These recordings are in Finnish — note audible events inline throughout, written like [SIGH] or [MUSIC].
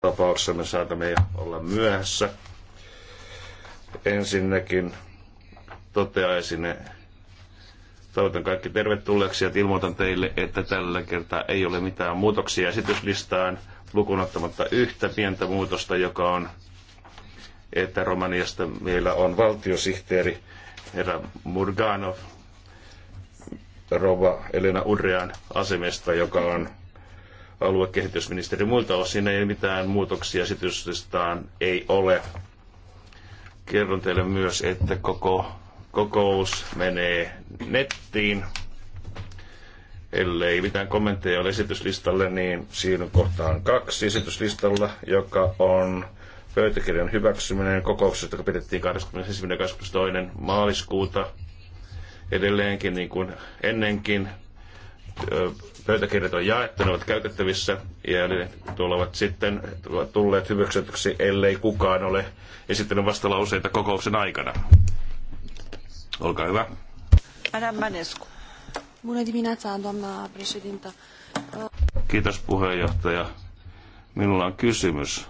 tapauksessa me saatamme olla myöhässä. Ensinnäkin toteaisin, toivotan kaikki tervetulleeksi ja ilmoitan teille, että tällä kertaa ei ole mitään muutoksia esityslistaan lukunottamatta yhtä pientä muutosta, joka on, että Romaniasta meillä on valtiosihteeri herra Murganov, rova Elena Urrean asemesta, joka on aluekehitysministeri. Muilta osin ei mitään muutoksia esitystään ei ole. Kerron teille myös, että koko kokous menee nettiin. Ellei mitään kommentteja ole esityslistalle, niin siinä kohtaan kaksi esityslistalla, joka on pöytäkirjan hyväksyminen kokouksesta, joka pidettiin 21.22. maaliskuuta. Edelleenkin, niin kuin ennenkin, Pöytäkirjat on jaettu, ne ovat käytettävissä ja ne tulevat sitten tulleet hyväksytyksi, ellei kukaan ole esittänyt vastalauseita kokouksen aikana. Olkaa hyvä. Madame Manescu. Bună dimineața, doamna președintă. Kiitos puheenjohtaja. Minulla on kysymys.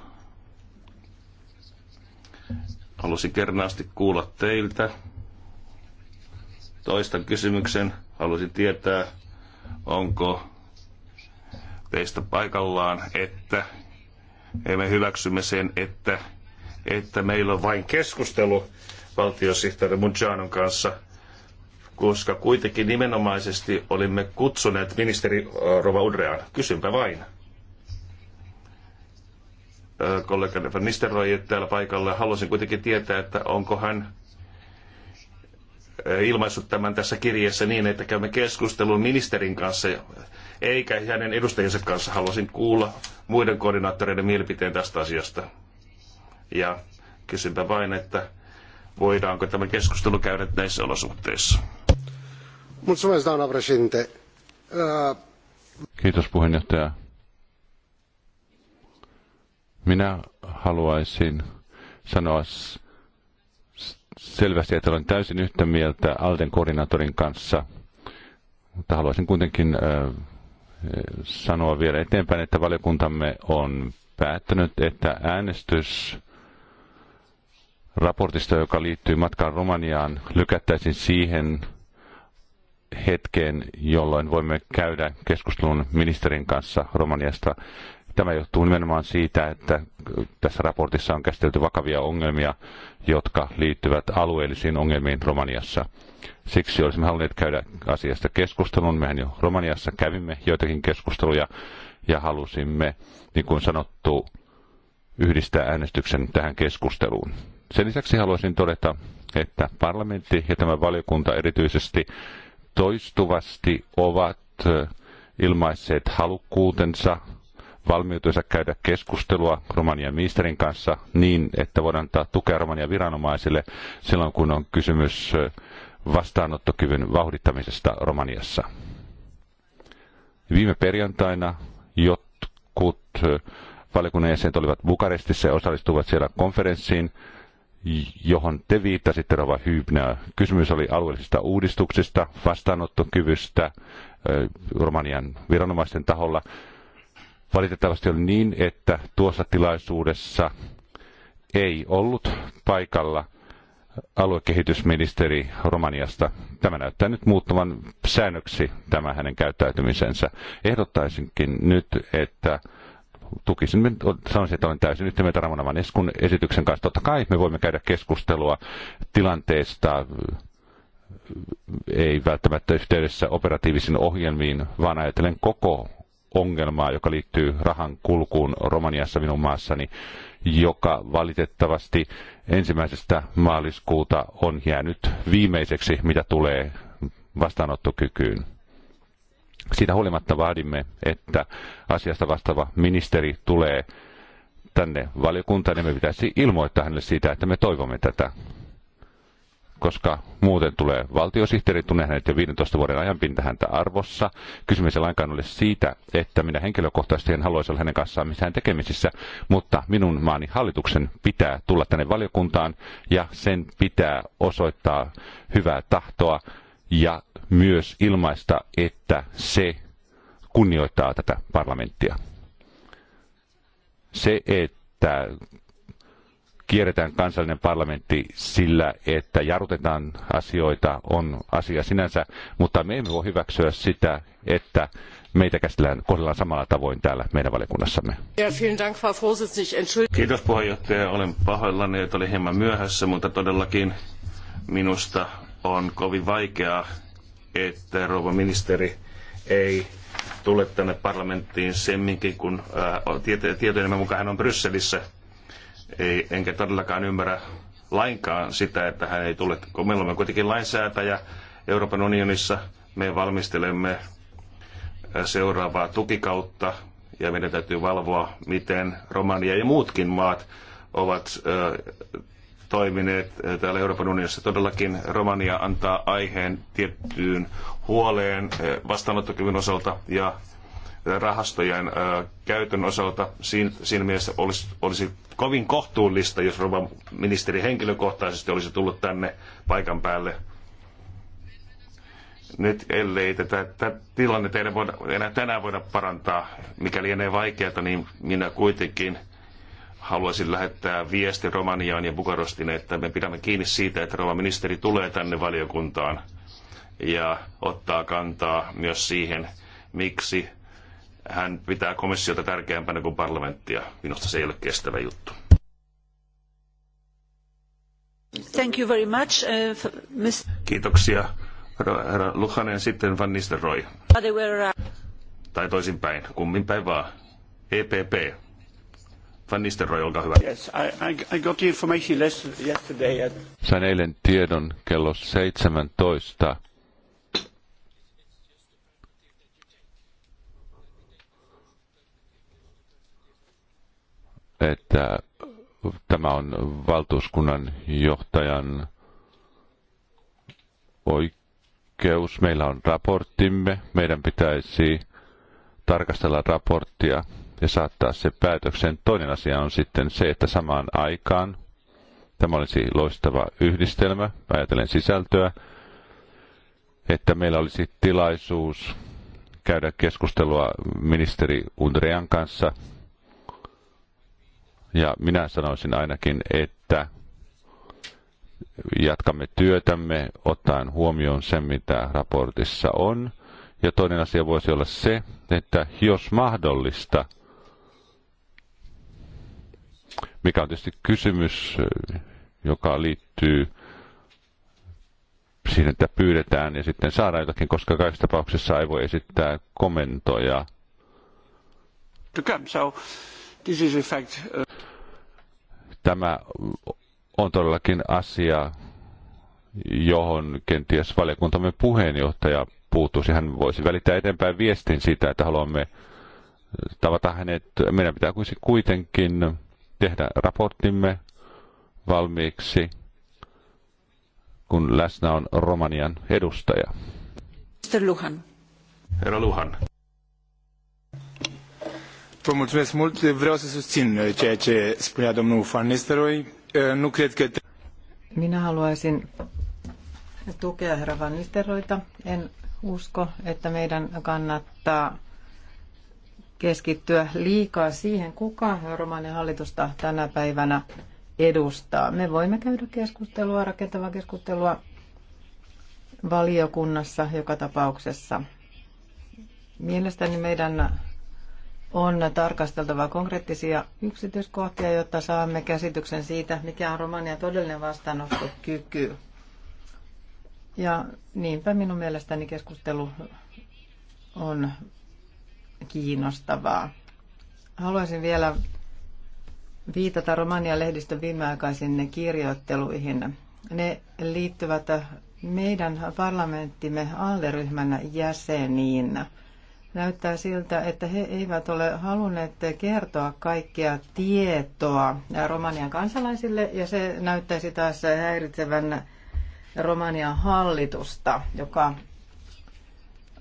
Haluaisin kernaasti kuulla teiltä. Toistan kysymyksen. Haluaisin tietää, Onko teistä paikallaan, että me hyväksymme sen, että, että meillä on vain keskustelu valtiosihteeri Munjanon kanssa, koska kuitenkin nimenomaisesti olimme kutsuneet ministeri Rova Udrean. Kysynpä vain. Kollega Van Nistelrooy täällä paikalla. Haluaisin kuitenkin tietää, että onko hän Eh, ilmaissut tämän tässä kirjeessä niin, että käymme keskustelun ministerin kanssa, eikä hänen edustajiensa kanssa. Haluaisin kuulla muiden koordinaattoreiden mielipiteen tästä asiasta. Ja kysynpä vain, että voidaanko tämä keskustelu käydä näissä olosuhteissa. Kiitos puheenjohtaja. Minä haluaisin sanoa selvästi, että olen täysin yhtä mieltä Alden koordinaattorin kanssa, mutta haluaisin kuitenkin sanoa vielä eteenpäin, että valiokuntamme on päättänyt, että äänestys raportista, joka liittyy matkaan Romaniaan, lykättäisiin siihen hetkeen, jolloin voimme käydä keskustelun ministerin kanssa Romaniasta. Tämä johtuu nimenomaan siitä, että tässä raportissa on käsitelty vakavia ongelmia, jotka liittyvät alueellisiin ongelmiin Romaniassa. Siksi olisimme halunneet käydä asiasta keskustelun. Mehän jo Romaniassa kävimme joitakin keskusteluja ja halusimme, niin kuin sanottu, yhdistää äänestyksen tähän keskusteluun. Sen lisäksi haluaisin todeta, että parlamentti ja tämä valiokunta erityisesti toistuvasti ovat ilmaisseet halukkuutensa valmiutensa käydä keskustelua Romanian ministerin kanssa niin, että voidaan antaa tukea Romanian viranomaisille silloin, kun on kysymys vastaanottokyvyn vauhdittamisesta Romaniassa. Viime perjantaina jotkut valiokunnan jäsenet olivat Bukarestissa ja osallistuivat siellä konferenssiin, johon te viittasitte, Rova Hybnä. Kysymys oli alueellisista uudistuksista, vastaanottokyvystä Romanian viranomaisten taholla Valitettavasti oli niin, että tuossa tilaisuudessa ei ollut paikalla aluekehitysministeri Romaniasta. Tämä näyttää nyt muuttuvan säännöksi tämä hänen käyttäytymisensä. Ehdottaisinkin nyt, että tukisin, sanoisin, että olen täysin yhtä mieltä Ramona Vaneskun esityksen kanssa. Totta kai me voimme käydä keskustelua tilanteesta, ei välttämättä yhteydessä operatiivisiin ohjelmiin, vaan ajatellen koko ongelmaa, joka liittyy rahan kulkuun Romaniassa minun maassani, joka valitettavasti ensimmäisestä maaliskuuta on jäänyt viimeiseksi, mitä tulee vastaanottokykyyn. Siitä huolimatta vaadimme, että asiasta vastaava ministeri tulee tänne valiokuntaan, niin me pitäisi ilmoittaa hänelle siitä, että me toivomme tätä koska muuten tulee valtiosihteeri, tunne hänet jo 15 vuoden ajan, pinta häntä arvossa. Kysymys ei lainkaan ole siitä, että minä henkilökohtaisesti en haluaisi olla hänen kanssaan missään tekemisissä, mutta minun maani hallituksen pitää tulla tänne valiokuntaan ja sen pitää osoittaa hyvää tahtoa ja myös ilmaista, että se kunnioittaa tätä parlamenttia. Se, että kierretään kansallinen parlamentti sillä, että jarrutetaan asioita, on asia sinänsä, mutta me emme voi hyväksyä sitä, että meitä käsitellään, kohdellaan samalla tavoin täällä meidän valiokunnassamme. Kiitos puheenjohtaja, olen pahoillani, että olin hieman myöhässä, mutta todellakin minusta on kovin vaikeaa, että rouva ministeri ei tule tänne parlamenttiin semminkin, kun tietojen mukaan hän on Brysselissä ei, enkä todellakaan ymmärrä lainkaan sitä, että hän ei tule, kun meillä on kuitenkin lainsäätäjä Euroopan unionissa, me valmistelemme seuraavaa tukikautta ja meidän täytyy valvoa, miten Romania ja muutkin maat ovat toimineet täällä Euroopan unionissa. Todellakin Romania antaa aiheen tiettyyn huoleen vastaanottokyvyn osalta ja rahastojen käytön osalta. Siinä, siinä mielessä olisi, olisi kovin kohtuullista, jos rouva ministeri henkilökohtaisesti olisi tullut tänne paikan päälle nyt ellei tätä, tätä tilannetta enää, voida, enää tänään voida parantaa, mikäli enää vaikeata, niin minä kuitenkin haluaisin lähettää viesti Romaniaan ja Bukarostin, että me pidämme kiinni siitä, että rouva ministeri tulee tänne valiokuntaan ja ottaa kantaa myös siihen, miksi hän pitää komissiota tärkeämpänä kuin parlamenttia. Minusta se ei ole kestävä juttu. Thank you very much, uh, Mr. Kiitoksia. Herra, Luhanen, sitten Van Nistelrooy. Uh, tai toisinpäin, kummin päin vaan. EPP. Van Nistelrooy, olkaa hyvä. Yes, I, I got the information yesterday. Sain eilen tiedon kello 17 että tämä on valtuuskunnan johtajan oikeus. Meillä on raporttimme. Meidän pitäisi tarkastella raporttia ja saattaa se päätöksen. Toinen asia on sitten se, että samaan aikaan tämä olisi loistava yhdistelmä, ajatellen sisältöä, että meillä olisi tilaisuus käydä keskustelua ministeri Undrean kanssa ja minä sanoisin ainakin, että jatkamme työtämme ottaen huomioon sen, mitä raportissa on. Ja toinen asia voisi olla se, että jos mahdollista, mikä on tietysti kysymys, joka liittyy siihen, että pyydetään ja sitten saadaan jotakin, koska kaikissa tapauksissa ei voi esittää komentoja. So, This is a fact. Uh, Tämä on todellakin asia, johon kenties valiokuntamme puheenjohtaja puuttuisi. Hän voisi välittää eteenpäin viestin siitä, että haluamme tavata hänet. Meidän pitää kuitenkin tehdä raporttimme valmiiksi, kun läsnä on Romanian edustaja. Mr. Luhan. Herra Luhan. Vă mulțumesc mult. Vreau să susțin uh, ceea ce spunea domnul Van Nistelrooy. Uh, nu cred că... Minä haluaisin tukea herra Van Nistelrooyta. En usko, että meidän kannattaa keskittyä liikaa siihen, kuka romanin hallitusta tänä päivänä edustaa. Me voimme käydä keskustelua, rakentavaa keskustelua valiokunnassa joka tapauksessa. Mielestäni meidän on tarkasteltava konkreettisia yksityiskohtia, jotta saamme käsityksen siitä, mikä on Romanian todellinen vastaanottokyky. Ja niinpä minun mielestäni keskustelu on kiinnostavaa. Haluaisin vielä viitata Romanian lehdistön viimeaikaisiin kirjoitteluihin. Ne liittyvät meidän parlamenttimme alderyhmän jäseniin – näyttää siltä, että he eivät ole halunneet kertoa kaikkea tietoa Romanian kansalaisille, ja se näyttäisi taas häiritsevän Romanian hallitusta, joka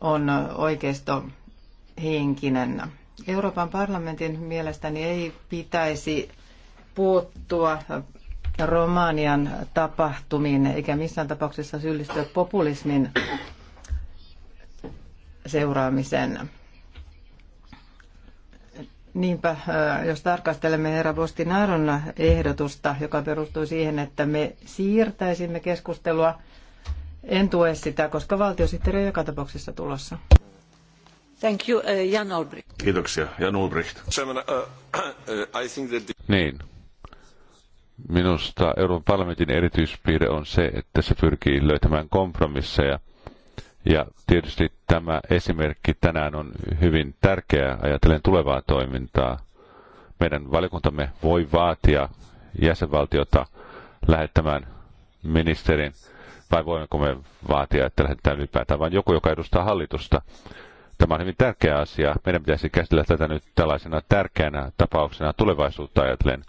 on oikeisto henkinen. Euroopan parlamentin mielestäni ei pitäisi puuttua Romanian tapahtumiin eikä missään tapauksessa syyllistyä populismin seuraamisen. Niinpä, jos tarkastelemme herra Bostinaron ehdotusta, joka perustuu siihen, että me siirtäisimme keskustelua, en tue sitä, koska valtiosihteeri on joka tapauksessa tulossa. Thank you, uh, Jan Olbricht. Kiitoksia, Jan Olbricht. Chairman, uh, uh I think that the... Niin. Minusta Euroopan parlamentin erityispiirre on se, että se pyrkii löytämään kompromisseja – ja tietysti tämä esimerkki tänään on hyvin tärkeä ajatellen tulevaa toimintaa. Meidän valiokuntamme voi vaatia jäsenvaltiota lähettämään ministerin, vai voimmeko me vaatia, että lähetetään ylipäätään vain joku, joka edustaa hallitusta. Tämä on hyvin tärkeä asia. Meidän pitäisi käsitellä tätä nyt tällaisena tärkeänä tapauksena tulevaisuutta ajatellen.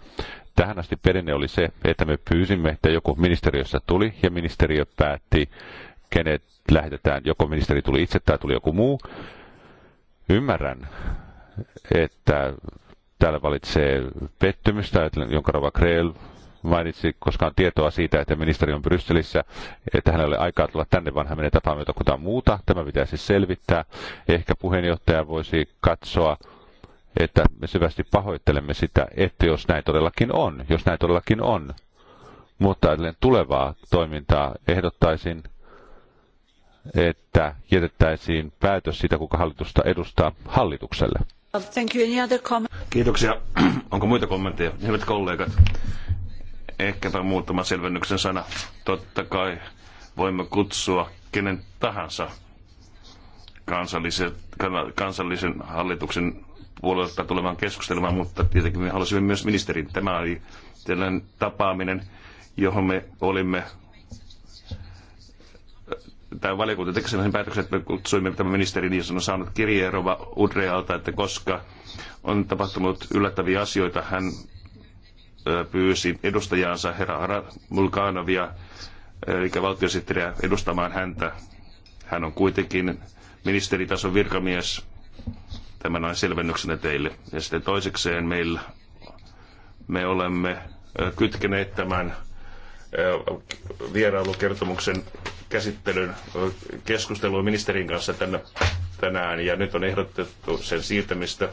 Tähän asti perinne oli se, että me pyysimme, että joku ministeriössä tuli ja ministeriö päätti, kenet lähetetään, joko ministeri tuli itse tai tuli joku muu. Ymmärrän, että täällä valitsee pettymystä, jonka Rova Kreel mainitsi, koska on tietoa siitä, että ministeri on Brysselissä, että hänellä ei ole aikaa tulla tänne, vaan hän menee tapaamaan jotain muuta. Tämä pitäisi selvittää. Ehkä puheenjohtaja voisi katsoa, että me syvästi pahoittelemme sitä, että jos näin todellakin on, jos näin todellakin on. Mutta tulevaa toimintaa ehdottaisin, että jätettäisiin päätös siitä, kuka hallitusta edustaa hallitukselle. Thank you. Any other Kiitoksia. [CLEARS THROAT] Onko muita kommentteja? Hyvät kollegat, ehkäpä muutama selvennyksen sana. Totta kai voimme kutsua kenen tahansa kansallisen, kansallisen hallituksen puolelta tulevan keskustelemaan, mutta tietenkin me halusimme myös ministerin. Tämä oli tällainen tapaaminen, johon me olimme tai valiokunta teki sellaisen päätöksen, että me kutsuimme tämän ministerin niin sanon, saanut kirjeerova Udrealta, että koska on tapahtunut yllättäviä asioita, hän pyysi edustajaansa herra Ara Mulkanovia, eli valtiosihteeriä, edustamaan häntä. Hän on kuitenkin ministeritason virkamies. Tämän on selvennyksenä teille. Ja sitten toisekseen meillä, me olemme kytkeneet tämän vierailukertomuksen käsittelyn keskustelua ministerin kanssa tänä, tänään ja nyt on ehdotettu sen siirtämistä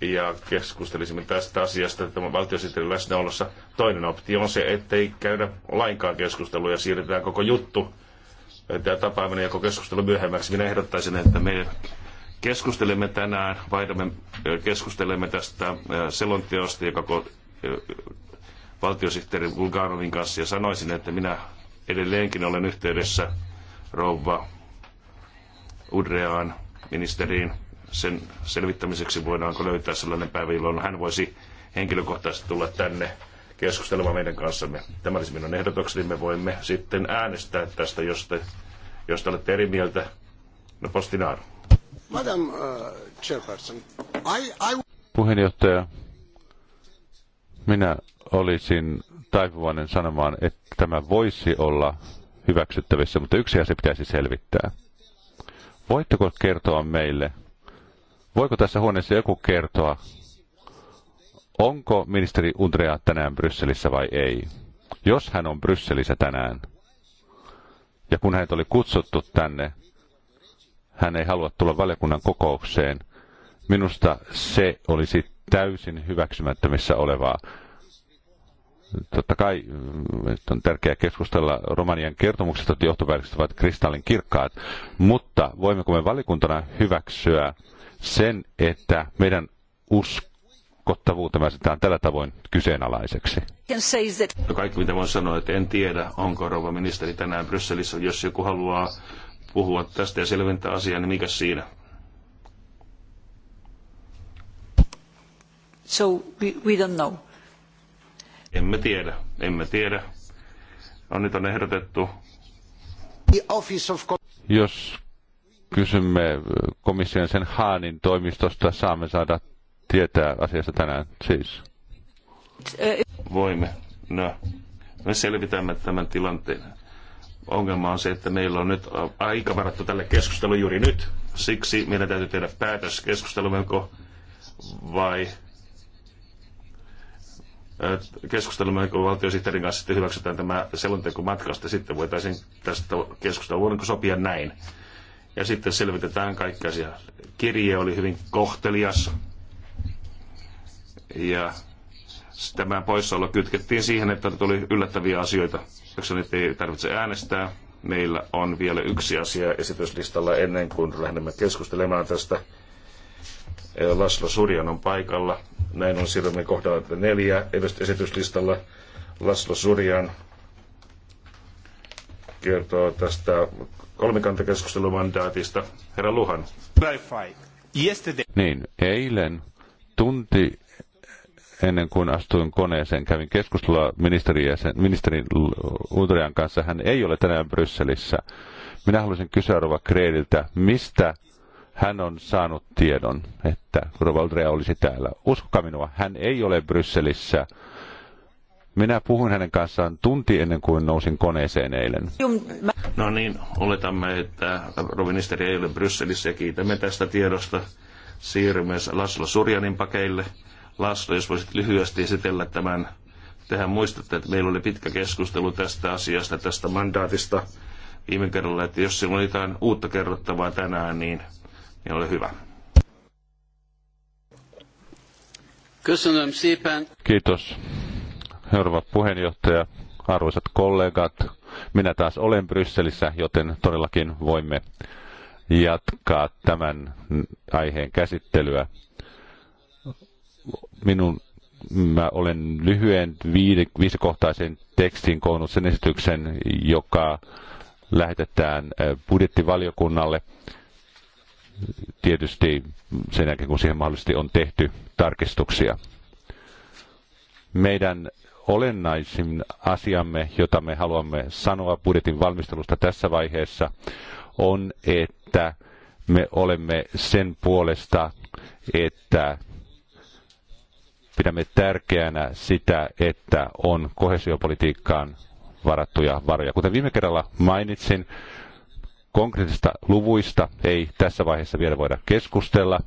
ja keskustelisimme tästä asiasta tämän valtiosihteerin läsnäolossa. Toinen optio on se, ettei käydä lainkaan keskustelua ja siirretään koko juttu äh, tämä tapaaminen ja keskustelu myöhemmäksi. Minä ehdottaisin, että me keskustelemme tänään, vaihdamme, äh, keskustelemme tästä äh, selonteosta, joka valtiosihteeri Bulgarovin kanssa ja sanoisin, että minä edelleenkin olen yhteydessä rouva Udreaan ministeriin sen selvittämiseksi, voidaanko löytää sellainen päivä, jolloin hän voisi henkilökohtaisesti tulla tänne keskustelemaan meidän kanssamme. Tämä olisi minun ehdotukseni, me voimme sitten äänestää tästä, jos te, jos te olette eri mieltä. No postinaar. Madam uh, Chairperson, I, I... Puheenjohtaja, minä olisin taipuvainen sanomaan, että tämä voisi olla hyväksyttävissä, mutta yksi asia pitäisi selvittää. Voitteko kertoa meille, voiko tässä huoneessa joku kertoa, onko ministeri Undrea tänään Brysselissä vai ei? Jos hän on Brysselissä tänään, ja kun hänet oli kutsuttu tänne, hän ei halua tulla valiokunnan kokoukseen, minusta se olisi täysin hyväksymättömissä olevaa. Totta kai on tärkeää keskustella Romanian kertomuksesta, että johtopäätökset ovat kristallin kirkkaat, mutta voimmeko me valikuntana hyväksyä sen, että meidän uskottavuutemme asetetaan tällä tavoin kyseenalaiseksi? No kaikki mitä voin sanoa, että en tiedä, onko rouva ministeri tänään Brysselissä, jos joku haluaa puhua tästä ja selventää asiaa, niin mikä siinä? So we, we don't know. Emme tiedä, emme tiedä. On no, nyt on ehdotettu. Jos kysymme komission sen Haanin toimistosta, saamme saada tietää asiasta tänään siis. Voimme. No, me selvitämme tämän tilanteen. Ongelma on se, että meillä on nyt aika varattu tälle keskustelulle juuri nyt. Siksi meidän täytyy tehdä päätös keskustelummeko vai keskustelemme valtiosihteerin kanssa sitten hyväksytään tämä selonteko matkasta. Sitten voitaisiin tästä keskustella. Voidaanko sopia näin? Ja sitten selvitetään kaikki asia. Kirje oli hyvin kohtelias. Ja tämä poissaolo kytkettiin siihen, että tuli yllättäviä asioita, joissa nyt ei tarvitse äänestää. Meillä on vielä yksi asia esityslistalla ennen kuin lähdemme keskustelemaan tästä Eh, Laslo Surjan on paikalla. Näin on silloin kohdalla neljä esityslistalla. Laslo Surjan kertoo tästä kolmikantakeskustelumandaatista. Herra Luhan. Niin, eilen tunti ennen kuin astuin koneeseen, kävin keskustelua ministerin Udrian kanssa. Hän ei ole tänään Brysselissä. Minä haluaisin kysyä Rova Kreediltä, mistä hän on saanut tiedon, että Rovaldrea olisi täällä. Uskokaa minua, hän ei ole Brysselissä. Minä puhuin hänen kanssaan tunti ennen kuin nousin koneeseen eilen. No niin, oletamme, että ministeri ei ole Brysselissä ja kiitämme tästä tiedosta. Siirrymme Laslo Surjanin pakeille. Laslo, jos voisit lyhyesti esitellä tämän. Tehän muistatte, että meillä oli pitkä keskustelu tästä asiasta, tästä mandaatista viime kerralla, että jos sinulla on jotain uutta kerrottavaa tänään, niin niin ole hyvä. Kiitos, herra puheenjohtaja, arvoisat kollegat. Minä taas olen Brysselissä, joten todellakin voimme jatkaa tämän aiheen käsittelyä. Minun mä olen lyhyen viisikohtaisen tekstin koonnut sen esityksen, joka lähetetään äh, budjettivaliokunnalle tietysti sen jälkeen, kun siihen mahdollisesti on tehty tarkistuksia. Meidän olennaisin asiamme, jota me haluamme sanoa budjetin valmistelusta tässä vaiheessa, on, että me olemme sen puolesta, että pidämme tärkeänä sitä, että on kohesiopolitiikkaan varattuja varoja. Kuten viime kerralla mainitsin, Konkreettisista luvuista ei tässä vaiheessa vielä voida keskustella.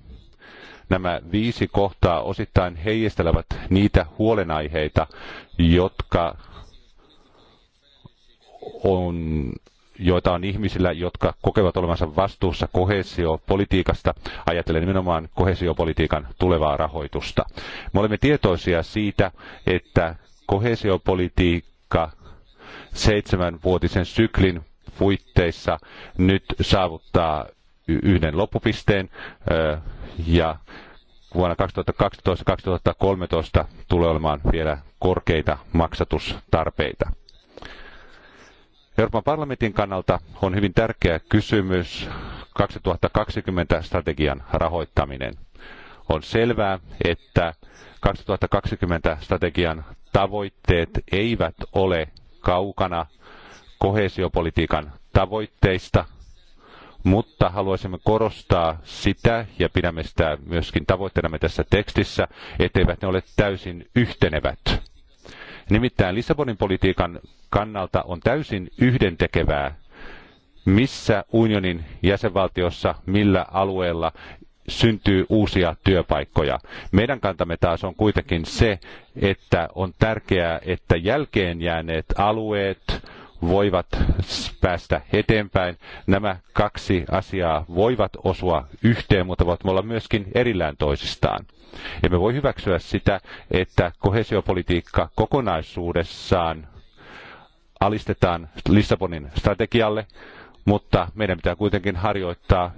Nämä viisi kohtaa osittain heijastelevat niitä huolenaiheita, jotka on joita on ihmisillä, jotka kokevat olevansa vastuussa kohesiopolitiikasta, ajatellen nimenomaan kohesiopolitiikan tulevaa rahoitusta. Me olemme tietoisia siitä, että kohesiopolitiikka seitsemänvuotisen syklin puitteissa nyt saavuttaa yhden loppupisteen ja vuonna 2012-2013 tulee olemaan vielä korkeita maksatustarpeita. Euroopan parlamentin kannalta on hyvin tärkeä kysymys 2020 strategian rahoittaminen. On selvää, että 2020 strategian tavoitteet eivät ole kaukana kohesiopolitiikan tavoitteista, mutta haluaisimme korostaa sitä, ja pidämme sitä myöskin tavoitteenamme tässä tekstissä, etteivät ne ole täysin yhtenevät. Nimittäin Lissabonin politiikan kannalta on täysin yhdentekevää, missä unionin jäsenvaltiossa, millä alueella syntyy uusia työpaikkoja. Meidän kantamme taas on kuitenkin se, että on tärkeää, että jälkeen jääneet alueet, voivat päästä eteenpäin. Nämä kaksi asiaa voivat osua yhteen, mutta voivat olla myöskin erillään toisistaan. me voi hyväksyä sitä, että kohesiopolitiikka kokonaisuudessaan alistetaan Lissabonin strategialle, mutta meidän pitää kuitenkin harjoittaa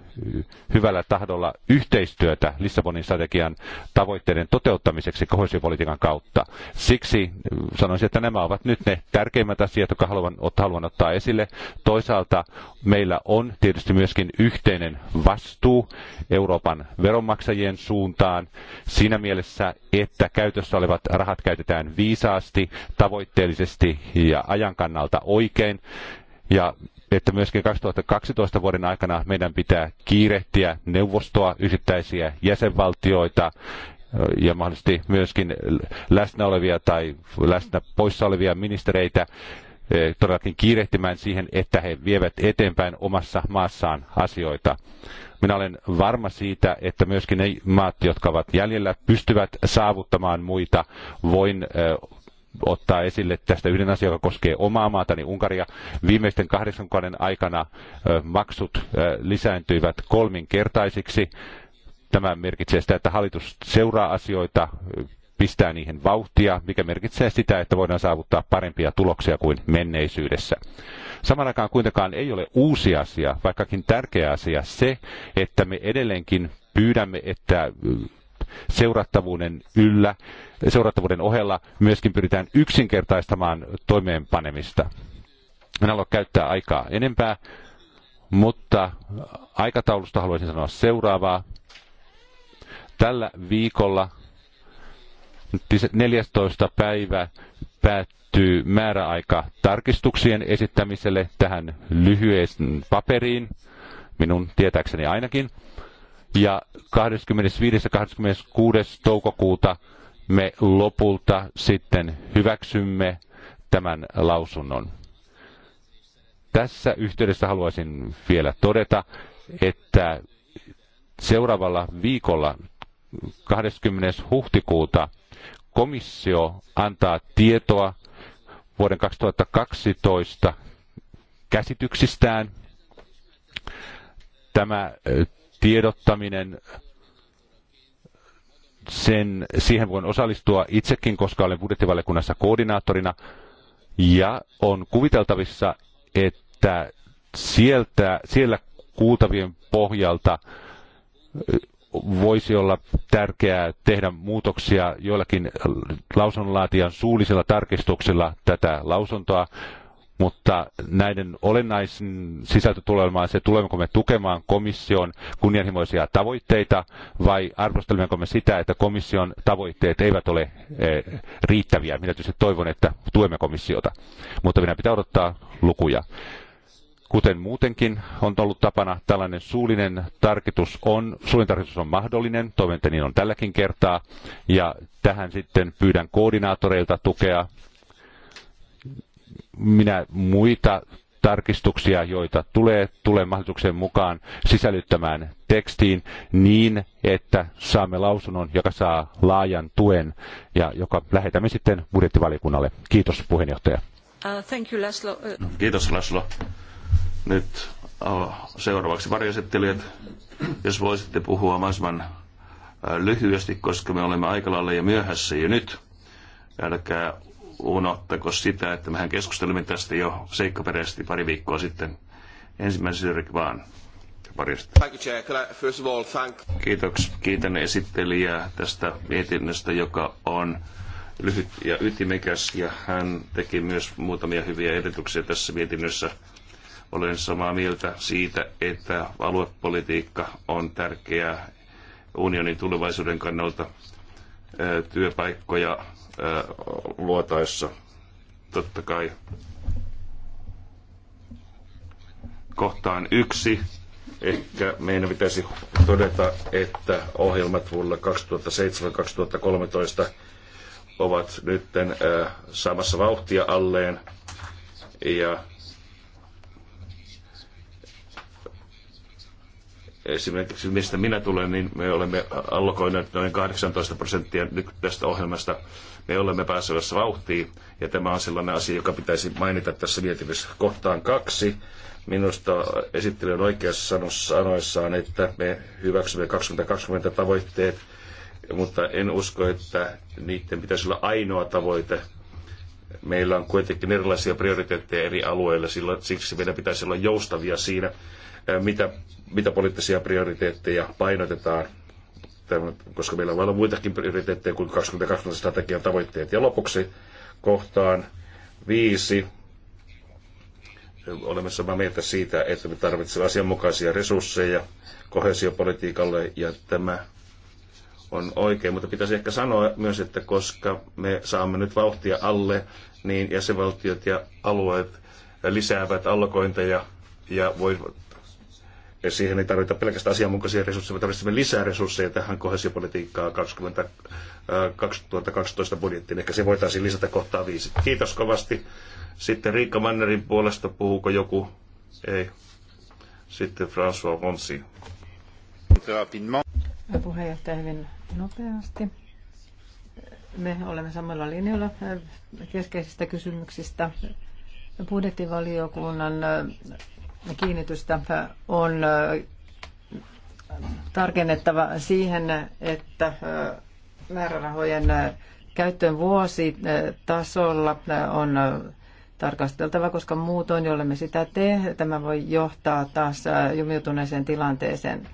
hyvällä tahdolla yhteistyötä Lissabonin strategian tavoitteiden toteuttamiseksi kohesiopolitiikan kautta. Siksi äh, sanoisin, että nämä ovat nyt ne tärkeimmät asiat, jotka haluan, haluan ottaa esille. Toisaalta meillä on tietysti myöskin yhteinen vastuu Euroopan veronmaksajien suuntaan siinä mielessä, että käytössä olevat rahat käytetään viisaasti, tavoitteellisesti ja ajan kannalta oikein. Ja että myöskin 2012 vuoden aikana meidän pitää kiirehtiä neuvostoa, yksittäisiä jäsenvaltioita ja mahdollisesti myöskin läsnä olevia tai läsnä poissa olevia ministereitä todellakin kiirehtimään siihen, että he vievät eteenpäin omassa maassaan asioita. Minä olen varma siitä, että myöskin ne maat, jotka ovat jäljellä, pystyvät saavuttamaan muita. Voin ottaa esille tästä yhden asian, joka koskee omaa maatani niin Unkaria. Viimeisten kahdeksan kuukauden aikana maksut lisääntyivät kolminkertaisiksi. Tämä merkitsee sitä, että hallitus seuraa asioita, pistää niihin vauhtia, mikä merkitsee sitä, että voidaan saavuttaa parempia tuloksia kuin menneisyydessä. Saman aikaan kuitenkaan ei ole uusi asia, vaikkakin tärkeä asia, se, että me edelleenkin pyydämme, että seurattavuuden yllä, seurattavuuden ohella myöskin pyritään yksinkertaistamaan toimeenpanemista. En halua käyttää aikaa enempää, mutta aikataulusta haluaisin sanoa seuraavaa. Tällä viikolla 14. päivä päättyy määräaika tarkistuksien esittämiselle tähän lyhyeen paperiin, minun tietääkseni ainakin ja 25. ja 26. toukokuuta me lopulta sitten hyväksymme tämän lausunnon. Tässä yhteydessä haluaisin vielä todeta, että seuraavalla viikolla 20. huhtikuuta komissio antaa tietoa vuoden 2012 käsityksistään. Tämä tiedottaminen, sen, siihen voin osallistua itsekin, koska olen budjettivaliokunnassa koordinaattorina, ja on kuviteltavissa, että sieltä, siellä kuultavien pohjalta voisi olla tärkeää tehdä muutoksia joillakin lausunnonlaatijan suullisella tarkistuksella tätä lausuntoa, mutta näiden olennaisin sisältö tulee olemaan se, tulemmeko me tukemaan komission kunnianhimoisia tavoitteita vai arvostelemmeko me sitä, että komission tavoitteet eivät ole eh, riittäviä. Minä tietysti toivon, että tuemme komissiota, mutta minä pitää odottaa lukuja. Kuten muutenkin on ollut tapana, tällainen suullinen tarkitus on, suullinen tarkitus on mahdollinen, toivon, että niin on tälläkin kertaa, ja tähän sitten pyydän koordinaattoreilta tukea minä muita tarkistuksia, joita tulee, tulee mahdollisuuksien mukaan sisällyttämään tekstiin niin, että saamme lausunnon, joka saa laajan tuen ja joka lähetämme sitten budjettivaliokunnalle. Kiitos puheenjohtaja. Uh, thank you, Laszlo. Uh, Kiitos Laslo. Nyt uh, seuraavaksi varjoesittelijät, jos voisitte puhua mahdollisimman uh, lyhyesti, koska me olemme aika lailla jo myöhässä jo nyt. Älkää unohtako sitä, että mehän keskustelimme tästä jo seikkaperäisesti pari viikkoa sitten. Ensimmäisen Syrjik vaan. Kiitos. Kiitoks. Kiitän esittelijää tästä mietinnöstä, joka on lyhyt ja ytimekäs, ja hän teki myös muutamia hyviä ehdotuksia tässä mietinnössä. Olen samaa mieltä siitä, että aluepolitiikka on tärkeää unionin tulevaisuuden kannalta työpaikkoja luotaessa. Totta kai kohtaan yksi. Ehkä meidän pitäisi todeta, että ohjelmat vuodelle 2007-2013 ovat nyt saamassa vauhtia alleen. Ja esimerkiksi mistä minä tulen, niin me olemme allokoineet noin 18 prosenttia nyt tästä ohjelmasta me olemme pääsevässä vauhtiin ja tämä on sellainen asia, joka pitäisi mainita tässä mietinnössä kohtaan kaksi. Minusta esittely on oikeassa sanoissaan, että me hyväksymme 2020 tavoitteet, mutta en usko, että niiden pitäisi olla ainoa tavoite. Meillä on kuitenkin erilaisia prioriteetteja eri alueilla, siksi meidän pitäisi olla joustavia siinä, mitä, mitä poliittisia prioriteetteja painotetaan koska meillä voi olla muitakin prioriteetteja kuin 2020 strategian tavoitteet. Ja lopuksi kohtaan viisi. Olemme samaa mieltä siitä, että me tarvitsemme asianmukaisia resursseja kohesiopolitiikalle ja tämä on oikein, mutta pitäisi ehkä sanoa myös, että koska me saamme nyt vauhtia alle, niin jäsenvaltiot ja alueet lisäävät allokointeja ja voivat ja siihen ei tarvita pelkästään asianmukaisia resursseja, vaan tarvitsemme lisää resursseja tähän kohesiopolitiikkaa 20, 2012 budjettiin. Ehkä se voitaisiin lisätä kohtaa viisi. Kiitos kovasti. Sitten Riikka Mannerin puolesta puhuuko joku? Ei. Sitten François Monsi. Puheenjohtaja hyvin nopeasti. Me olemme samalla linjalla äh, keskeisistä kysymyksistä. Budjettivaliokunnan kiinnitystä on tarkennettava siihen, että määrärahojen käyttöön vuositasolla on tarkasteltava, koska muutoin, jolle me sitä tee, tämä voi johtaa taas jumiutuneeseen tilanteeseen.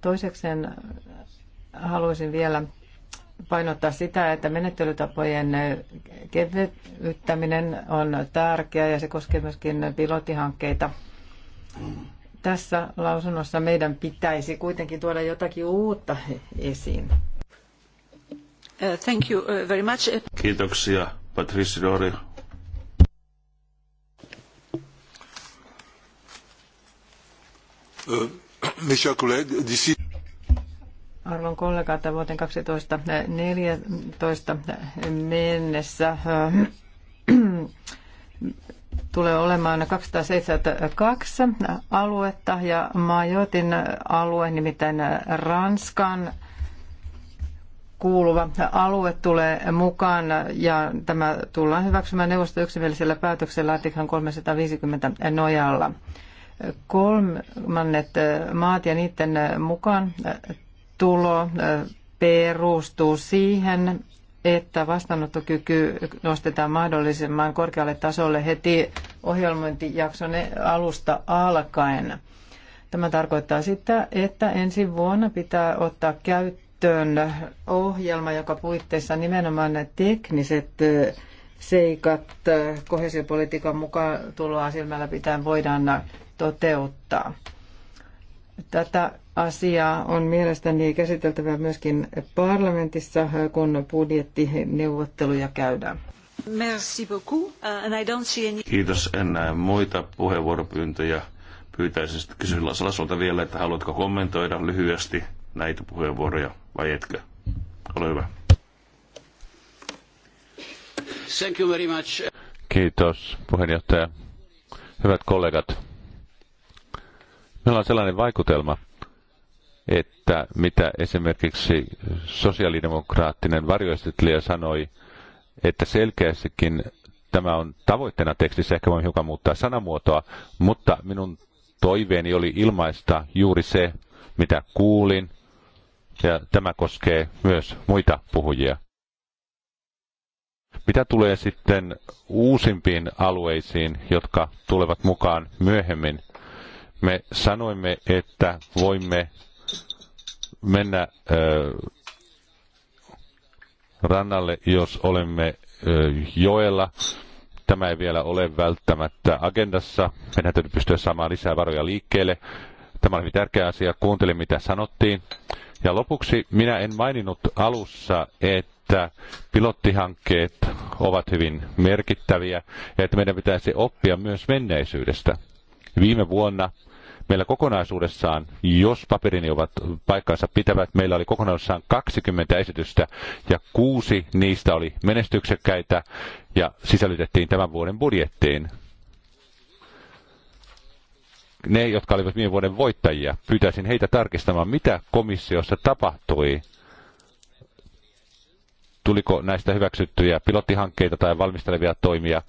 Toisekseen haluaisin vielä painottaa sitä, että menettelytapojen kevyttäminen on tärkeää ja se koskee myöskin pilottihankkeita – tässä lausunnossa meidän pitäisi kuitenkin tuoda jotakin uutta esiin. Uh, thank you uh, very much. Kiitoksia, Patrice Dori. Uh, [CLEARS THROAT] mes d'ici arvon kollega, että vuoteen 2014 äh, äh, mennessä äh, [CLEARS THROAT] tulee olemaan 272 aluetta ja Majotin alue, nimittäin Ranskan kuuluva alue tulee mukaan ja tämä tullaan hyväksymään neuvosto yksimielisellä päätöksellä artiklan 350 nojalla. Kolmannet maat ja niiden mukaan tulo perustuu siihen, että vastaanottokyky nostetaan mahdollisimman korkealle tasolle heti ohjelmointijakson alusta alkaen. Tämä tarkoittaa sitä, että ensi vuonna pitää ottaa käyttöön ohjelma, joka puitteissa nimenomaan tekniset seikat kohesiopolitiikan mukaan tuloa silmällä pitäen voidaan toteuttaa. Tätä asiaa on mielestäni käsiteltävä myöskin parlamentissa, kun budjettineuvotteluja käydään. Merci beaucoup. Uh, and I don't see any... Kiitos. En näe muita puheenvuoropyyntöjä. Pyytäisin sitten kysyä Lasolta vielä, että haluatko kommentoida lyhyesti näitä puheenvuoroja vai etkö? Ole hyvä. Thank you very much. Kiitos puheenjohtaja. Hyvät kollegat, meillä on sellainen vaikutelma, että mitä esimerkiksi sosiaalidemokraattinen varjoistettelija sanoi, että selkeästikin tämä on tavoitteena tekstissä, ehkä voin hiukan muuttaa sanamuotoa, mutta minun toiveeni oli ilmaista juuri se, mitä kuulin, ja tämä koskee myös muita puhujia. Mitä tulee sitten uusimpiin alueisiin, jotka tulevat mukaan myöhemmin? Me sanoimme, että voimme mennä rannalle, jos olemme joella. Tämä ei vielä ole välttämättä agendassa. Meidän täytyy pystyä saamaan lisää varoja liikkeelle. Tämä on hyvin tärkeä asia. Kuuntelin, mitä sanottiin. Ja lopuksi minä en maininnut alussa, että pilottihankkeet ovat hyvin merkittäviä ja että meidän pitäisi oppia myös menneisyydestä. Viime vuonna Meillä kokonaisuudessaan, jos paperini ovat paikkansa pitävät, meillä oli kokonaisuudessaan 20 esitystä ja kuusi niistä oli menestyksekkäitä ja sisällytettiin tämän vuoden budjettiin. Ne, jotka olivat viime vuoden voittajia, pyytäisin heitä tarkistamaan, mitä komissiossa tapahtui tuliko näistä hyväksyttyjä pilottihankkeita tai valmistelevia toimia.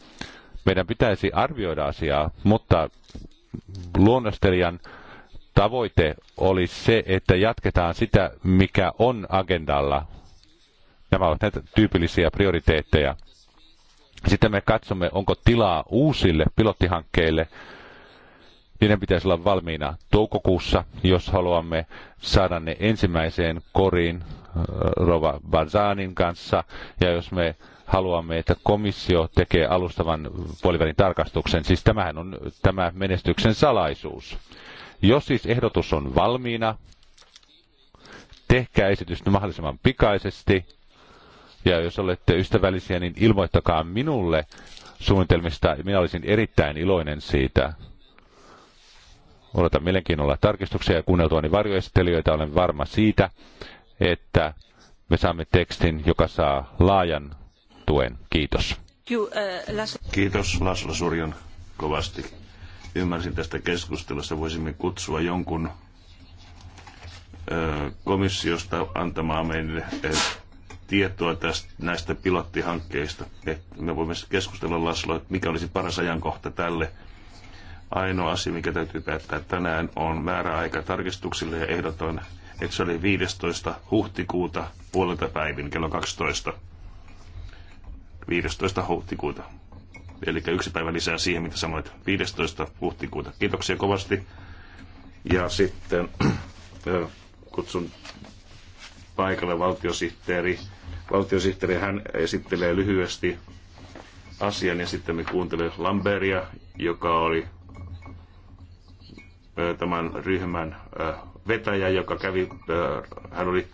Meidän pitäisi arvioida asiaa, mutta luonnostelijan tavoite oli se, että jatketaan sitä, mikä on agendalla. Nämä ovat näitä tyypillisiä prioriteetteja. Sitten me katsomme, onko tilaa uusille pilottihankkeille. Niiden pitäisi olla valmiina toukokuussa, jos haluamme saada ne ensimmäiseen koriin äh, Rova Barzanin kanssa. Ja jos me haluamme, että komissio tekee alustavan puolivälin tarkastuksen. Siis tämähän on tämä menestyksen salaisuus. Jos siis ehdotus on valmiina, tehkää esitys mahdollisimman pikaisesti. Ja jos olette ystävällisiä, niin ilmoittakaa minulle suunnitelmista. Minä olisin erittäin iloinen siitä. Odotan mielenkiinnolla tarkistuksia ja kuunneltuani varjoesittelijöitä. Olen varma siitä, että me saamme tekstin, joka saa laajan tuen. Kiitos. Eh, Kiitos Lasla Surjan kovasti. Ymmärsin tästä keskustelusta, voisimme kutsua jonkun eh, komissiosta antamaan meille eh, tietoa tästä, näistä pilottihankkeista. me voimme keskustella Laslo, että mikä olisi paras ajankohta tälle. Ainoa asia, mikä täytyy päättää tänään, on määräaika tarkistuksille ja ehdoton, että se oli 15. huhtikuuta puolelta päivin kello 12. 15. huhtikuuta. Eli yksi päivä lisää siihen, mitä sanoit, 15. huhtikuuta. Kiitoksia kovasti. Ja sitten [CLEARS THROAT] kutsun paikalle valtiosihteeri. Valtiosihteeri hän esittelee lyhyesti asian ja sitten me kuuntelee Lamberia, joka oli tämän ryhmän vetäjä, joka kävi, hän oli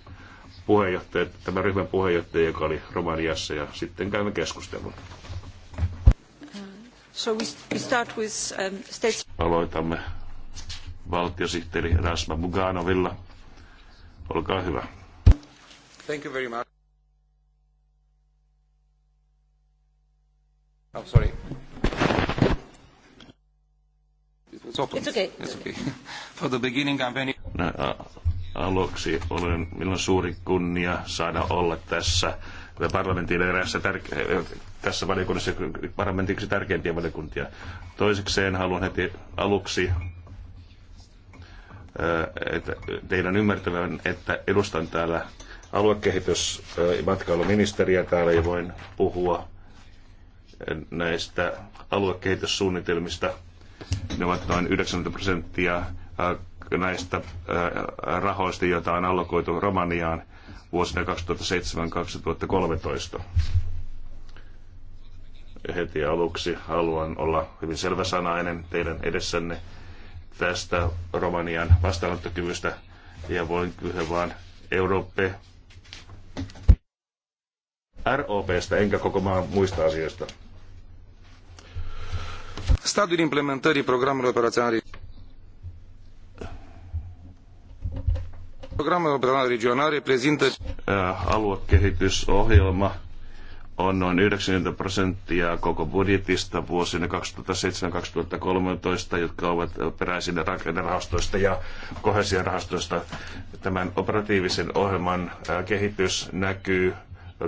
puheenjohtaja, tämän ryhmän puheenjohtaja, joka oli Romaniassa, ja sitten käymme keskustelua. Uh, so we start with, um, states... Aloitamme valtiosihteeri Rasma Muganovilla. Olkaa hyvä. Thank you very much. I'm oh, sorry. It's okay. It's okay. It's [LAUGHS] okay. For the beginning, I'm very... No, uh, Aluksi olen, minun suuri kunnia saada olla tässä parlamentin eräässä tässä valiokunnassa parlamentin yksi tärkeimpiä valiokuntia. Toisekseen haluan heti aluksi äh, että teidän ymmärtävän, että edustan täällä aluekehitys- ja matkailuministeriä täällä ja voin puhua näistä aluekehityssuunnitelmista. Ne ovat noin 90 prosenttia äh, näistä rahoista, joita on allokoitu Romaniaan vuosina 2007-2013. Heti aluksi haluan olla hyvin selväsanainen teidän edessänne tästä Romanian vastaanottokyvystä ja voin kyllä vaan Eurooppe ROPstä enkä koko maan muista asioista. Stadiul implementării programului Aluekehitysohjelma on noin 90 prosenttia koko budjetista vuosina 2007-2013, jotka ovat peräisin rakennerahastoista ja kohesiorahastoista. Tämän operatiivisen ohjelman kehitys näkyy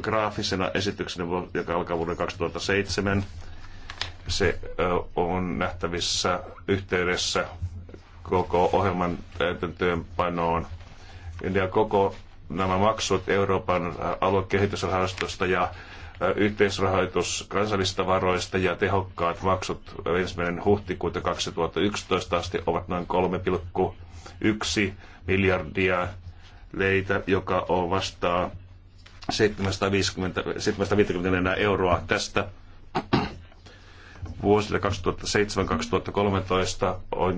graafisena esityksenä, joka alkaa vuonna 2007. Se on nähtävissä yhteydessä koko ohjelman täytäntöönpanoon – ja koko nämä maksut Euroopan aluekehitysrahastosta ja yhteisrahoitus kansallisista varoista ja tehokkaat maksut ensimmäinen huhtikuuta 2011 asti ovat noin 3,1 miljardia leitä, joka on vastaa 750, 750 euroa tästä Vuosille 2007-2013 on,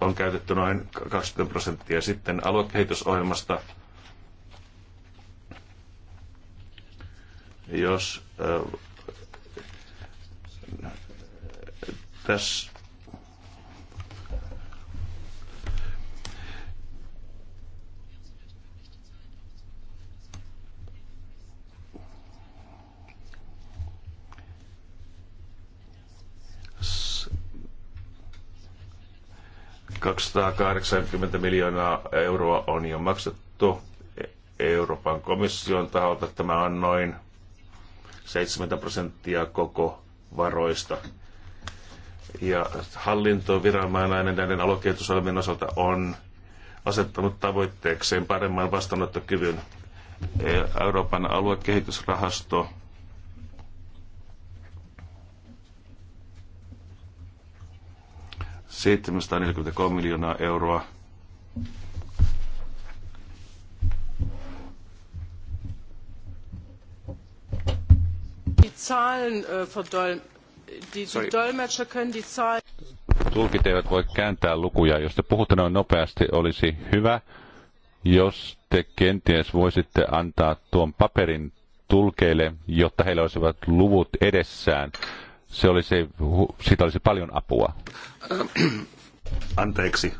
on käytetty noin 20 prosenttia sitten aluekehitysohjelmasta. Jos äh, tässä 280 miljoonaa euroa on jo maksettu Euroopan komission taholta. Tämä on noin 70 prosenttia koko varoista. Ja hallintoviranomainen näiden alokehitysongelmien osalta on asettanut tavoitteekseen paremman vastaanottokyvyn. Euroopan aluekehitysrahasto 743 miljoonaa euroa. Äh, Tulkit eivät voi kääntää lukuja. Jos te puhutte noin nopeasti, olisi hyvä, jos te kenties voisitte antaa tuon paperin tulkeille, jotta heillä olisivat luvut edessään. Se olisi, siitä olisi paljon apua. Äh, [CLEARS THROAT] Anteeksi.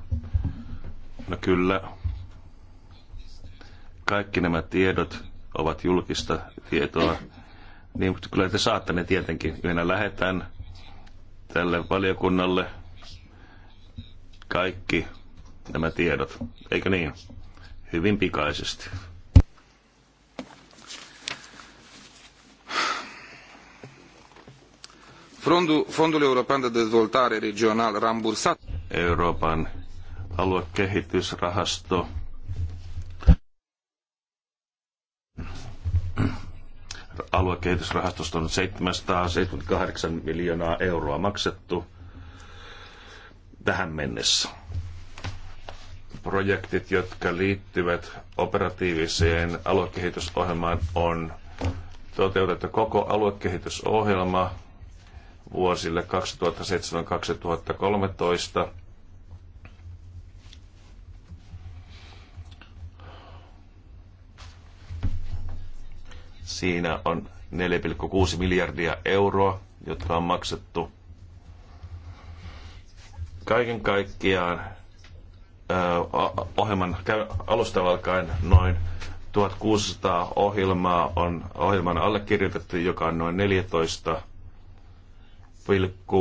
No kyllä. Kaikki nämä tiedot ovat julkista tietoa. Niin kyllä te saatte ne tietenkin. Minä lähetän tälle valiokunnalle kaikki nämä tiedot, eikö niin? Hyvin pikaisesti. Fondul, European de Dezvoltare Regional rambursat Euroopan aluekehitysrahasto aluekehitysrahastosta on 778 miljoonaa euroa maksettu tähän mennessä. Projektit, jotka liittyvät operatiiviseen aluekehitysohjelmaan, on toteutettu koko aluekehitysohjelma vuosille 2007-2013. Siinä on 4,6 miljardia euroa, jotka on maksettu kaiken kaikkiaan ohjelman alusta alkaen noin 1600 ohjelmaa on ohjelman allekirjoitettu, joka on noin 14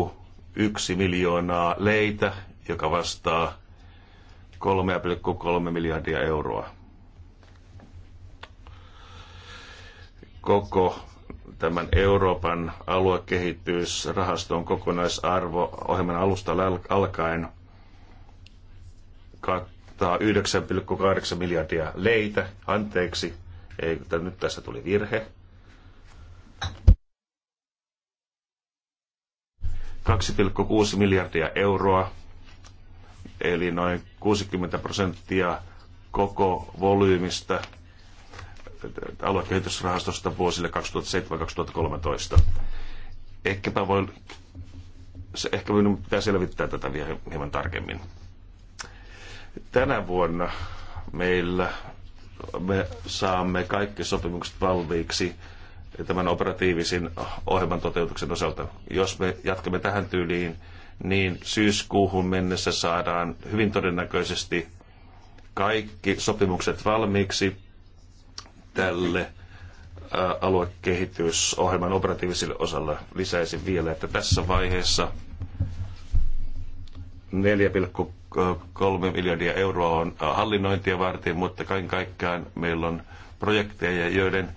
2,1 miljoonaa leitä, joka vastaa 3,3 miljardia euroa. Koko tämän Euroopan aluekehitysrahaston kokonaisarvo ohjelman alusta alkaen kattaa 9,8 miljardia leitä. Anteeksi, ei, nyt tässä tuli virhe. 2,6 miljardia euroa, eli noin 60 prosenttia koko volyymista aluekehitysrahastosta vuosille 2007-2013. Ehkäpä voi, ehkä minun pitää selvittää tätä vielä hieman tarkemmin. Tänä vuonna meillä me saamme kaikki sopimukset valmiiksi tämän operatiivisen ohjelman toteutuksen osalta. Jos me jatkamme tähän tyyliin, niin syyskuuhun mennessä saadaan hyvin todennäköisesti kaikki sopimukset valmiiksi tälle aluekehitysohjelman operatiiviselle osalla. Lisäisin vielä, että tässä vaiheessa 4,3 miljardia euroa on hallinnointia varten, mutta kaiken kaikkiaan meillä on projekteja, joiden,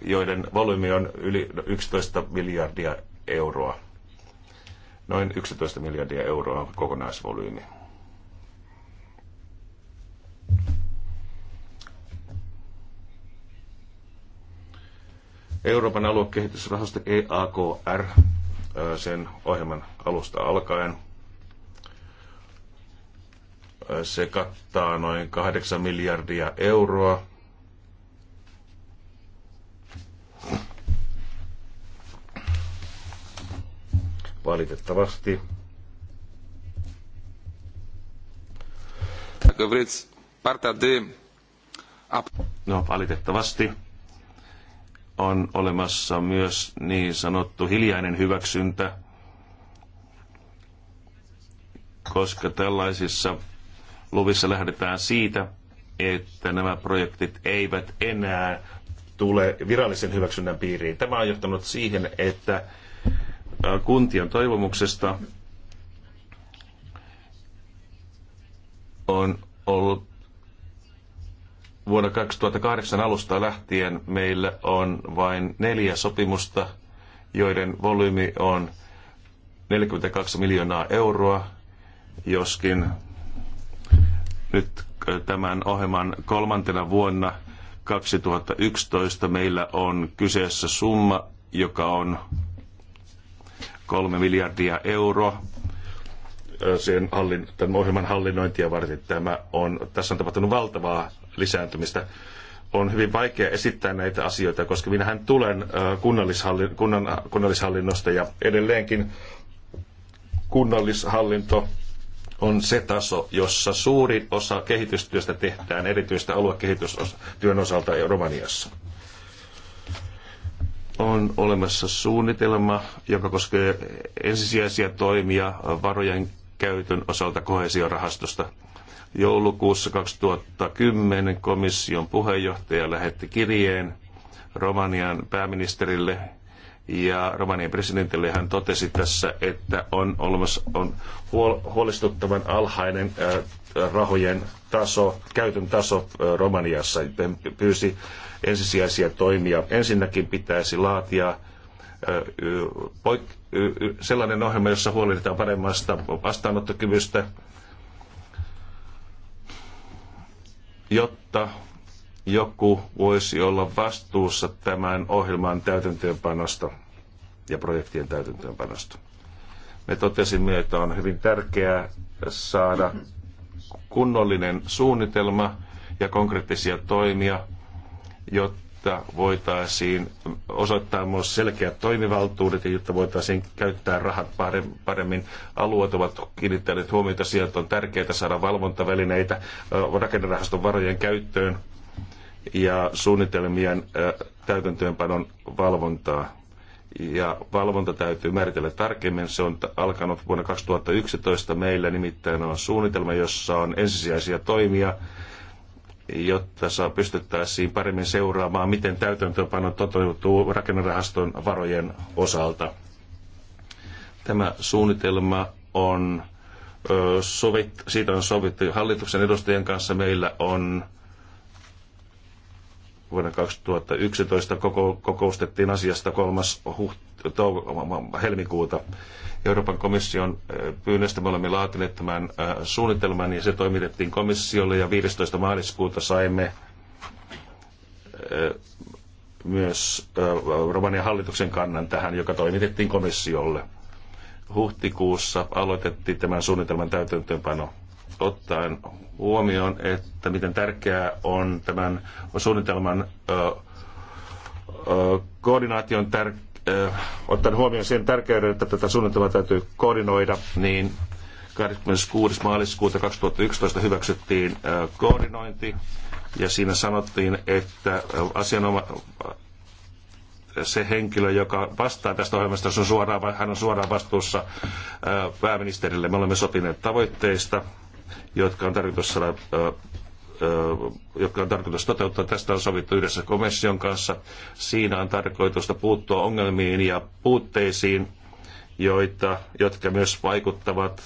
joiden volyymi on yli 11 miljardia euroa. Noin 11 miljardia euroa on kokonaisvolyymi. Euroopan aluekehitysrahasto EAKR sen ohjelman alusta alkaen. Se kattaa noin 8 miljardia euroa Valitettavasti. No, valitettavasti on olemassa myös niin sanottu hiljainen hyväksyntä, koska tällaisissa luvissa lähdetään siitä, että nämä projektit eivät enää tule virallisen hyväksynnän piiriin. Tämä on johtanut siihen, että kuntien toivomuksesta on ollut vuonna 2008 alusta lähtien meillä on vain neljä sopimusta, joiden volyymi on 42 miljoonaa euroa, joskin nyt tämän ohjelman kolmantena vuonna – 2011 meillä on kyseessä summa, joka on 3 miljardia euroa sen hallin, tämän ohjelman hallinnointia varten. Tämä on, tässä on tapahtunut valtavaa lisääntymistä. On hyvin vaikea esittää näitä asioita, koska minähän tulen kunnallishallin, kunnan, kunnallishallinnosta ja edelleenkin kunnallishallinto on se taso, jossa suurin osa kehitystyöstä tehdään, erityistä aluekehitystyön osalta Romaniassa. On olemassa suunnitelma, joka koskee ensisijaisia toimia varojen käytön osalta kohesiorahastosta. Joulukuussa 2010 komission puheenjohtaja lähetti kirjeen Romanian pääministerille ja Romanian presidentille hän totesi tässä, että on olemassa on huolestuttavan alhainen rahojen taso, käytön taso Romaniassa. Hän pyysi ensisijaisia toimia. Ensinnäkin pitäisi laatia sellainen ohjelma, jossa huolehditaan paremmasta vastaanottokyvystä, jotta joku voisi olla vastuussa tämän ohjelman täytäntöönpanosta ja projektien täytäntöönpanosta. Me totesimme, että on hyvin tärkeää saada kunnollinen suunnitelma ja konkreettisia toimia, jotta voitaisiin osoittaa myös selkeät toimivaltuudet ja jotta voitaisiin käyttää rahat paremmin. Alueet ovat kiinnittäneet huomiota siihen, että on tärkeää saada valvontavälineitä rakennerahaston varojen käyttöön ja suunnitelmien täytäntöönpanon valvontaa. Ja valvonta täytyy määritellä tarkemmin. Se on alkanut vuonna 2011. Meillä nimittäin on suunnitelma, jossa on ensisijaisia toimia, jotta saa pystyttäisiin paremmin seuraamaan, miten täytäntöönpano toteutuu rakennerahaston varojen osalta. Tämä suunnitelma on, sovittu, siitä on sovittu hallituksen edustajien kanssa. Meillä on Vuonna 2011 koko, kokoustettiin asiasta 3. Huht- helmikuuta. Euroopan komission pyynnöstä me olemme laatineet tämän suunnitelman ja se toimitettiin komissiolle ja 15. maaliskuuta saimme myös Romanian hallituksen kannan tähän, joka toimitettiin komissiolle. Huhtikuussa aloitettiin tämän suunnitelman täytäntöönpano ottaen huomioon, että miten tärkeää on tämän suunnitelman ö, ö, koordinaation tär- ö, ottaen huomioon sen tärkeyden, että tätä suunnitelmaa täytyy koordinoida, niin 26. maaliskuuta 2011 hyväksyttiin ö, koordinointi ja siinä sanottiin, että asianoma, se henkilö, joka vastaa tästä ohjelmasta, on suoraan, hän on suoraan vastuussa pääministerille. Me olemme sopineet tavoitteista jotka on tarkoitus saada jotka on tarkoitus toteuttaa. Tästä on sovittu yhdessä komission kanssa. Siinä on tarkoitus puuttua ongelmiin ja puutteisiin, joita, jotka myös vaikuttavat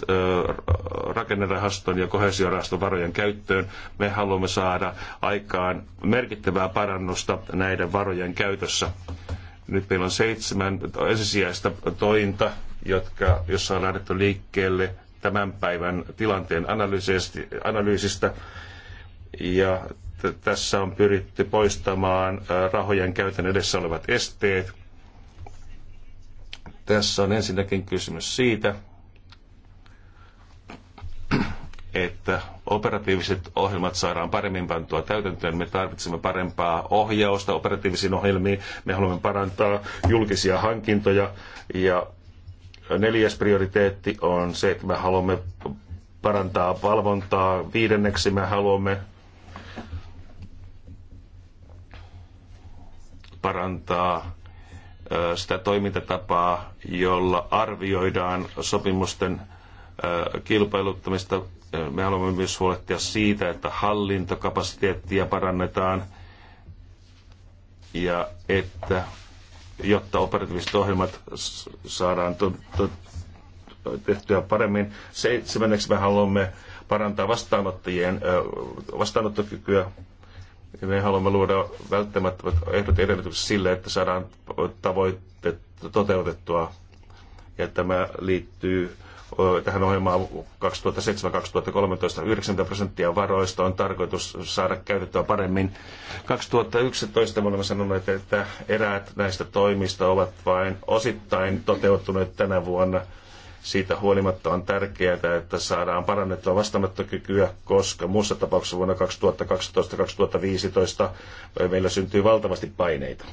rakennerahaston ja kohesiorahaston varojen käyttöön. Me haluamme saada aikaan merkittävää parannusta näiden varojen käytössä. Nyt meillä on seitsemän ensisijaista tointa, jotka, jossa on lähdetty liikkeelle tämän päivän tilanteen analyysistä. Ja tässä on pyritty poistamaan äh, rahojen käytön edessä olevat esteet. Tässä on ensinnäkin kysymys siitä, että operatiiviset ohjelmat saadaan paremmin pantua täytäntöön. Me tarvitsemme parempaa ohjausta operatiivisiin ohjelmiin. Me haluamme parantaa julkisia hankintoja ja Neljäs prioriteetti on se, että me haluamme parantaa valvontaa. Viidenneksi me haluamme parantaa sitä toimintatapaa, jolla arvioidaan sopimusten kilpailuttamista. Me haluamme myös huolehtia siitä, että hallintokapasiteettia parannetaan ja että jotta operatiiviset ohjelmat saadaan to, to, tehtyä paremmin. Seitsemänneksi me haluamme parantaa vastaanottajien vastaanottokykyä. Me haluamme luoda välttämättömät ehdot edellytykset sille, että saadaan tavoitteet toteutettua. Ja tämä liittyy tähän ohjelmaan 2007-2013 90 prosenttia varoista on tarkoitus saada käytettyä paremmin. 2011 me olemme sanoneet, että eräät näistä toimista ovat vain osittain toteutuneet tänä vuonna. Siitä huolimatta on tärkeää, että saadaan parannettua vastaanottokykyä, koska muussa tapauksessa vuonna 2012-2015 meillä syntyy valtavasti paineita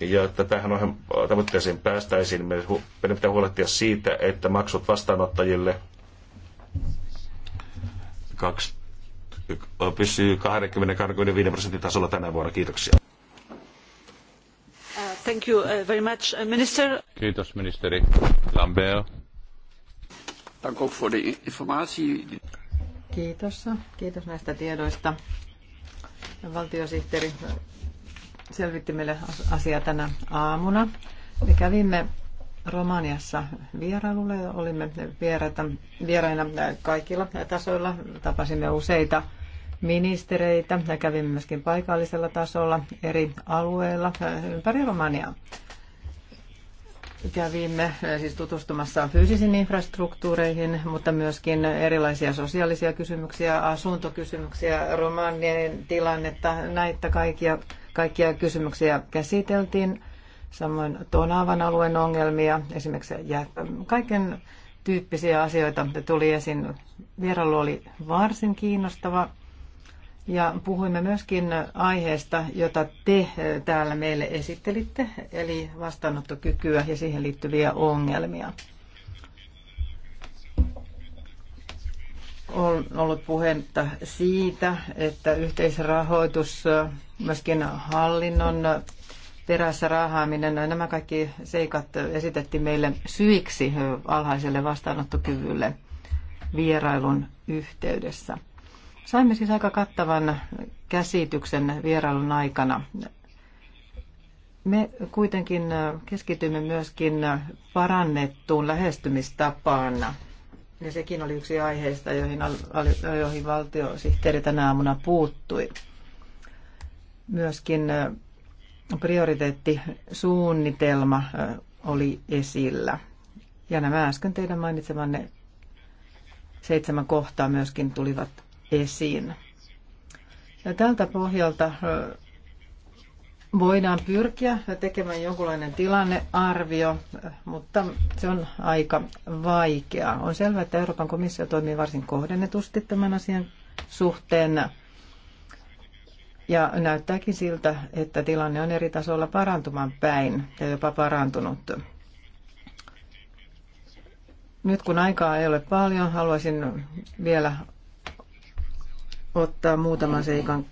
ja että tähän tavoitteeseen päästäisiin, meidän pitää huolehtia siitä, että maksut vastaanottajille kaksi, pysyy 20-25 prosentin tasolla tänä vuonna. Kiitoksia. Uh, thank you uh, very much, uh, minister. Kiitos ministeri Lambert. Kiitos. Kiitos näistä tiedoista. Valtiosihteeri selvitti meille asiaa tänä aamuna. Me kävimme Romaniassa vierailulle ja olimme vieraita, vieraina kaikilla tasoilla. Tapasimme useita ministereitä ja kävimme myöskin paikallisella tasolla eri alueilla ympäri Romaniaa. Kävimme siis tutustumassa fyysisiin infrastruktuureihin, mutta myöskin erilaisia sosiaalisia kysymyksiä, asuntokysymyksiä, romanien tilannetta, näitä kaikkia Kaikkia kysymyksiä käsiteltiin, samoin Tonavan alueen ongelmia, esimerkiksi jä, kaiken tyyppisiä asioita tuli esiin. Vierailu oli varsin kiinnostava ja puhuimme myöskin aiheesta, jota te eh, täällä meille esittelitte, eli vastaanottokykyä ja siihen liittyviä ongelmia. on ollut puhetta siitä, että yhteisrahoitus, myöskin hallinnon perässä rahaaminen, nämä kaikki seikat esitettiin meille syiksi alhaiselle vastaanottokyvylle vierailun yhteydessä. Saimme siis aika kattavan käsityksen vierailun aikana. Me kuitenkin keskitymme myöskin parannettuun lähestymistapaan ja niin sekin oli yksi aiheista, joihin, joihin valtiosihteeri tänä aamuna puuttui. Myöskin prioriteettisuunnitelma oli esillä. Ja nämä äsken teidän mainitsemanne seitsemän kohtaa myöskin tulivat esiin. Ja tältä pohjalta voidaan pyrkiä tekemään jonkunlainen tilannearvio, mutta se on aika vaikeaa. On selvää, että Euroopan komissio toimii varsin kohdennetusti tämän asian suhteen. Ja näyttääkin siltä, että tilanne on eri tasolla parantumaan päin ja jopa parantunut. Nyt kun aikaa ei ole paljon, haluaisin vielä ottaa muutaman seikan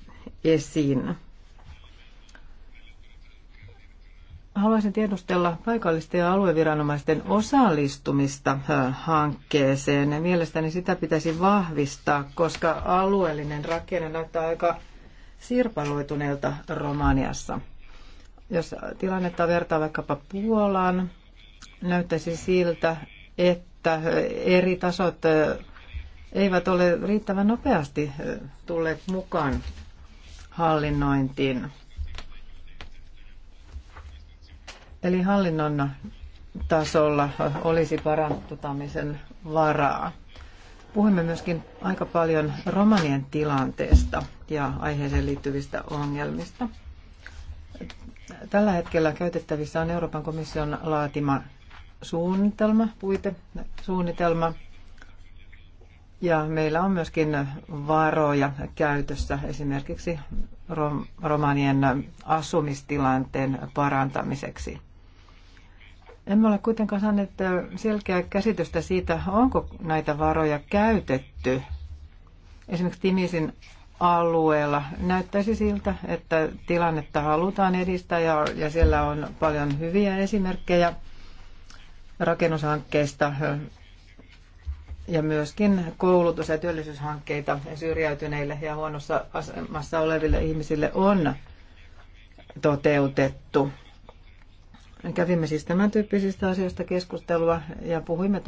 esiin. Haluaisin tiedustella paikallisten ja alueviranomaisten osallistumista äh, hankkeeseen. Mielestäni sitä pitäisi vahvistaa, koska alueellinen rakenne näyttää aika sirpaloituneelta Romaniassa. Jos tilannetta vertaa vaikkapa Puolaan, näyttäisi siltä, että eri tasot äh, eivät ole riittävän nopeasti äh, tulleet mukaan hallinnointiin. Eli hallinnon tasolla olisi parantamisen varaa. Puhumme myöskin aika paljon romanien tilanteesta ja aiheeseen liittyvistä ongelmista. Tällä hetkellä käytettävissä on Euroopan komission laatima suunnitelma, suunnitelma, ja meillä on myöskin varoja käytössä esimerkiksi romanien asumistilanteen parantamiseksi. Emme ole kuitenkaan saaneet selkeää käsitystä siitä, onko näitä varoja käytetty. Esimerkiksi Timisin alueella näyttäisi siltä, että tilannetta halutaan edistää ja, ja siellä on paljon hyviä esimerkkejä rakennushankkeista ja myöskin koulutus- ja työllisyyshankkeita syrjäytyneille ja huonossa asemassa oleville ihmisille on toteutettu. Kävimme siis tämän tyyppisistä asioista keskustelua ja puhuimme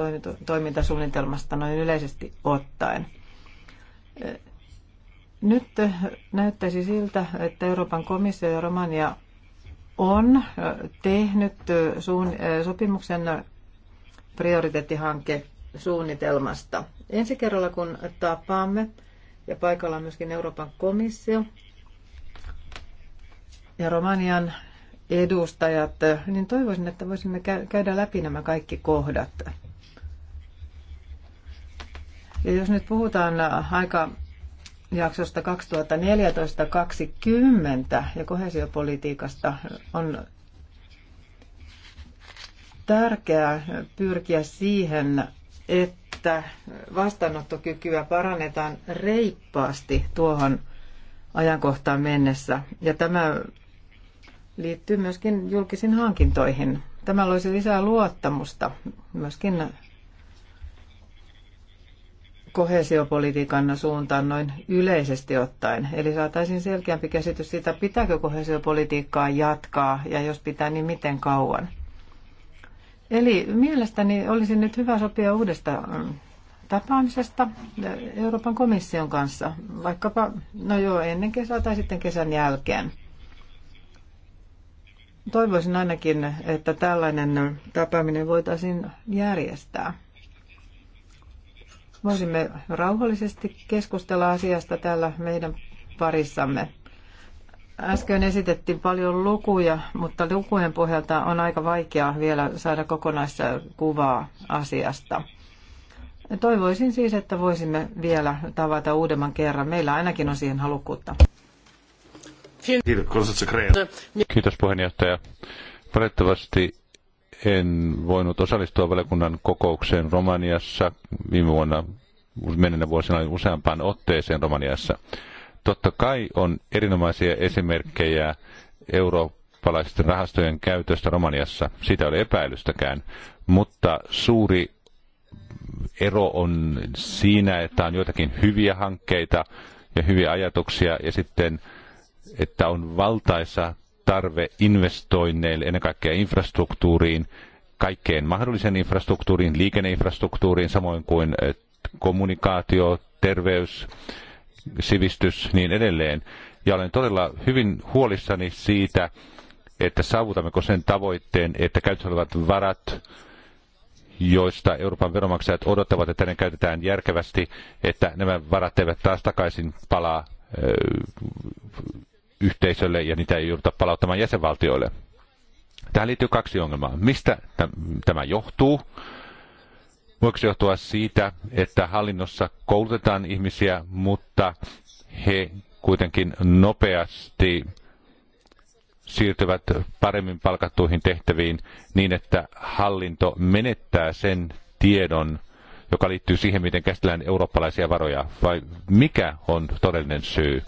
toimintasuunnitelmasta noin yleisesti ottaen. Eh, nyt näyttäisi siltä, että Euroopan komissio ja Romania on eh, tehnyt eh, sopimuksen prioriteettihanke suunnitelmasta. Ensi kerralla kun tapaamme ja paikalla on myöskin Euroopan komissio ja Romanian edustajat, niin toivoisin, että voisimme käydä läpi nämä kaikki kohdat. Ja jos nyt puhutaan aika jaksosta 2014-2020 ja kohesiopolitiikasta on tärkeää pyrkiä siihen, että vastaanottokykyä parannetaan reippaasti tuohon ajankohtaan mennessä. Ja tämä liittyy myöskin julkisiin hankintoihin. Tämä loisi lisää luottamusta myöskin kohesiopolitiikan suuntaan noin yleisesti ottaen. Eli saataisiin selkeämpi käsitys siitä, pitääkö kohesiopolitiikkaa jatkaa ja jos pitää, niin miten kauan. Eli mielestäni olisi nyt hyvä sopia uudesta mm, tapaamisesta Euroopan komission kanssa, vaikkapa, no joo, ennen kesää tai sitten kesän jälkeen toivoisin ainakin, että tällainen tapaaminen voitaisiin järjestää. Voisimme rauhallisesti keskustella asiasta täällä meidän parissamme. Äsken esitettiin paljon lukuja, mutta lukujen pohjalta on aika vaikea vielä saada kokonaista kuvaa asiasta. Toivoisin siis, että voisimme vielä tavata uudemman kerran. Meillä ainakin on siihen halukkuutta. Kiitos puheenjohtaja. Valitettavasti en voinut osallistua valiokunnan kokoukseen Romaniassa viime vuonna, menneenä vuosina useampaan otteeseen Romaniassa. Totta kai on erinomaisia esimerkkejä eurooppalaisten rahastojen käytöstä Romaniassa. Siitä ei ole epäilystäkään, mutta suuri ero on siinä, että on joitakin hyviä hankkeita ja hyviä ajatuksia ja sitten – että on valtaisa tarve investoinneille, ennen kaikkea infrastruktuuriin, kaikkeen mahdollisen infrastruktuuriin, liikenneinfrastruktuuriin, samoin kuin eh, kommunikaatio, terveys, sivistys, niin edelleen. Ja olen todella hyvin huolissani siitä, että saavutammeko sen tavoitteen, että käytössä olevat varat, joista Euroopan veronmaksajat odottavat, että ne käytetään järkevästi, että nämä varat eivät taas takaisin palaa eh, yhteisölle ja niitä ei jouduta palauttamaan jäsenvaltioille. Tähän liittyy kaksi ongelmaa. Mistä tämä johtuu? Voiko se johtua siitä, että hallinnossa koulutetaan ihmisiä, mutta he kuitenkin nopeasti siirtyvät paremmin palkattuihin tehtäviin niin, että hallinto menettää sen tiedon, joka liittyy siihen, miten käsitellään eurooppalaisia varoja, vai mikä on todellinen syy?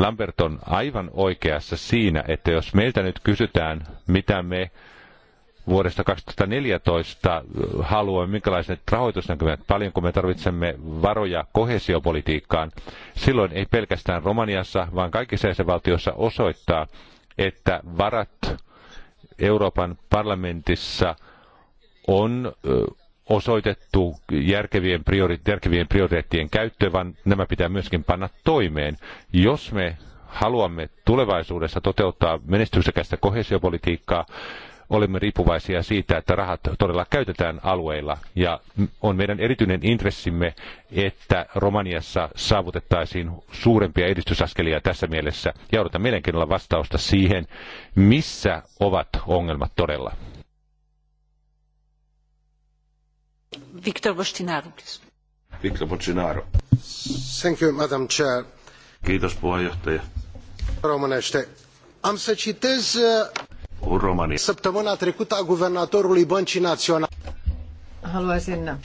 Lambert on aivan oikeassa siinä, että jos meiltä nyt kysytään, mitä me vuodesta 2014 haluamme, minkälaiset rahoitusnäkymät, paljonko me tarvitsemme varoja kohesiopolitiikkaan, silloin ei pelkästään Romaniassa, vaan kaikissa jäsenvaltioissa osoittaa, että varat Euroopan parlamentissa on osoitettu järkevien, priori, järkevien prioriteettien käyttöön, vaan nämä pitää myöskin panna toimeen. Jos me haluamme tulevaisuudessa toteuttaa menestyksekästä kohesiopolitiikkaa, olemme riippuvaisia siitä, että rahat todella käytetään alueilla. Ja on meidän erityinen intressimme, että Romaniassa saavutettaisiin suurempia edistysaskelia tässä mielessä. Ja odotan mielenkiinnolla vastausta siihen, missä ovat ongelmat todella. Viktor Bostinaru, please. Viktor Bostinaru. Thank you, Madam Chair. Kiitos puheenjohtaja. Românește. Am să citez uh, Romani. săptămâna trecută a guvernatorului Băncii Naționale. Haluaisin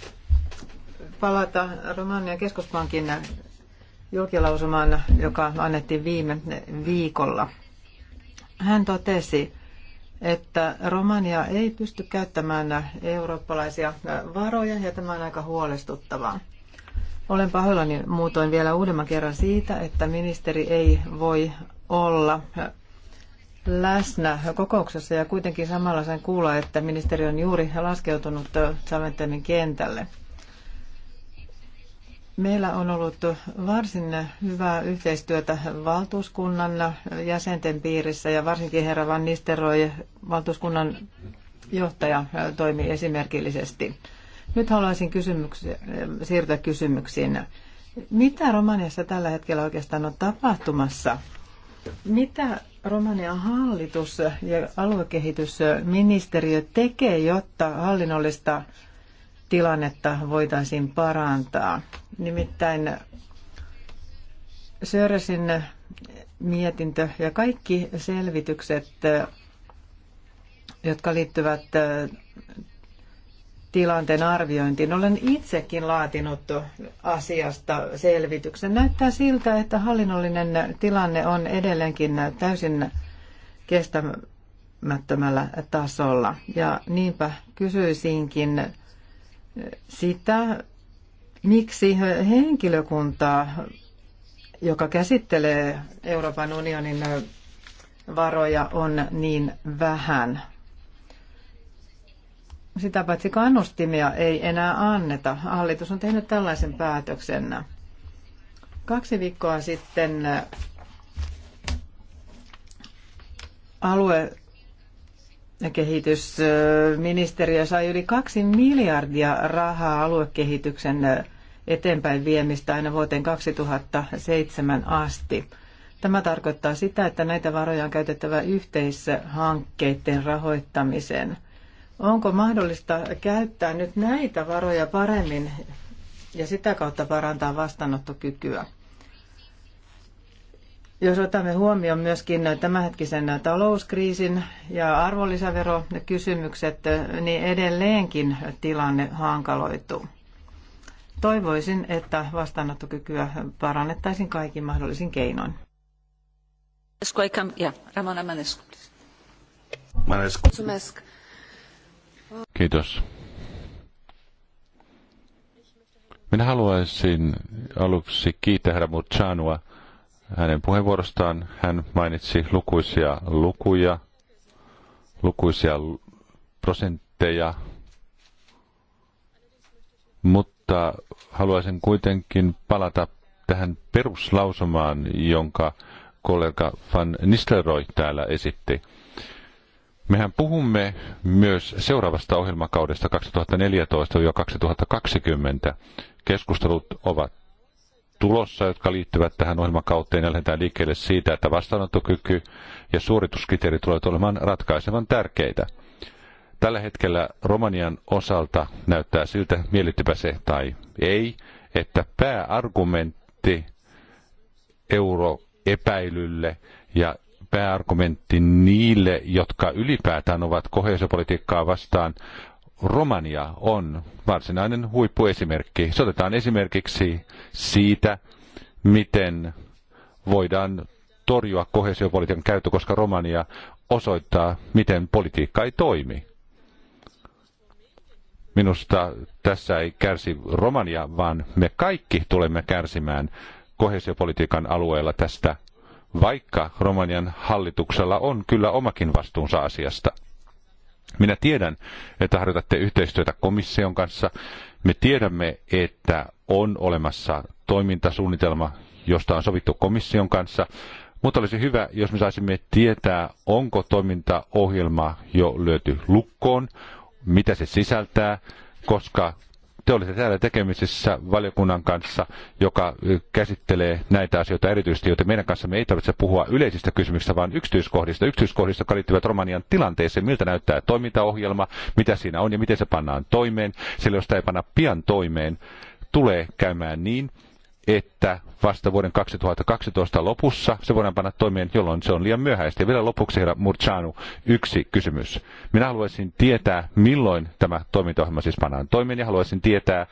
palata Romanian keskuspankin julkilausumaan, joka annettiin viime viikolla. Hän totesi, että Romania ei pysty käyttämään eurooppalaisia varoja ja tämä on aika huolestuttavaa. Olen pahoillani muutoin vielä uudemman kerran siitä, että ministeri ei voi olla läsnä kokouksessa ja kuitenkin samalla sain kuulla, että ministeri on juuri laskeutunut Zaventemin kentälle. Meillä on ollut varsin hyvää yhteistyötä valtuuskunnan jäsenten piirissä ja varsinkin herra Van Nisteroi, valtuuskunnan johtaja, toimi esimerkillisesti. Nyt haluaisin siirtyä kysymyksiin. Mitä Romaniassa tällä hetkellä oikeastaan on tapahtumassa? Mitä Romanian hallitus ja aluekehitysministeriö tekee, jotta hallinnollista tilannetta voitaisiin parantaa. Nimittäin Sörsin mietintö ja kaikki selvitykset, jotka liittyvät äh, tilanteen arviointiin. Olen itsekin laatinut asiasta selvityksen. Näyttää siltä, että hallinnollinen tilanne on edelleenkin täysin kestämättömällä tasolla. Ja niinpä kysyisinkin sitä, miksi henkilökunta, joka käsittelee Euroopan unionin varoja, on niin vähän. Sitä paitsi kannustimia ei enää anneta. Hallitus on tehnyt tällaisen päätöksen. Kaksi viikkoa sitten alue kehitysministeriö sai yli kaksi miljardia rahaa aluekehityksen eteenpäin viemistä aina vuoteen 2007 asti. Tämä tarkoittaa sitä, että näitä varoja on käytettävä yhteishankkeiden rahoittamiseen. Onko mahdollista käyttää nyt näitä varoja paremmin ja sitä kautta parantaa vastaanottokykyä? Jos otamme huomioon myöskin tämänhetkisen talouskriisin ja arvonlisäverokysymykset, niin edelleenkin tilanne hankaloituu. Toivoisin, että vastaanottokykyä parannettaisiin kaikin mahdollisin keinoin. Kiitos. Minä haluaisin aluksi kiittää herra Mutsanua hänen puheenvuorostaan. Hän mainitsi lukuisia lukuja, lukuisia prosentteja, mutta haluaisin kuitenkin palata tähän peruslausumaan, jonka kollega Van Nistelrooy täällä esitti. Mehän puhumme myös seuraavasta ohjelmakaudesta 2014-2020. Keskustelut ovat tulossa, jotka liittyvät tähän ohjelmakauteen ja lähdetään liikkeelle siitä, että vastaanottokyky ja suorituskriteerit tulevat olemaan ratkaisevan tärkeitä. Tällä hetkellä Romanian osalta näyttää siltä, mielittypä se tai ei, että pääargumentti euroepäilylle ja pääargumentti niille, jotka ylipäätään ovat kohesiopolitiikkaa vastaan, Romania on varsinainen huippuesimerkki. Se otetaan esimerkiksi siitä, miten voidaan torjua kohesiopolitiikan käyttö, koska Romania osoittaa, miten politiikka ei toimi. Minusta tässä ei kärsi Romania, vaan me kaikki tulemme kärsimään kohesiopolitiikan alueella tästä, vaikka Romanian hallituksella on kyllä omakin vastuunsa asiasta. Minä tiedän, että harjoitatte yhteistyötä komission kanssa. Me tiedämme, että on olemassa toimintasuunnitelma, josta on sovittu komission kanssa, mutta olisi hyvä, jos me saisimme tietää, onko toimintaohjelma jo lyöty lukkoon, mitä se sisältää, koska te olette täällä tekemisissä valiokunnan kanssa, joka käsittelee näitä asioita erityisesti, joten meidän kanssa me ei tarvitse puhua yleisistä kysymyksistä, vaan yksityiskohdista, yksityiskohdista, jotka liittyvät Romanian tilanteeseen, miltä näyttää toimintaohjelma, mitä siinä on ja miten se pannaan toimeen, sillä jos sitä ei panna pian toimeen, tulee käymään niin, että vasta vuoden 2012 lopussa se voidaan panna toimeen, jolloin se on liian myöhäistä. Ja vielä lopuksi, herra Murchanu, yksi kysymys. Minä haluaisin tietää, milloin tämä toimintaohjelma siis pannaan toimeen, ja haluaisin tietää,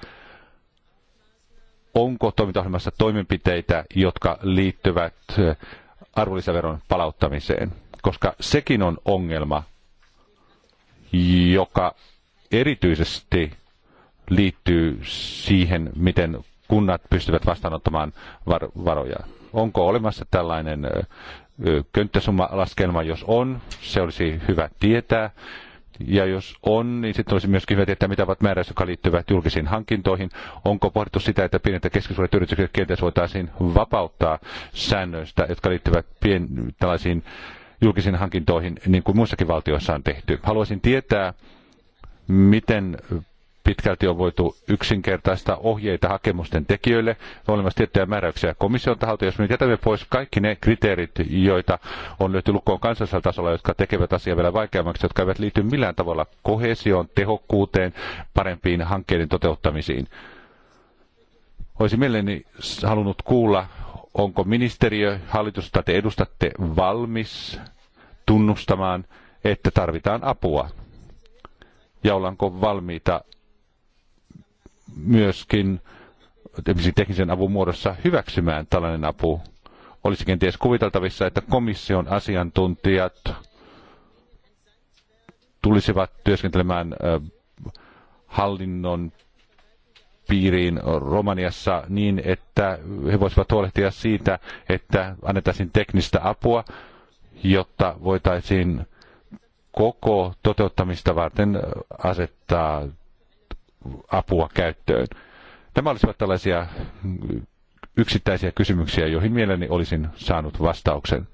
onko toimintaohjelmassa toimenpiteitä, jotka liittyvät eh, arvonlisäveron palauttamiseen, koska sekin on ongelma, joka erityisesti liittyy siihen, miten kunnat pystyvät vastaanottamaan var- varoja. Onko olemassa tällainen könttäsummalaskelma? Jos on, se olisi hyvä tietää. Ja jos on, niin sitten olisi myöskin hyvä tietää, mitä ovat määräys, jotka liittyvät julkisiin hankintoihin. Onko pohdittu sitä, että pienet ja keskisuuret yritykset kenties voitaisiin vapauttaa säännöistä, jotka liittyvät pien, tällaisiin julkisiin hankintoihin, niin kuin muissakin valtioissa on tehty? Haluaisin tietää, miten Pitkälti on voitu yksinkertaista ohjeita hakemusten tekijöille, on olemassa tiettyjä määräyksiä komission taholta. Jos me jätämme pois kaikki ne kriteerit, joita on löyty lukkoon kansallisella tasolla, jotka tekevät asiaa vielä vaikeammaksi, jotka eivät liity millään tavalla kohesioon, tehokkuuteen, parempiin hankkeiden toteuttamisiin. Olisin mielelläni halunnut kuulla, onko ministeriö, hallitus, jota te edustatte, valmis tunnustamaan, että tarvitaan apua? Ja ollaanko valmiita myöskin teknisen avun muodossa hyväksymään tällainen apu. Olisi kenties kuviteltavissa, että komission asiantuntijat tulisivat työskentelemään hallinnon piiriin Romaniassa niin, että he voisivat huolehtia siitä, että annettaisiin teknistä apua, jotta voitaisiin koko toteuttamista varten asettaa apua käyttöön. Nämä olisivat tällaisia yksittäisiä kysymyksiä, joihin mielelläni olisin saanut vastauksen.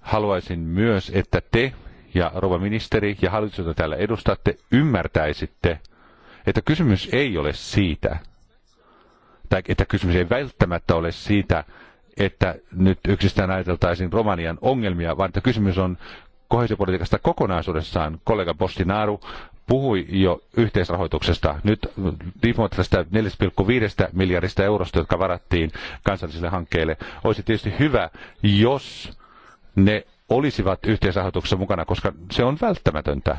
Haluaisin myös, että te ja rouva ministeri ja hallitus, jota täällä edustatte, ymmärtäisitte, että kysymys ei ole siitä, tai että kysymys ei välttämättä ole siitä, että nyt yksistään ajateltaisiin Romanian ongelmia, vaan että kysymys on kohesiopolitiikasta kokonaisuudessaan. Kollega Postinaru puhui jo yhteisrahoituksesta. Nyt riippumatta tästä 4,5 miljardista eurosta, jotka varattiin kansallisille hankkeille, olisi tietysti hyvä, jos ne olisivat yhteisrahoituksessa mukana, koska se on välttämätöntä.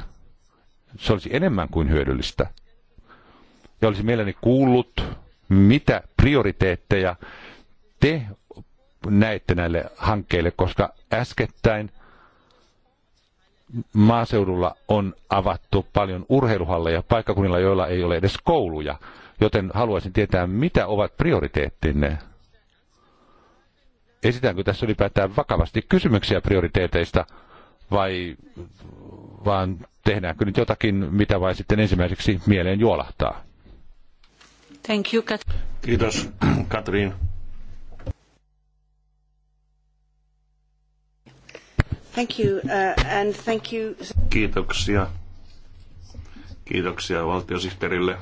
Se olisi enemmän kuin hyödyllistä. Ja olisi mielelläni kuullut, mitä prioriteetteja te näette näille hankkeille, koska äskettäin – maaseudulla on avattu paljon urheiluhalleja paikkakunnilla, joilla ei ole edes kouluja. Joten haluaisin tietää, mitä ovat prioriteettinne? Esitäänkö tässä ylipäätään vakavasti kysymyksiä prioriteeteista vai vaan tehdäänkö nyt jotakin, mitä vai sitten ensimmäiseksi mieleen juolahtaa? Thank you, Kat- Kiitos, [CLEARS THROAT] Katrin. Thank you, uh, and thank you. Kiitoksia. Kiitoksia valtiosihteerille.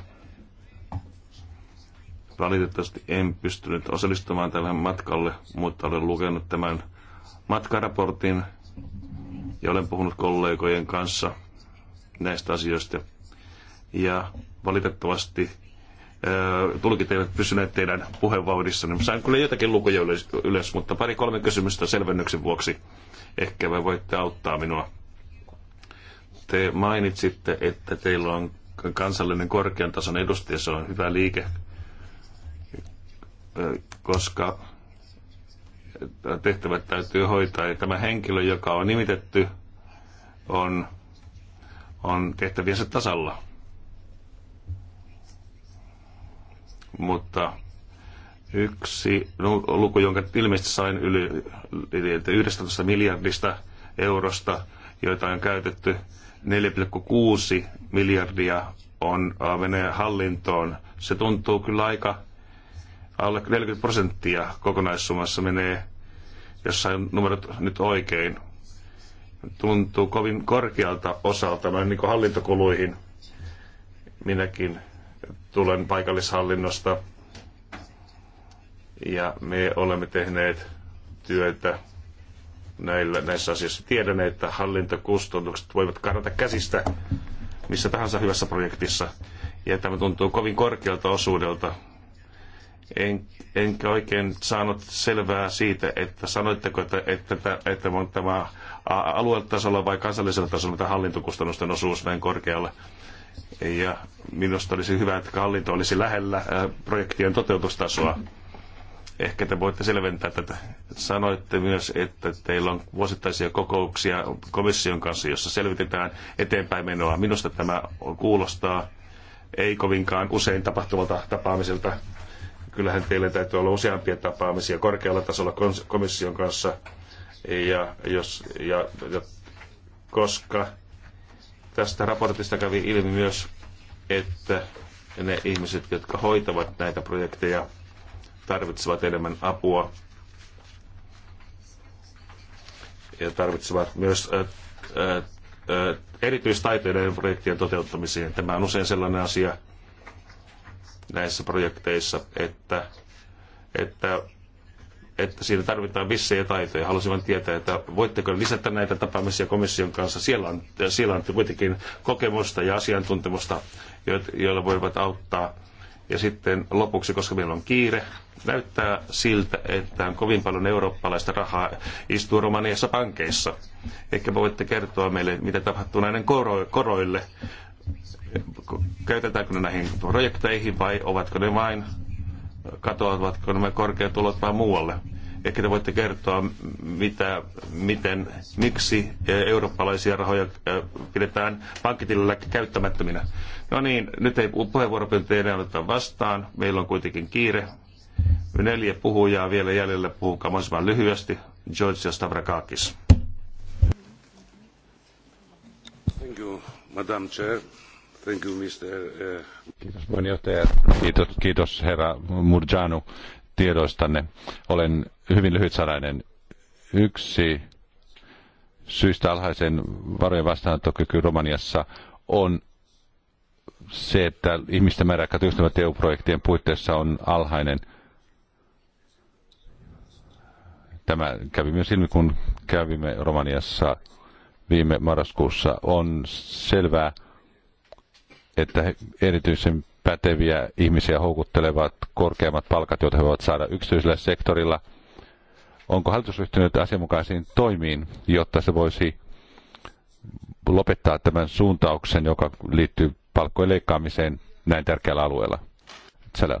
Valitettavasti en pystynyt osallistumaan tähän matkalle, mutta olen lukenut tämän matkaraportin ja olen puhunut kollegojen kanssa näistä asioista. Ja valitettavasti äh, tulkit eivät pysyneet teidän puheenvauhdissanne. niin sain kyllä jotakin lukuja ylös mutta pari-kolme kysymystä selvennyksen vuoksi. Ehkä me voitte auttaa minua. Te mainitsitte, että teillä on kansallinen korkean tason edustaja, se on hyvä liike, koska tehtävät täytyy hoitaa. Ja tämä henkilö, joka on nimitetty, on, on tehtäviensä tasalla. Mutta Yksi luku, jonka ilmeisesti sain yli, yli 11 miljardista eurosta, joita on käytetty, 4,6 miljardia on, menee hallintoon. Se tuntuu kyllä aika alle 40 prosenttia kokonaissummassa menee, jos sain numerot nyt oikein. Tuntuu kovin korkealta osalta noin niin kuin hallintokuluihin. Minäkin tulen paikallishallinnosta ja me olemme tehneet työtä näillä, näissä asioissa. Tiedän, että hallintokustannukset voivat karata käsistä missä tahansa hyvässä projektissa. Ja tämä tuntuu kovin korkealta osuudelta. En, enkä oikein saanut selvää siitä, että sanoitteko, että, että, että, että on tämä aluetasolla vai kansallisella tasolla tämä hallintokustannusten osuus näin korkealla. Ja minusta olisi hyvä, että hallinto olisi lähellä projektien toteutustasoa. Mm-hmm Ehkä te voitte selventää tätä. Sanoitte myös, että teillä on vuosittaisia kokouksia komission kanssa, jossa selvitetään eteenpäin menoa. Minusta tämä kuulostaa ei kovinkaan usein tapahtuvalta tapaamiselta. Kyllähän teille täytyy olla useampia tapaamisia korkealla tasolla komission kanssa. Ja, jos, ja, ja koska tästä raportista kävi ilmi myös, että ne ihmiset, jotka hoitavat näitä projekteja, tarvitsevat enemmän apua ja tarvitsevat myös ja projektien toteuttamiseen. Tämä on usein sellainen asia näissä projekteissa, että, että, että siinä tarvitaan vissejä taitoja. Haluaisin tietää, että voitteko lisätä näitä tapaamisia komission kanssa. Siellä on, siellä on kuitenkin kokemusta ja asiantuntemusta, joilla voivat auttaa ja sitten lopuksi, koska meillä on kiire, näyttää siltä, että on kovin paljon eurooppalaista rahaa istuu Romaniassa pankeissa. Ehkä voitte kertoa meille, mitä tapahtuu näiden koro- koroille. Käytetäänkö ne näihin projekteihin vai ovatko ne vain katoavatko nämä korkeat tulot vain muualle. Ehkä te voitte kertoa, mitä, miten, miksi eh, eurooppalaisia rahoja eh, pidetään pankkitilillä käyttämättöminä. No niin, nyt ei puheenvuoropyyntöjä enää oteta vastaan. Meillä on kuitenkin kiire. Neljä puhujaa vielä jäljellä. Puhukaa mahdollisimman lyhyesti. George Stavrakakis. Thank you, Madam Chair. Thank you, Mr. Eh, kiitos puheenjohtaja. Kiitos, kiitos herra Murjanu tiedoistanne. Olen hyvin lyhyt sanainen. Yksi syystä alhaisen varojen vastaanottokyky Romaniassa on se, että ihmisten määrä, jotka työstävät EU-projektien puitteissa, on alhainen. Tämä kävi myös ilmi, kun kävimme Romaniassa viime marraskuussa. On selvää, että erityisen päteviä ihmisiä houkuttelevat korkeammat palkat, joita he voivat saada yksityisellä sektorilla – Onko hallitus ryhtynyt asianmukaisiin toimiin, jotta se voisi lopettaa tämän suuntauksen, joka liittyy palkkojen leikkaamiseen näin tärkeällä alueella? Tsälä.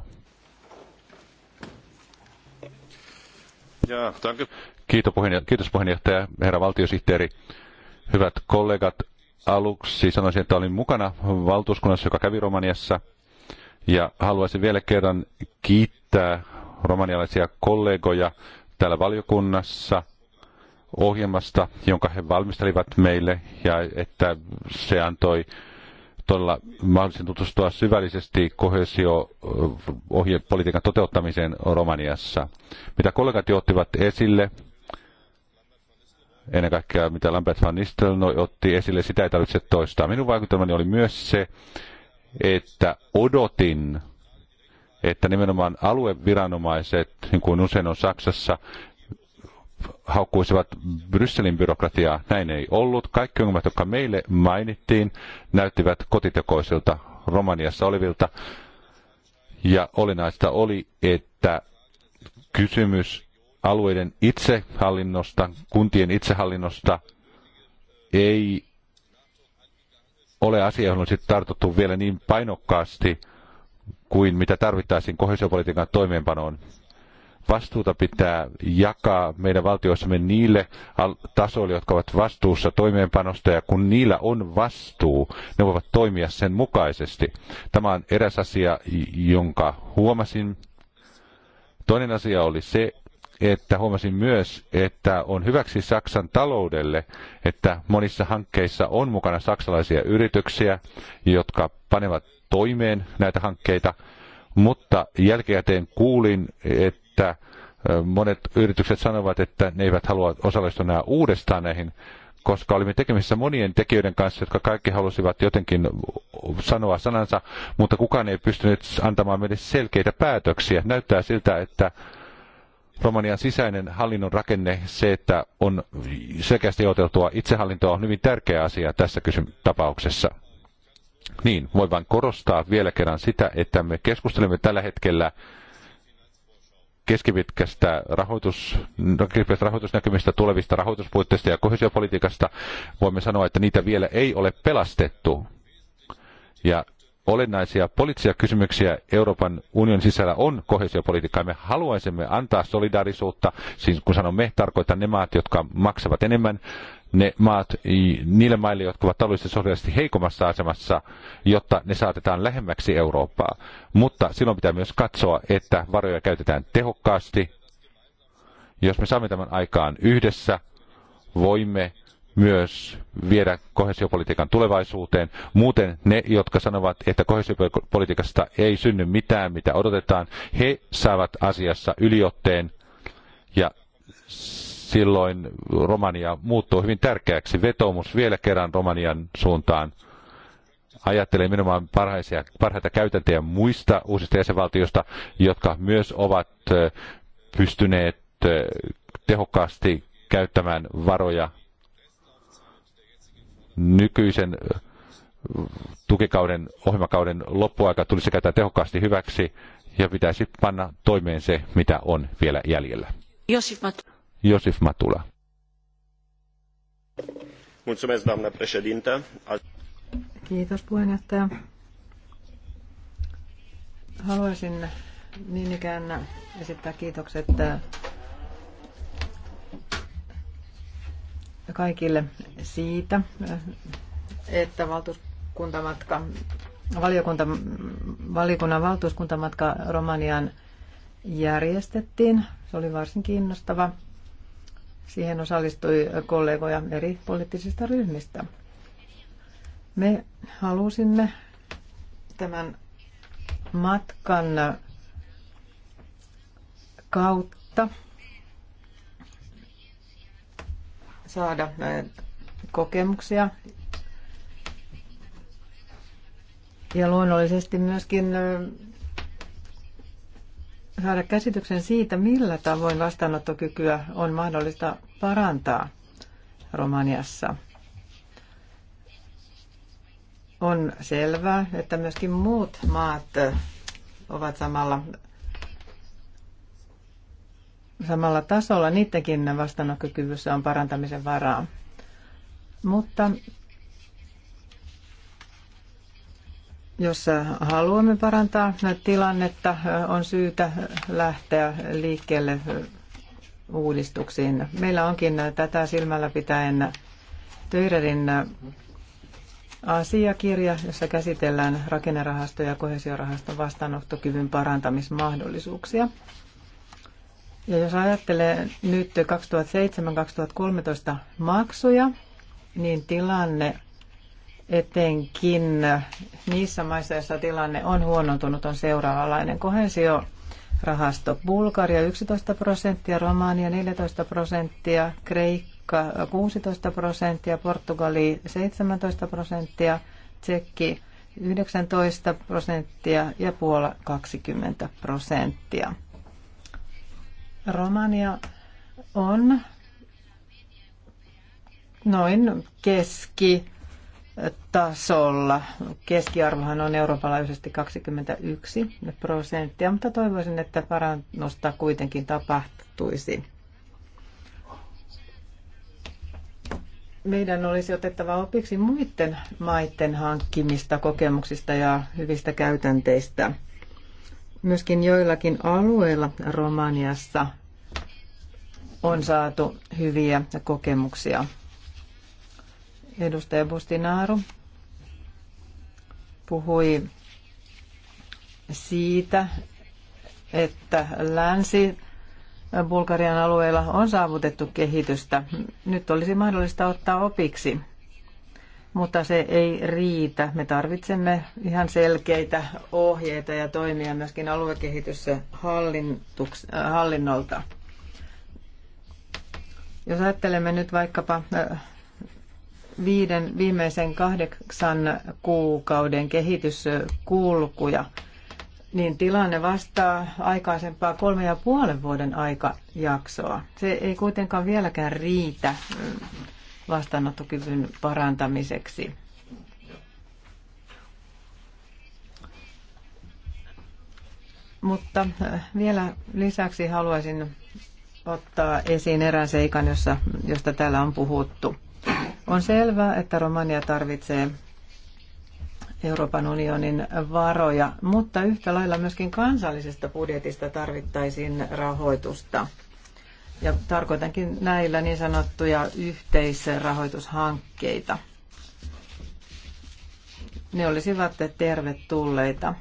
Kiitos, puheenjohtaja, kiitos puheenjohtaja, herra valtiosihteeri. Hyvät kollegat, aluksi sanoisin, että olin mukana valtuuskunnassa, joka kävi Romaniassa. Ja haluaisin vielä kerran kiittää romanialaisia kollegoja täällä valiokunnassa ohjelmasta, jonka he valmistelivat meille, ja että se antoi todella mahdollisen tutustua syvällisesti kohesio ohjepolitiikan toteuttamiseen Romaniassa. Mitä kollegat jo ottivat esille, ennen kaikkea mitä Lambert van Nistelrooy otti esille, sitä ei tarvitse toistaa. Minun vaikutelmani oli myös se, että odotin että nimenomaan alueviranomaiset, niin kuin usein on Saksassa, haukkuisivat Brysselin byrokratiaa. Näin ei ollut. Kaikki ongelmat, jotka meille mainittiin, näyttivät kotitekoisilta Romaniassa olivilta. Ja olennaista oli, että kysymys alueiden itsehallinnosta, kuntien itsehallinnosta ei ole asia, johon sitten tartuttu vielä niin painokkaasti – kuin mitä tarvittaisiin kohesiopolitiikan toimeenpanoon. Vastuuta pitää jakaa meidän valtioissamme niille tasoille, jotka ovat vastuussa toimeenpanosta, ja kun niillä on vastuu, ne voivat toimia sen mukaisesti. Tämä on eräs asia, jonka huomasin. Toinen asia oli se, että huomasin myös, että on hyväksi Saksan taloudelle, että monissa hankkeissa on mukana saksalaisia yrityksiä, jotka panevat toimeen näitä hankkeita, mutta jälkikäteen kuulin, että monet yritykset sanovat, että ne eivät halua osallistua nämä uudestaan näihin, koska olimme tekemisissä monien tekijöiden kanssa, jotka kaikki halusivat jotenkin sanoa sanansa, mutta kukaan ei pystynyt antamaan meille selkeitä päätöksiä. Näyttää siltä, että Romanian sisäinen hallinnon rakenne, se, että on selkeästi oteltua itsehallintoa, on hyvin tärkeä asia tässä kysym- tapauksessa. Niin, voin vain korostaa vielä kerran sitä, että me keskustelemme tällä hetkellä keskipitkästä rahoitus, no, rahoitusnäkymistä tulevista rahoituspuitteista ja kohesiopolitiikasta voimme sanoa, että niitä vielä ei ole pelastettu. Ja olennaisia poliittisia kysymyksiä Euroopan unionin sisällä on kohesiopolitiikka. Me haluaisimme antaa solidaarisuutta, siis kun sanon me, tarkoitan ne maat, jotka maksavat enemmän ne maat, niille maille, jotka ovat taloudellisesti sosiaalisesti heikommassa asemassa, jotta ne saatetaan lähemmäksi Eurooppaa. Mutta silloin pitää myös katsoa, että varoja käytetään tehokkaasti. Jos me saamme tämän aikaan yhdessä, voimme myös viedä kohesiopolitiikan tulevaisuuteen. Muuten ne, jotka sanovat, että kohesiopolitiikasta ei synny mitään, mitä odotetaan, he saavat asiassa yliotteen ja silloin Romania muuttuu hyvin tärkeäksi. Vetoomus vielä kerran Romanian suuntaan ajattelee nimenomaan parhaita käytäntöjä muista uusista jäsenvaltioista, jotka myös ovat pystyneet tehokkaasti käyttämään varoja nykyisen tukikauden, ohjelmakauden loppuaika tulisi käyttää tehokkaasti hyväksi ja pitäisi panna toimeen se, mitä on vielä jäljellä. Josif Matula. Mulțumesc, doamnă Kiitos puheenjohtaja. Haluaisin niin ikään esittää kiitokset äh, kaikille siitä, äh, että valtuuskuntamatka, valiokunta, valiokunnan valtuuskuntamatka Romaniaan järjestettiin. Se oli varsin kiinnostava Siihen osallistui kollegoja eri poliittisista ryhmistä. Me halusimme tämän matkan kautta saada kokemuksia ja luonnollisesti myöskin saada käsityksen siitä, millä tavoin vastaanottokykyä on mahdollista parantaa Romaniassa. On selvää, että myöskin muut maat ovat samalla, samalla tasolla. Niidenkin vastaanottokyvyssä on parantamisen varaa. Mutta Jos haluamme parantaa tilannetta, on syytä lähteä liikkeelle uudistuksiin. Meillä onkin tätä silmällä pitäen Töyrerin asiakirja, jossa käsitellään rakennerahasto- ja kohesiorahaston vastaanottokyvyn parantamismahdollisuuksia. Ja jos ajattelee nyt 2007-2013 maksuja, niin tilanne etenkin niissä maissa, joissa tilanne on huonontunut, on seuraavanlainen kohensio rahasto. Bulgaria 11 prosenttia, Romania 14 prosenttia, Kreikka 16 prosenttia, Portugali 17 prosenttia, Tsekki 19 prosenttia ja Puola 20 prosenttia. Romania on noin keski tasolla. Keskiarvohan on Euroopan laajuisesti 21 prosenttia, mutta toivoisin, että parannusta kuitenkin tapahtuisi. Meidän olisi otettava opiksi muiden maiden hankkimista kokemuksista ja hyvistä käytänteistä. Myöskin joillakin alueilla Romaniassa on saatu hyviä kokemuksia Edustaja Bustinaaru puhui siitä, että länsi Bulgarian alueella on saavutettu kehitystä. Nyt olisi mahdollista ottaa opiksi, mutta se ei riitä. Me tarvitsemme ihan selkeitä ohjeita ja toimia myöskin aluekehityshallinnolta. Jos ajattelemme nyt vaikkapa äh, viiden viimeisen kahdeksan kuukauden kehityskulkuja, niin tilanne vastaa aikaisempaa kolme ja puolen vuoden aikajaksoa. Se ei kuitenkaan vieläkään riitä mm, vastaanottokyvyn parantamiseksi. Mutta äh, vielä lisäksi haluaisin ottaa esiin erään seikan, jossa, josta täällä on puhuttu – on selvää, että Romania tarvitsee Euroopan unionin varoja, mutta yhtä lailla myöskin kansallisesta budjetista tarvittaisiin rahoitusta. Ja tarkoitankin näillä niin sanottuja yhteisrahoitushankkeita. Ne olisivat tervetulleita.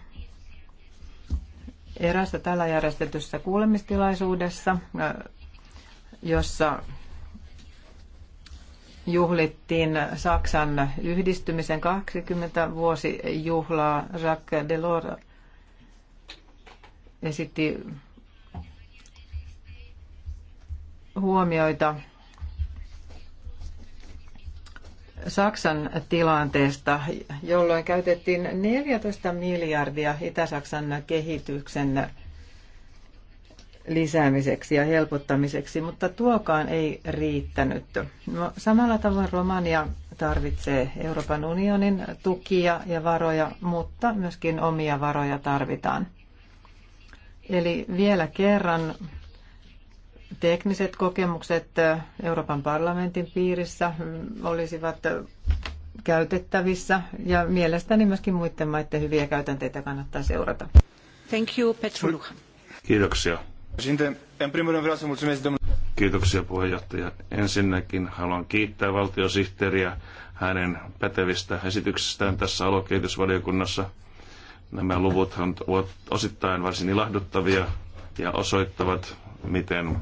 Erästä tällä järjestetyssä kuulemistilaisuudessa, jossa juhlittiin Saksan yhdistymisen 20-vuosijuhlaa. Jacques Delors esitti huomioita Saksan tilanteesta, jolloin käytettiin 14 miljardia Itä-Saksan kehityksen lisäämiseksi ja helpottamiseksi, mutta tuokaan ei riittänyt. No, samalla tavalla Romania tarvitsee Euroopan unionin tukia ja varoja, mutta myöskin omia varoja tarvitaan. Eli vielä kerran tekniset kokemukset Euroopan parlamentin piirissä olisivat käytettävissä ja mielestäni myöskin muiden maiden hyviä käytänteitä kannattaa seurata. Thank you, Petru Kiitoksia. Kiitoksia puheenjohtaja. Ensinnäkin haluan kiittää valtiosihteeriä hänen pätevistä esityksistään tässä alokehitysvaliokunnassa. Nämä luvut ovat osittain varsin ilahduttavia ja osoittavat, miten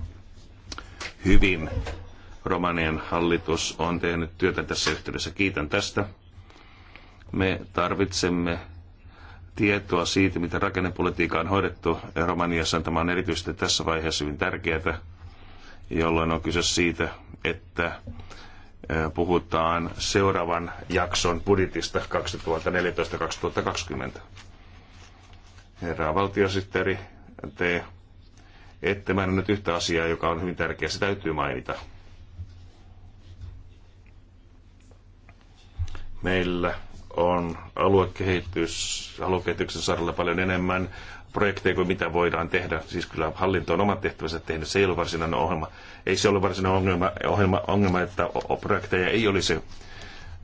hyvin Romanian hallitus on tehnyt työtä tässä yhteydessä. Kiitän tästä. Me tarvitsemme tietoa siitä, mitä rakennepolitiikka on hoidettu Romaniassa. Tämä on erityisesti tässä vaiheessa hyvin tärkeää, jolloin on kyse siitä, että puhutaan seuraavan jakson budjetista 2014-2020. Herra valtiosihteeri, te ette mä nyt yhtä asiaa, joka on hyvin tärkeä. Se täytyy mainita. Meillä on aluekehitys, aluekehityksen saralla paljon enemmän projekteja kuin mitä voidaan tehdä. Siis kyllä hallinto on omat tehtävänsä tehnyt, se ei ole varsinainen ohjelma. Ei se ole varsinainen ongelma, ohjelma, ongelma että projekteja ei olisi.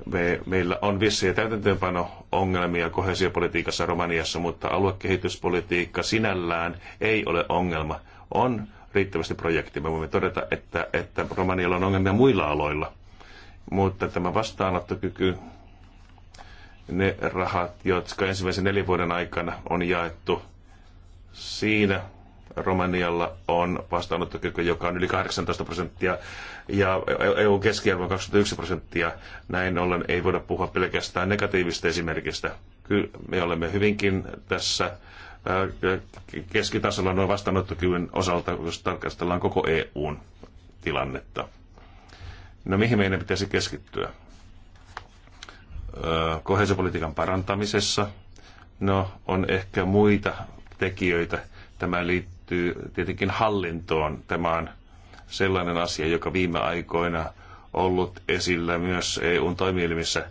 Me, meillä on vissiä täytäntöönpano-ongelmia kohesiopolitiikassa Romaniassa, mutta aluekehityspolitiikka sinällään ei ole ongelma. On riittävästi projekteja. Me voimme todeta, että, että Romanialla on ongelmia muilla aloilla. Mutta tämä vastaanottokyky ne rahat, jotka ensimmäisen neljän vuoden aikana on jaettu. Siinä Romanialla on vastaanottokyky, joka on yli 18 prosenttia ja EU keskiarvo on 21 prosenttia. Näin ollen ei voida puhua pelkästään negatiivista esimerkistä. Kyllä me olemme hyvinkin tässä keskitasolla noin vastaanottokyvyn osalta, jos tarkastellaan koko EUn tilannetta. No mihin meidän pitäisi keskittyä? kohesiopolitiikan parantamisessa. No, on ehkä muita tekijöitä. Tämä liittyy tietenkin hallintoon. Tämä on sellainen asia, joka viime aikoina ollut esillä myös EUn toimielimissä.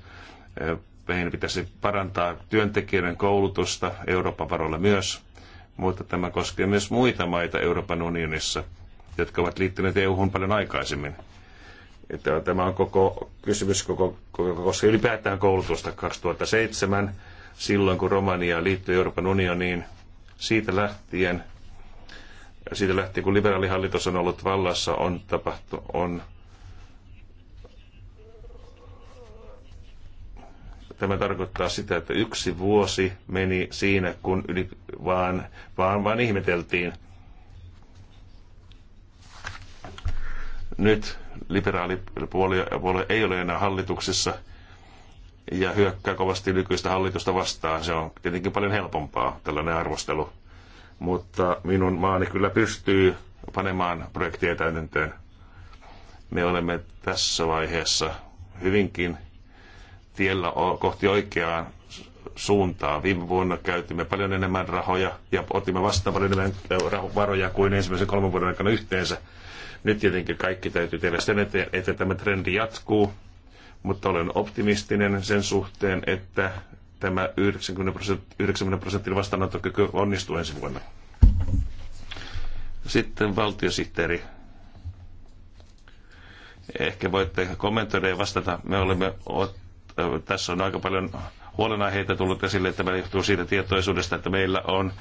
Meidän pitäisi parantaa työntekijöiden koulutusta Euroopan varoilla myös, mutta tämä koskee myös muita maita Euroopan unionissa, jotka ovat liittyneet EUhun paljon aikaisemmin että tämä on koko kysymys, koko, koko, koska ylipäätään koulutusta 2007, silloin kun Romania liittyi Euroopan unioniin, siitä lähtien, siitä lähtien kun liberaalihallitus on ollut vallassa, on tapahtu, on Tämä tarkoittaa sitä, että yksi vuosi meni siinä, kun yli, vaan, vaan, vaan ihmeteltiin. Nyt liberaalipuolue ei ole enää hallituksessa ja hyökkää kovasti nykyistä hallitusta vastaan. Se on tietenkin paljon helpompaa, tällainen arvostelu. Mutta minun maani kyllä pystyy panemaan projektia täytäntöön. Me olemme tässä vaiheessa hyvinkin tiellä kohti oikeaan suuntaa. Viime vuonna käytimme paljon enemmän rahoja ja otimme vastaan paljon enemmän varoja kuin ensimmäisen kolmen vuoden aikana yhteensä. Nyt tietenkin kaikki täytyy tehdä sen, että, että tämä trendi jatkuu, mutta olen optimistinen sen suhteen, että tämä 90 prosentin, 90 prosentin vastaanottokyky onnistuu ensi vuonna. Sitten valtiosihteeri. Ehkä voitte kommentoida ja vastata. Me olemme, tässä on aika paljon huolenaiheita tullut esille, että tämä johtuu siitä tietoisuudesta, että meillä on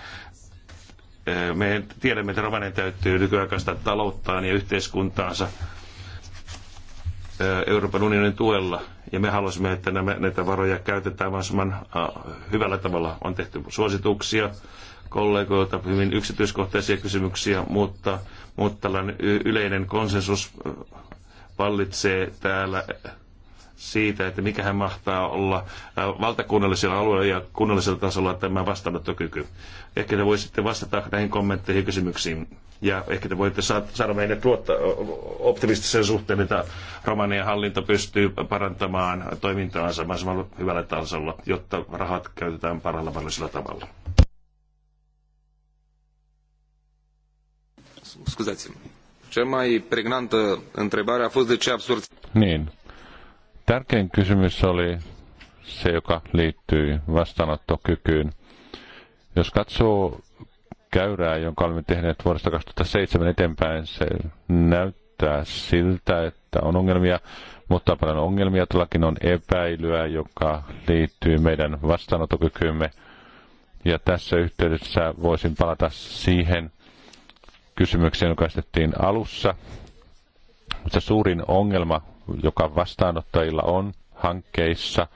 me tiedämme, että Rovanen täytyy nykyaikaista talouttaan ja yhteiskuntaansa Euroopan unionin tuella. Ja me halusimme, että nämä, näitä varoja käytetään mahdollisimman hyvällä tavalla. On tehty suosituksia kollegoilta, hyvin yksityiskohtaisia kysymyksiä, mutta, mutta tällainen yleinen konsensus vallitsee täällä siitä, että mikä hän mahtaa olla äh, valtakunnallisella alueella ja kunnallisella tasolla tämä vastaanottokyky. Ehkä te voisitte vastata näihin kommentteihin ja kysymyksiin. Ja ehkä te voitte saada meille tuottaa optimistisen suhteen, että Romanian hallinto pystyy parantamaan toimintaansa mahdollisimman hyvällä tasolla, jotta rahat käytetään parhaalla mahdollisella tavalla. Scuzați-mă. Cea mai pregnantă întrebare a fost de ce absurd? Niin, Tärkein kysymys oli se, joka liittyy vastaanottokykyyn. Jos katsoo käyrää, jonka olemme tehneet vuodesta 2007 eteenpäin, se näyttää siltä, että on ongelmia, mutta paljon ongelmia. tullakin on epäilyä, joka liittyy meidän vastaanottokykyymme. Ja tässä yhteydessä voisin palata siihen kysymykseen, joka esitettiin alussa mutta suurin ongelma, joka vastaanottajilla on hankkeissa,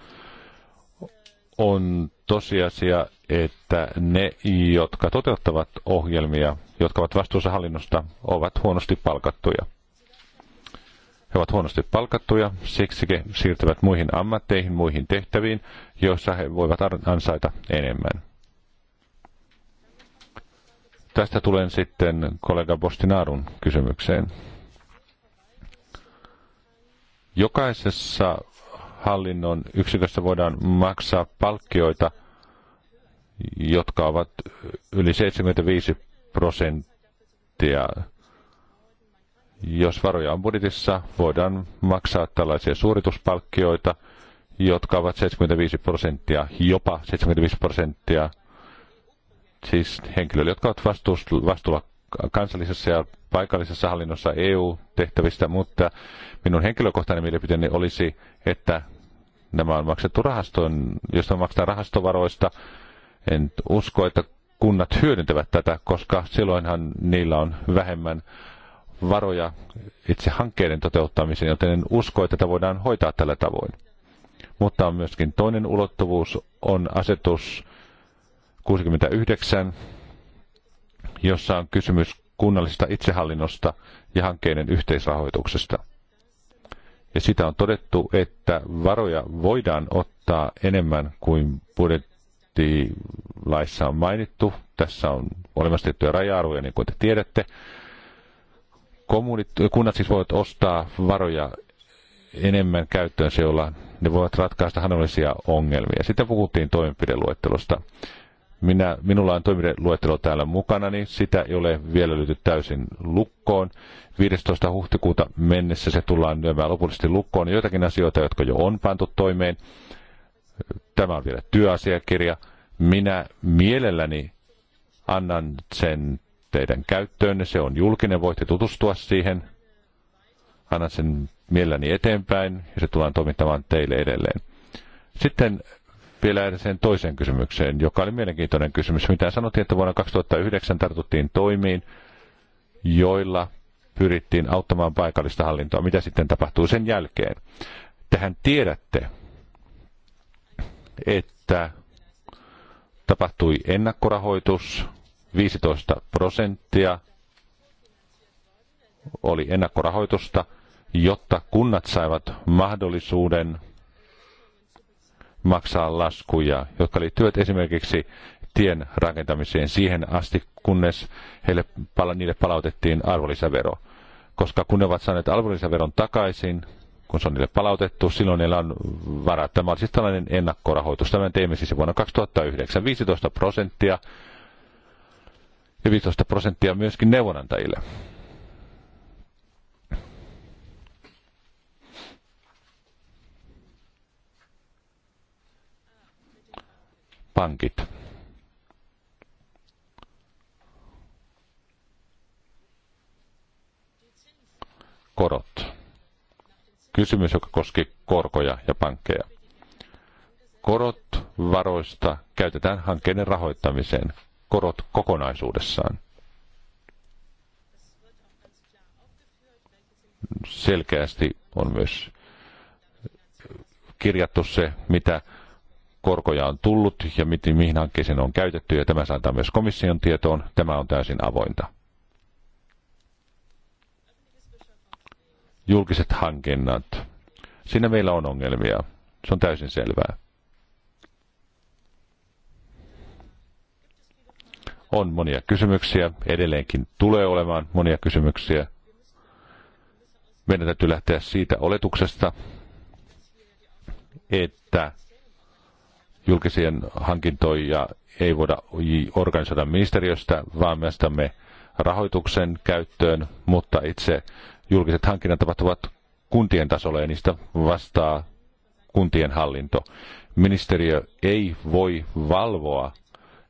on tosiasia, että ne, jotka toteuttavat ohjelmia, jotka ovat vastuussa hallinnosta, ovat huonosti palkattuja. He ovat huonosti palkattuja, siksi he siirtyvät muihin ammatteihin, muihin tehtäviin, joissa he voivat ansaita enemmän. Tästä tulen sitten kollega Bostinaarun kysymykseen. Jokaisessa hallinnon yksikössä voidaan maksaa palkkioita, jotka ovat yli 75 prosenttia. Jos varoja on budjetissa, voidaan maksaa tällaisia suorituspalkkioita, jotka ovat 75 prosenttia, jopa 75 prosenttia, siis henkilöille, jotka ovat vastuulla kansallisessa ja paikallisessa hallinnossa EU-tehtävistä, mutta minun henkilökohtainen mielipiteeni olisi, että nämä on maksettu rahastoon, josta maksetaan rahastovaroista. En usko, että kunnat hyödyntävät tätä, koska silloinhan niillä on vähemmän varoja itse hankkeiden toteuttamiseen, joten en usko, että tätä voidaan hoitaa tällä tavoin. Mutta on myöskin toinen ulottuvuus, on asetus 69 jossa on kysymys kunnallisesta itsehallinnosta ja hankkeiden yhteisrahoituksesta. Ja sitä on todettu, että varoja voidaan ottaa enemmän kuin budjettilaissa on mainittu. Tässä on olemassa tiettyjä raja-arvoja, niin kuin te tiedätte. Kommunit, kunnat siis voivat ostaa varoja enemmän käyttöön, jolla ne voivat ratkaista hanollisia ongelmia. Sitten puhuttiin toimenpideluettelosta. Minä, minulla on toimenpideluettelo täällä mukana, niin sitä ei ole vielä lyöty täysin lukkoon. 15. huhtikuuta mennessä se tullaan lyömään lopullisesti lukkoon. Joitakin asioita, jotka jo on pantu toimeen. Tämä on vielä työasiakirja. Minä mielelläni annan sen teidän käyttöönne. Se on julkinen, voitte tutustua siihen. Annan sen mielelläni eteenpäin ja se tullaan toimittamaan teille edelleen. Sitten vielä sen toiseen kysymykseen, joka oli mielenkiintoinen kysymys. Mitä sanottiin, että vuonna 2009 tartuttiin toimiin, joilla pyrittiin auttamaan paikallista hallintoa. Mitä sitten tapahtuu sen jälkeen? Tähän tiedätte, että tapahtui ennakkorahoitus, 15 prosenttia oli ennakkorahoitusta, jotta kunnat saivat mahdollisuuden – maksaa laskuja, jotka liittyvät esimerkiksi tien rakentamiseen siihen asti, kunnes heille, niille palautettiin arvonlisävero. Koska kun ne ovat saaneet arvonlisäveron takaisin, kun se on niille palautettu, silloin niillä on varat. Tämä on siis tällainen ennakkorahoitus. Tämän teimme siis vuonna 2009 15 prosenttia ja 15 prosenttia myöskin neuvonantajille. pankit. Korot. Kysymys, joka koski korkoja ja pankkeja. Korot varoista käytetään hankkeiden rahoittamiseen. Korot kokonaisuudessaan. Selkeästi on myös kirjattu se, mitä korkoja on tullut ja mihin hankkeeseen on käytetty, ja tämä saadaan myös komission tietoon. Tämä on täysin avointa. Julkiset hankinnat. Siinä meillä on ongelmia. Se on täysin selvää. On monia kysymyksiä. Edelleenkin tulee olemaan monia kysymyksiä. Meidän täytyy lähteä siitä oletuksesta, että julkisien hankintoja ei voida organisoida ministeriöstä, vaan me rahoituksen käyttöön, mutta itse julkiset hankinnat tapahtuvat kuntien tasolla ja niistä vastaa kuntien hallinto. Ministeriö ei voi valvoa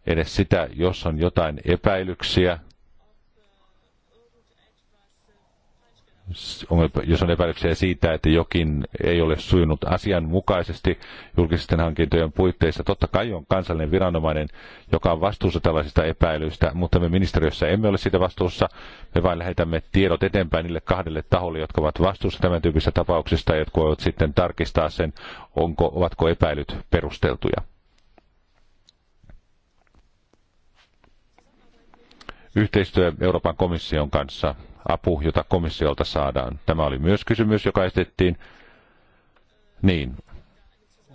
edes sitä, jos on jotain epäilyksiä jos on epäilyksiä siitä, että jokin ei ole sujunut asianmukaisesti julkisten hankintojen puitteissa. Totta kai on kansallinen viranomainen, joka on vastuussa tällaisista epäilyistä, mutta me ministeriössä emme ole siitä vastuussa. Me vain lähetämme tiedot eteenpäin niille kahdelle taholle, jotka ovat vastuussa tämän tyyppisistä tapauksista, jotka voivat sitten tarkistaa sen, onko, ovatko epäilyt perusteltuja. Yhteistyö Euroopan komission kanssa apu, jota komissiolta saadaan? Tämä oli myös kysymys, joka estettiin. Niin,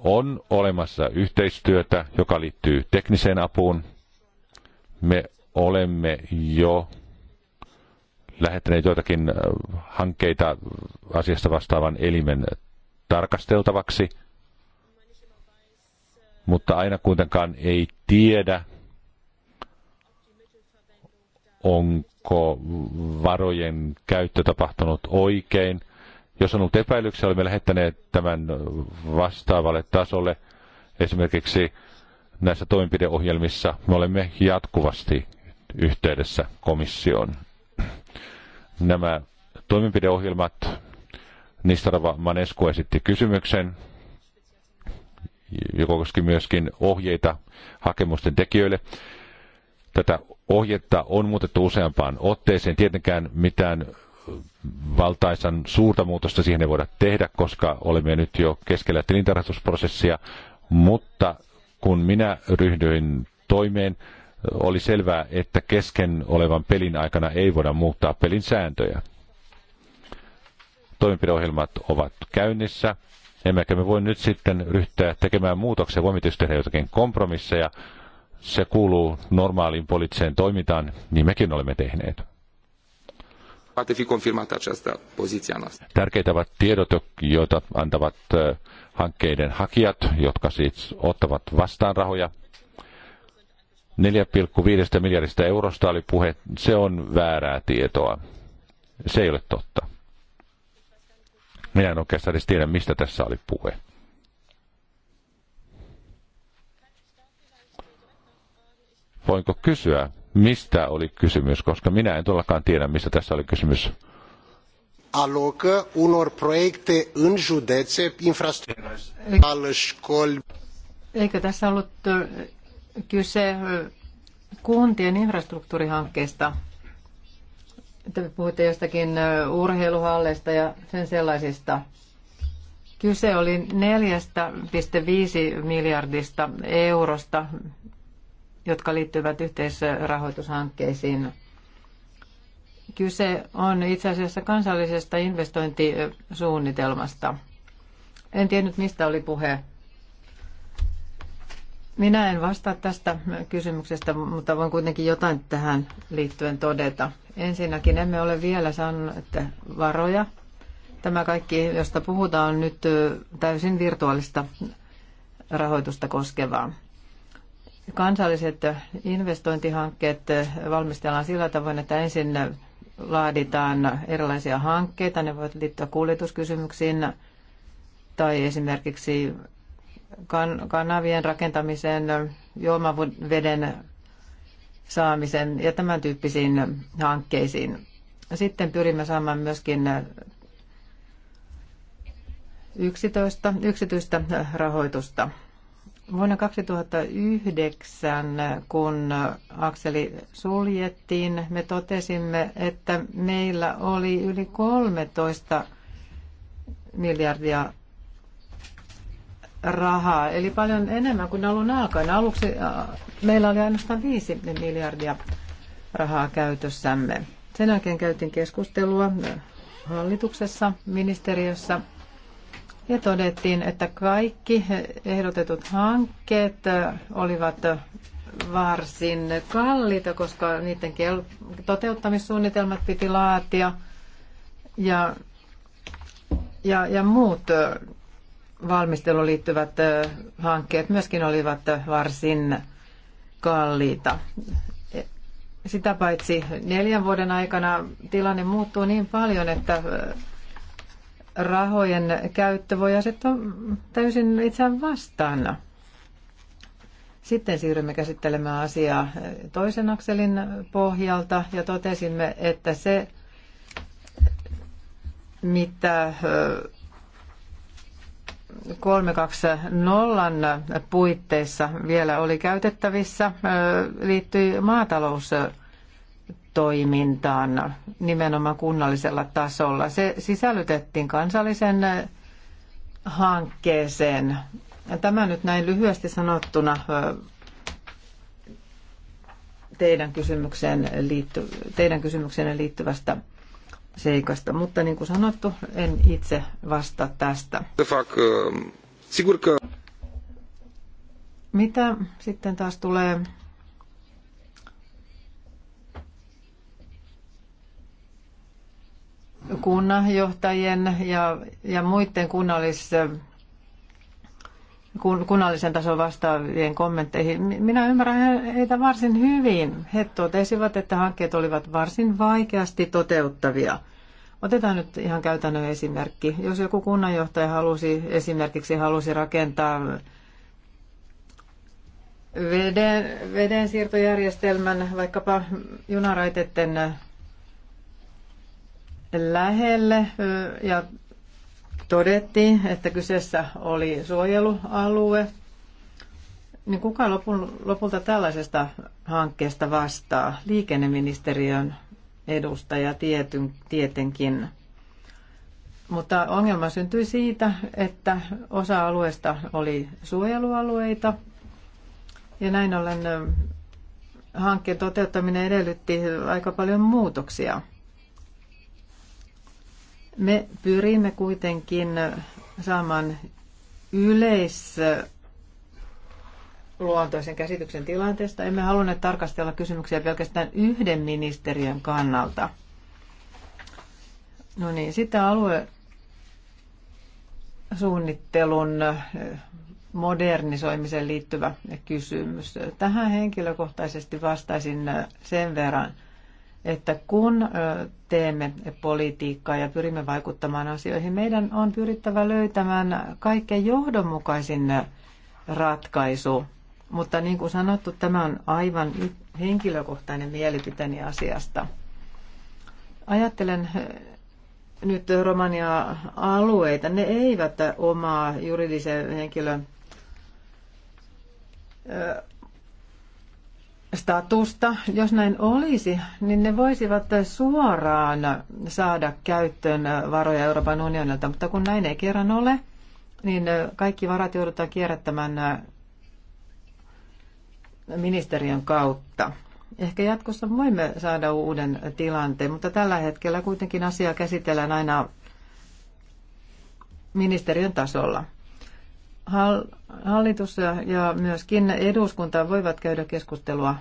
on olemassa yhteistyötä, joka liittyy tekniseen apuun. Me olemme jo lähettäneet joitakin äh, hankkeita asiasta vastaavan elimen tarkasteltavaksi, mutta aina kuitenkaan ei tiedä, on, onko varojen käyttö tapahtunut oikein. Jos on ollut epäilyksiä, olemme lähettäneet tämän vastaavalle tasolle. Esimerkiksi näissä toimenpideohjelmissa me olemme jatkuvasti yhteydessä komissioon. Nämä toimenpideohjelmat, Nistarava Manesku esitti kysymyksen, joka koski myöskin ohjeita hakemusten tekijöille. Tätä ohjetta on muutettu useampaan otteeseen. Tietenkään mitään valtaisan suurta muutosta siihen ei voida tehdä, koska olemme nyt jo keskellä tilintarkastusprosessia, mutta kun minä ryhdyin toimeen, oli selvää, että kesken olevan pelin aikana ei voida muuttaa pelin sääntöjä. Toimenpideohjelmat ovat käynnissä, emmekä me voi nyt sitten ryhtyä tekemään muutoksia, voimme tietysti tehdä jotakin kompromisseja, se kuuluu normaaliin poliittiseen toimintaan, niin mekin olemme tehneet. Tärkeitä ovat tiedot, joita antavat hankkeiden hakijat, jotka siis ottavat vastaan rahoja. 4,5 miljardista eurosta oli puhe. Se on väärää tietoa. Se ei ole totta. Minä en oikeastaan edes tiedä, mistä tässä oli puhe. voinko kysyä, mistä oli kysymys, koska minä en todellakaan tiedä, mistä tässä oli kysymys. Alocă unor proiecte în județe infrastructurale, școli. Eikö tässä ollut kyse kuntien infrastruktuurihankkeesta? Te puhutte jostakin urheiluhalleista ja sen sellaisista. Kyse oli 4,5 miljardista eurosta, jotka liittyvät yhteisrahoitushankkeisiin. Kyse on itse asiassa kansallisesta investointisuunnitelmasta. En tiennyt, mistä oli puhe. Minä en vastaa tästä kysymyksestä, mutta voin kuitenkin jotain tähän liittyen todeta. Ensinnäkin emme ole vielä saaneet varoja. Tämä kaikki, josta puhutaan, on nyt täysin virtuaalista rahoitusta koskevaa. Kansalliset investointihankkeet valmistellaan sillä tavoin, että ensin laaditaan erilaisia hankkeita. Ne voivat liittyä kuljetuskysymyksiin tai esimerkiksi kan- kanavien rakentamiseen, juomaveden saamisen ja tämän tyyppisiin hankkeisiin. Sitten pyrimme saamaan myöskin 11, yksityistä rahoitusta. Vuonna 2009, kun akseli suljettiin, me totesimme, että meillä oli yli 13 miljardia rahaa, eli paljon enemmän kuin alun alkaen. Aluksi meillä oli ainoastaan 5 miljardia rahaa käytössämme. Sen jälkeen käytiin keskustelua hallituksessa, ministeriössä ja todettiin, että kaikki ehdotetut hankkeet olivat varsin kalliita, koska niiden toteuttamissuunnitelmat piti laatia ja, ja, ja muut valmisteluun liittyvät hankkeet myöskin olivat varsin kalliita. Sitä paitsi neljän vuoden aikana tilanne muuttuu niin paljon, että rahojen käyttö voi asettua täysin itseään vastaan. Sitten siirrymme käsittelemään asiaa toisen akselin pohjalta ja totesimme, että se, mitä 320 puitteissa vielä oli käytettävissä, liittyi maatalous toimintaan nimenomaan kunnallisella tasolla. Se sisällytettiin kansallisen eh, hankkeeseen. Tämä nyt näin lyhyesti sanottuna eh, teidän kysymykseen, liitty, teidän kysymykseen liittyvästä seikasta, mutta niin kuin sanottu, en itse vastaa tästä. Mitä sitten taas tulee kunnanjohtajien ja, ja muiden kunnallis, kun, kunnallisen tason vastaavien kommentteihin. Minä ymmärrän heitä varsin hyvin. He totesivat, että hankkeet olivat varsin vaikeasti toteuttavia. Otetaan nyt ihan käytännön esimerkki. Jos joku kunnanjohtaja halusi, esimerkiksi halusi rakentaa veden, vedensiirtojärjestelmän vaikkapa junaraitetten lähelle ja todettiin, että kyseessä oli suojelualue, niin kuka lopulta tällaisesta hankkeesta vastaa? Liikenneministeriön edustaja tietyn, tietenkin. Mutta ongelma syntyi siitä, että osa alueesta oli suojelualueita. Ja näin ollen hankkeen toteuttaminen edellytti aika paljon muutoksia – me pyrimme kuitenkin saamaan yleisluontoisen käsityksen tilanteesta. Emme halunneet tarkastella kysymyksiä pelkästään yhden ministeriön kannalta. No niin, sitä aluesuunnittelun eh, modernisoimiseen liittyvä kysymys. Tähän henkilökohtaisesti vastaisin eh, sen verran – että kun teemme politiikkaa ja pyrimme vaikuttamaan asioihin, meidän on pyrittävä löytämään kaikkein johdonmukaisin ratkaisu. Mutta niin kuin sanottu, tämä on aivan henkilökohtainen mielipiteeni asiasta. Ajattelen nyt Romania alueita. Ne eivät omaa juridisen henkilön statusta. Jos näin olisi, niin ne voisivat suoraan saada käyttöön varoja Euroopan unionilta, mutta kun näin ei kerran ole, niin kaikki varat joudutaan kierrättämään ministeriön kautta. Ehkä jatkossa voimme saada uuden tilanteen, mutta tällä hetkellä kuitenkin asiaa käsitellään aina ministeriön tasolla. Hallitus ja myöskin eduskunta voivat käydä keskustelua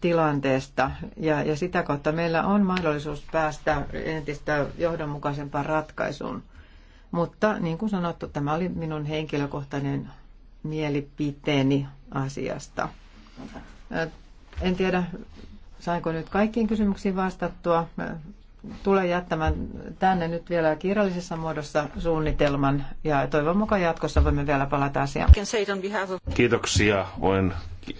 tilanteesta ja, ja sitä kautta meillä on mahdollisuus päästä entistä johdonmukaisempaan ratkaisuun. Mutta niin kuin sanottu, tämä oli minun henkilökohtainen mielipiteeni asiasta. En tiedä, sainko nyt kaikkiin kysymyksiin vastattua tulee jättämään tänne nyt vielä kirjallisessa muodossa suunnitelman ja toivon mukaan jatkossa voimme vielä palata asiaan. Kiitoksia. Voin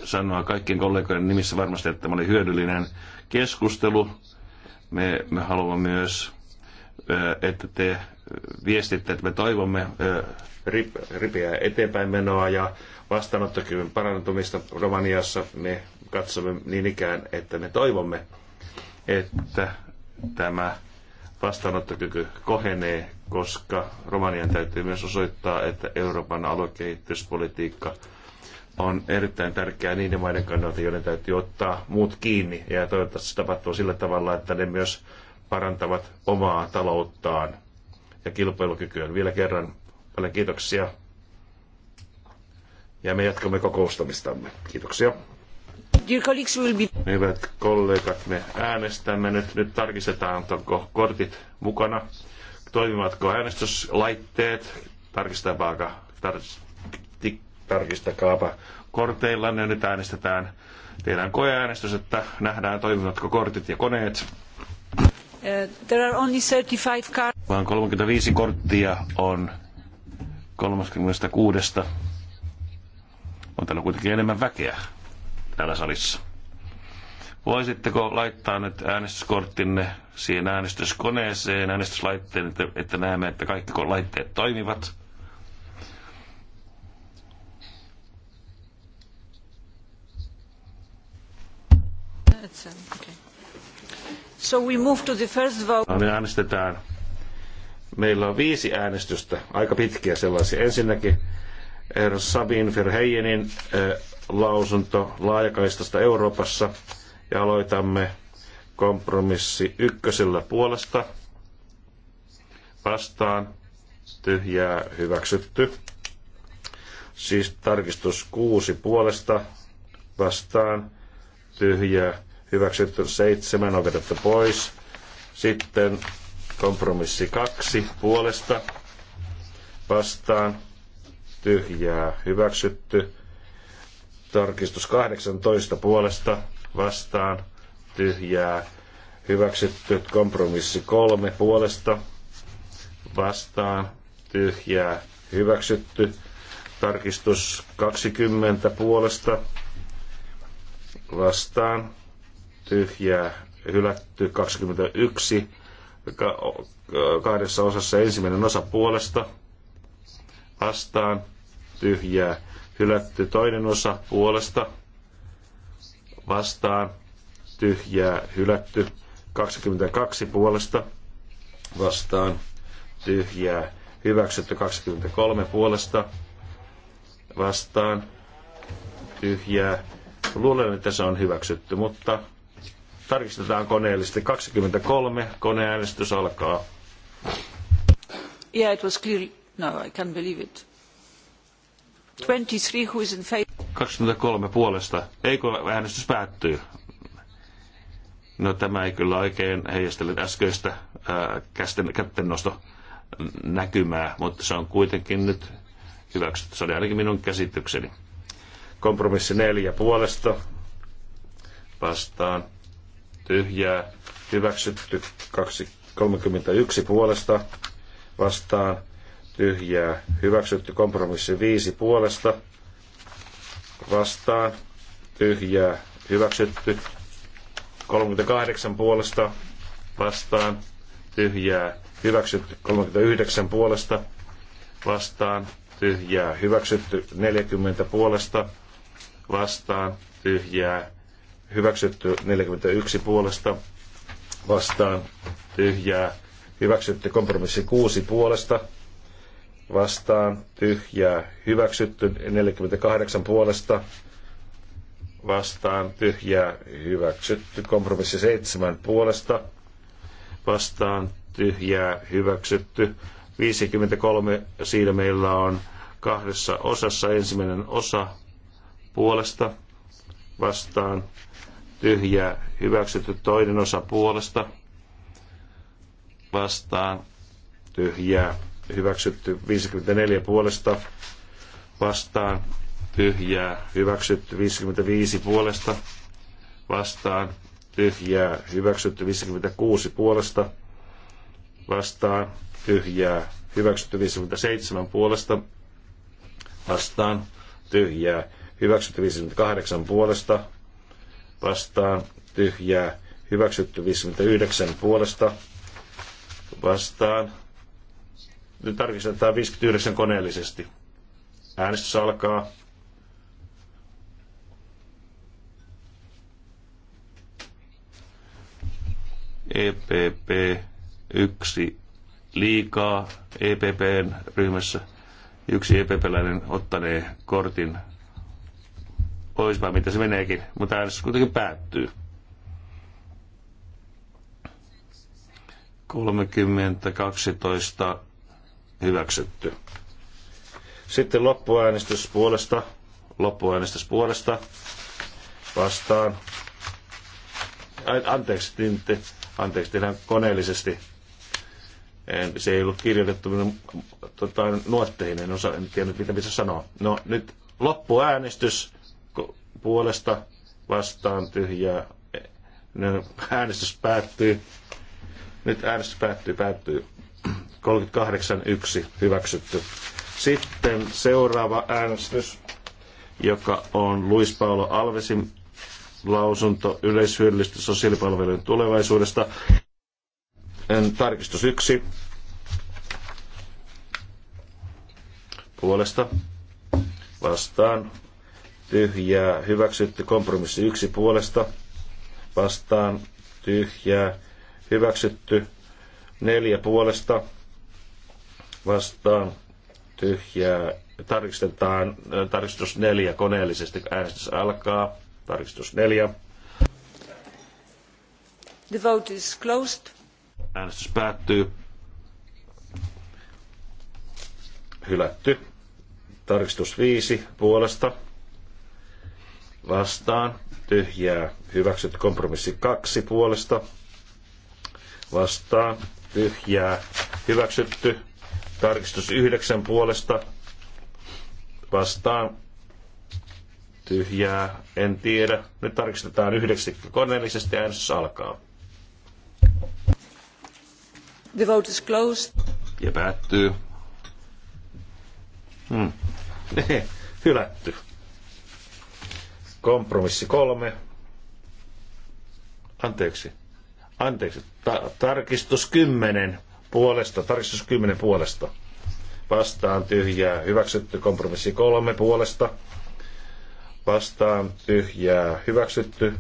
sanoa kaikkien kollegojen nimissä varmasti, että tämä oli hyödyllinen keskustelu. Me, me haluamme myös, eh, että te eh, viestitte, että me toivomme eh, ripeää eteenpäin menoa ja vastaanottokyvyn parantumista Romaniassa. Me katsomme niin ikään, että me toivomme, että tämä vastaanottokyky kohenee, koska Romanian täytyy myös osoittaa, että Euroopan aluekehityspolitiikka on erittäin tärkeää niiden maiden kannalta, joiden täytyy ottaa muut kiinni. Ja toivottavasti se tapahtuu sillä tavalla, että ne myös parantavat omaa talouttaan ja kilpailukykyään. Vielä kerran paljon kiitoksia. Ja me jatkamme kokoustamistamme. Kiitoksia. Hyvät kollegat, me äänestämme nyt. Nyt tarkistetaan, onko kortit mukana. Toimivatko äänestyslaitteet? Tarkistakaapa, tar, tik, tarkistakaapa korteilla. Ne nyt äänestetään. Tehdään koeäänestys, että nähdään toimivatko kortit ja koneet. Uh, there are only 35 card- Vaan 35 korttia on 36. On täällä kuitenkin enemmän väkeä täällä salissa. Voisitteko laittaa nyt äänestyskorttinne siihen äänestyskoneeseen, äänestyslaitteen, että, että näemme, että kaikki laitteet toimivat? So we move to the first vote. No, me niin, äänestetään. Meillä on viisi äänestystä, aika pitkiä sellaisia. Ensinnäkin Herr Sabin Verheyenin lausunto laajakaistasta Euroopassa ja aloitamme kompromissi ykkösellä puolesta. Vastaan tyhjää hyväksytty. Siis tarkistus kuusi puolesta vastaan tyhjää hyväksytty seitsemän on pois. Sitten kompromissi kaksi puolesta vastaan tyhjää hyväksytty Tarkistus 18 puolesta vastaan tyhjää. Hyväksytty kompromissi 3 puolesta vastaan tyhjää. Hyväksytty tarkistus 20 puolesta vastaan tyhjää. Hylätty 21 kahdessa osassa ensimmäinen osa puolesta vastaan tyhjää hylätty toinen osa puolesta vastaan tyhjää hylätty 22 puolesta vastaan tyhjää hyväksytty 23 puolesta vastaan tyhjää. Luulen, että se on hyväksytty, mutta tarkistetaan koneellisesti. 23 koneäänestys alkaa. Yeah, it was clear. No, I can't believe it. 23, who puolesta. Eikö äänestys päättyy? No tämä ei kyllä oikein heijastele äskeistä ää, kästen, kättennosto näkymää, mutta se on kuitenkin nyt hyväksytty. Se oli ainakin minun käsitykseni. Kompromissi neljä puolesta vastaan tyhjää hyväksytty 2, 31 puolesta vastaan tyhjää hyväksytty. Kompromissi 5 puolesta vastaan tyhjää hyväksytty. 38 puolesta vastaan tyhjää hyväksytty. 39 puolesta vastaan tyhjää hyväksytty. 40 puolesta vastaan tyhjää hyväksytty. 41 puolesta vastaan tyhjää hyväksytty. Kompromissi 6 puolesta vastaan, tyhjää, hyväksytty 48 puolesta, vastaan, tyhjää, hyväksytty kompromissi 7 puolesta, vastaan, tyhjää, hyväksytty 53, siinä meillä on kahdessa osassa ensimmäinen osa puolesta, vastaan, tyhjää, hyväksytty toinen osa puolesta, vastaan, tyhjää, hyväksytty 54 puolesta vastaan, tyhjää, hyväksytty 55 puolesta vastaan, tyhjää, hyväksytty 56 puolesta vastaan, tyhjää, hyväksytty 57 puolesta vastaan, tyhjää, hyväksytty 58 puolesta vastaan, tyhjää, hyväksytty 59 puolesta vastaan, tarkistetaan 59 koneellisesti. Äänestys alkaa. EPP yksi liikaa EPPn ryhmässä. Yksi EPP-läinen ottanee kortin pois, vai mitä se meneekin, mutta äänestys kuitenkin päättyy. 30, 12, hyväksytty. Sitten loppuäänestys puolesta, loppuäänestys puolesta, vastaan. Anteeksi, Tintti, anteeksi, tehdään koneellisesti. En, se ei ollut kirjoitettu minun tota, nuotteihin, en, osa, en tiedä mitä pitäisi sanoa. No nyt loppuäänestys puolesta vastaan tyhjää. No, äänestys päättyy. Nyt äänestys päättyy, päättyy. 38.1 hyväksytty. Sitten seuraava äänestys, joka on Luis Paolo Alvesin lausunto yleishyödyllisten sosiaalipalvelujen tulevaisuudesta. en Tarkistus 1. Puolesta vastaan tyhjää hyväksytty kompromissi yksi puolesta vastaan tyhjää hyväksytty neljä puolesta vastaan tyhjää. Tarkistetaan tarkistus neljä koneellisesti. Äänestys alkaa. Tarkistus neljä. The vote is closed. Äänestys päättyy. Hylätty. Tarkistus viisi puolesta. Vastaan. Tyhjää. Hyväksytty kompromissi kaksi puolesta. Vastaan. Tyhjää. Hyväksytty Tarkistus yhdeksän puolesta vastaan tyhjää, en tiedä. Nyt tarkistetaan yhdeksi koneellisesti äänestys alkaa. The vote is closed. Ja päättyy. Hmm. Hylätty. Kompromissi kolme. Anteeksi. Anteeksi. Ta- tarkistus kymmenen puolesta, tarkistus 10 puolesta. Vastaan tyhjää, hyväksytty kompromissi 3 puolesta. Vastaan tyhjää, hyväksytty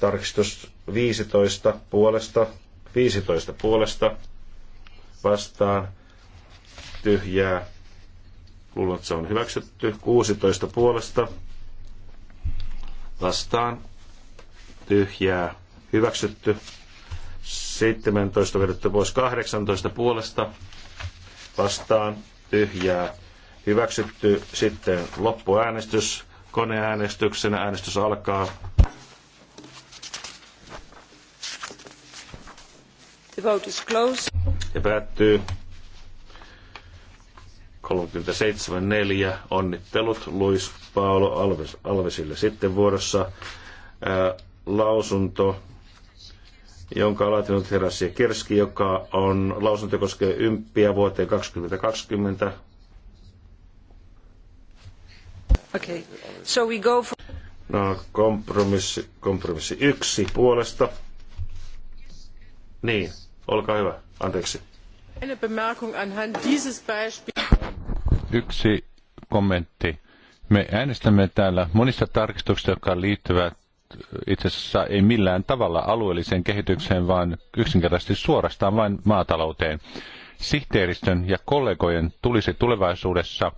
tarkistus 15 puolesta. 15 puolesta vastaan tyhjää. Luulen, että se on hyväksytty. 16 puolesta vastaan tyhjää hyväksytty. 17 vedetty pois 18 puolesta vastaan tyhjää hyväksytty. Sitten loppuäänestys koneäänestyksenä. Äänestys alkaa. The vote is closed. Ja päättyy 37.4. Onnittelut Luis Paolo Alves, Alvesille. Sitten vuorossa ää, lausunto jonka on laatinut Herassi Kerski, joka on lausunto koskee ympiä vuoteen 2020. Okay. So we go for... no, kompromissi, kompromissi yksi puolesta. Niin, olkaa hyvä. Anteeksi. Yksi kommentti. Me äänestämme täällä monista tarkistuksista, jotka liittyvät itse asiassa ei millään tavalla alueelliseen kehitykseen, vaan yksinkertaisesti suorastaan vain maatalouteen. Sihteeristön ja kollegojen tulisi tulevaisuudessa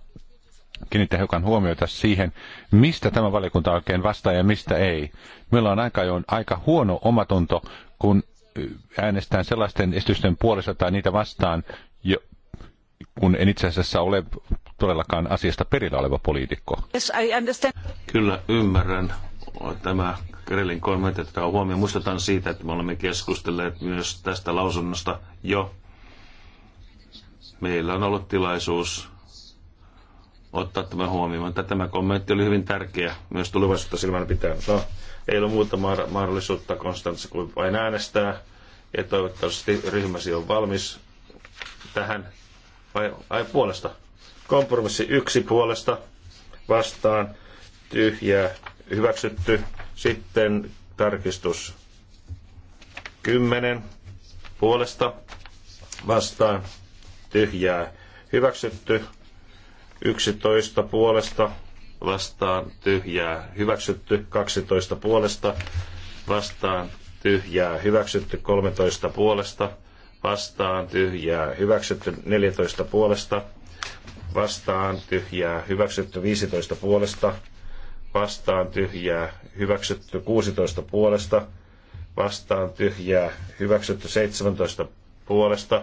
kiinnittää hiukan huomiota siihen, mistä tämä valiokunta oikein vastaa ja mistä ei. Meillä on aika, jo aika huono omatunto, kun äänestään sellaisten esitysten puolesta tai niitä vastaan, jo, kun en itse asiassa ole todellakaan asiasta perillä oleva poliitikko. Yes, Kyllä, ymmärrän tämä Kerelin kommentti on huomioon. Muistetaan siitä, että me olemme keskustelleet myös tästä lausunnosta jo. Meillä on ollut tilaisuus ottaa tämä huomioon. Tämä kommentti oli hyvin tärkeä myös tulevaisuutta silmällä pitää. No, ei ole muuta mahdollisuutta, Konstantissa, kuin vain äänestää. Ja toivottavasti ryhmäsi on valmis tähän. Vai, ai puolesta. Kompromissi yksi puolesta vastaan tyhjää hyväksytty. Sitten tarkistus 10 puolesta vastaan tyhjää hyväksytty. 11 puolesta vastaan tyhjää hyväksytty. 12 puolesta vastaan tyhjää hyväksytty. 13 puolesta vastaan tyhjää hyväksytty. 14 puolesta vastaan tyhjää hyväksytty. 15 puolesta vastaan tyhjää hyväksytty 16 puolesta, vastaan tyhjää hyväksytty 17 puolesta,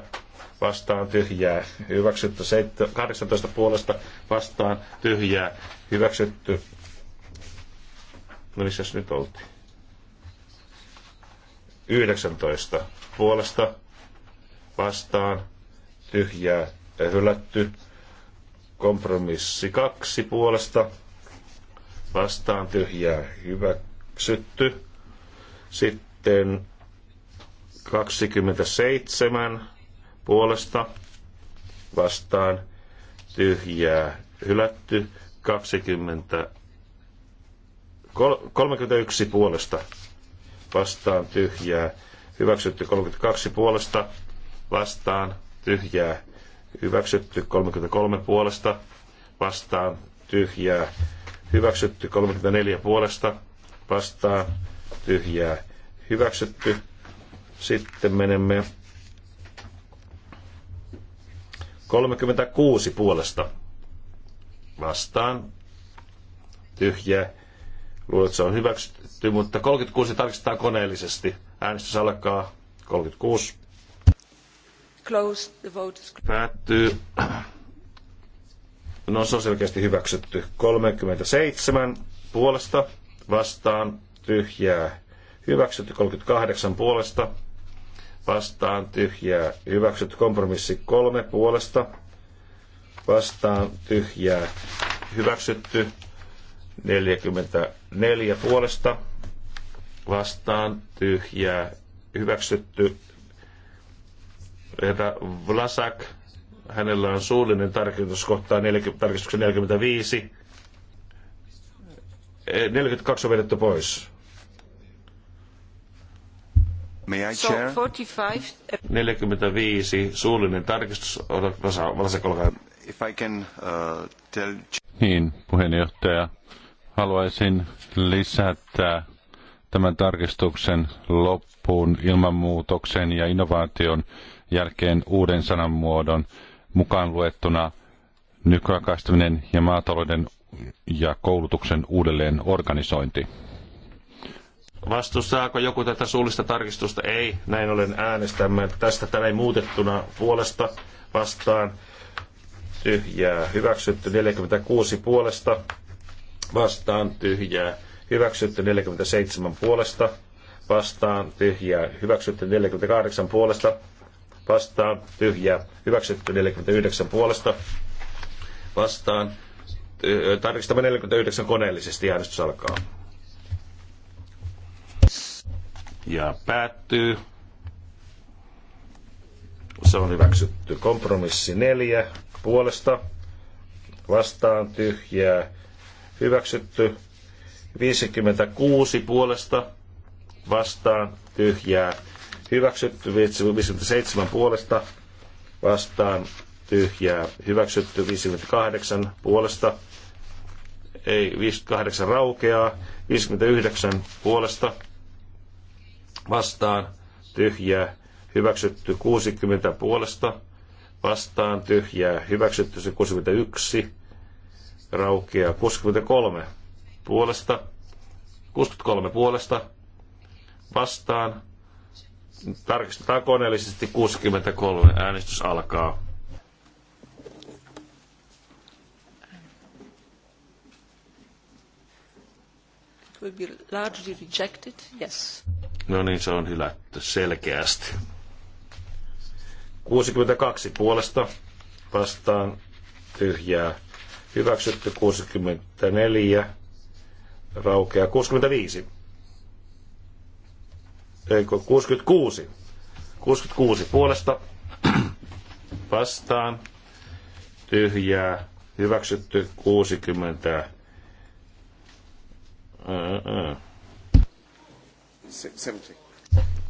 vastaan tyhjää hyväksytty 18 puolesta, vastaan tyhjää hyväksytty. No missäs nyt oltiin? 19 puolesta vastaan tyhjää hylätty kompromissi kaksi puolesta vastaan tyhjää hyväksytty. Sitten 27 puolesta vastaan tyhjää hylätty. 20, 31 puolesta vastaan tyhjää hyväksytty. 32 puolesta vastaan tyhjää hyväksytty. 33 puolesta vastaan tyhjää hyväksytty, 34 puolesta vastaan tyhjää hyväksytty. Sitten menemme 36 puolesta vastaan tyhjää. Luulen, että se on hyväksytty, mutta 36 tarkistetaan koneellisesti. Äänestys alkaa 36. Close the vote. Päättyy. No se on selkeästi hyväksytty. 37 puolesta vastaan tyhjää hyväksytty. 38 puolesta vastaan tyhjää hyväksytty. Kompromissi 3 puolesta vastaan tyhjää hyväksytty. 44 puolesta vastaan tyhjää hyväksytty. Vlasak hänellä on suullinen tarkistus kohtaa 40, tarkistuksen 45. 42 eh, on vedetty pois. May I share? 45. Uh, suullinen tarkistus. If I can, uh, tell... Niin, puheenjohtaja. Haluaisin lisätä tämän tarkistuksen loppuun ilmanmuutoksen ja innovaation jälkeen uuden sananmuodon – mukaan luettuna nykyaikaistaminen ja maatalouden ja koulutuksen uudelleen organisointi. Vastustaako joku tätä suullista tarkistusta? Ei. Näin olen äänestämme tästä tänään muutettuna puolesta vastaan. Tyhjää. Hyväksytty 46 puolesta vastaan. Tyhjää. Hyväksytty 47 puolesta vastaan. Tyhjää. Hyväksytty 48 puolesta vastaan, tyhjä hyväksytty 49 puolesta, vastaan, tarkistamme 49 koneellisesti, äänestys alkaa. Ja päättyy. Se on hyväksytty. Kompromissi 4 puolesta, vastaan, tyhjää, hyväksytty 56 puolesta, vastaan, tyhjää, hyväksytty 57 puolesta vastaan tyhjää, hyväksytty 58 puolesta, ei 58 raukeaa, 59 puolesta vastaan tyhjää, hyväksytty 60 puolesta vastaan tyhjää, hyväksytty 61 raukeaa, 63 puolesta, 63 puolesta vastaan Tarkistetaan koneellisesti 63. Äänestys alkaa. It will be largely rejected, yes. No niin, se on hylätty selkeästi. 62 puolesta vastaan tyhjää. Hyväksytty 64, raukea 65 eikö 66. 66 puolesta vastaan tyhjää hyväksytty 60 Ää, ää.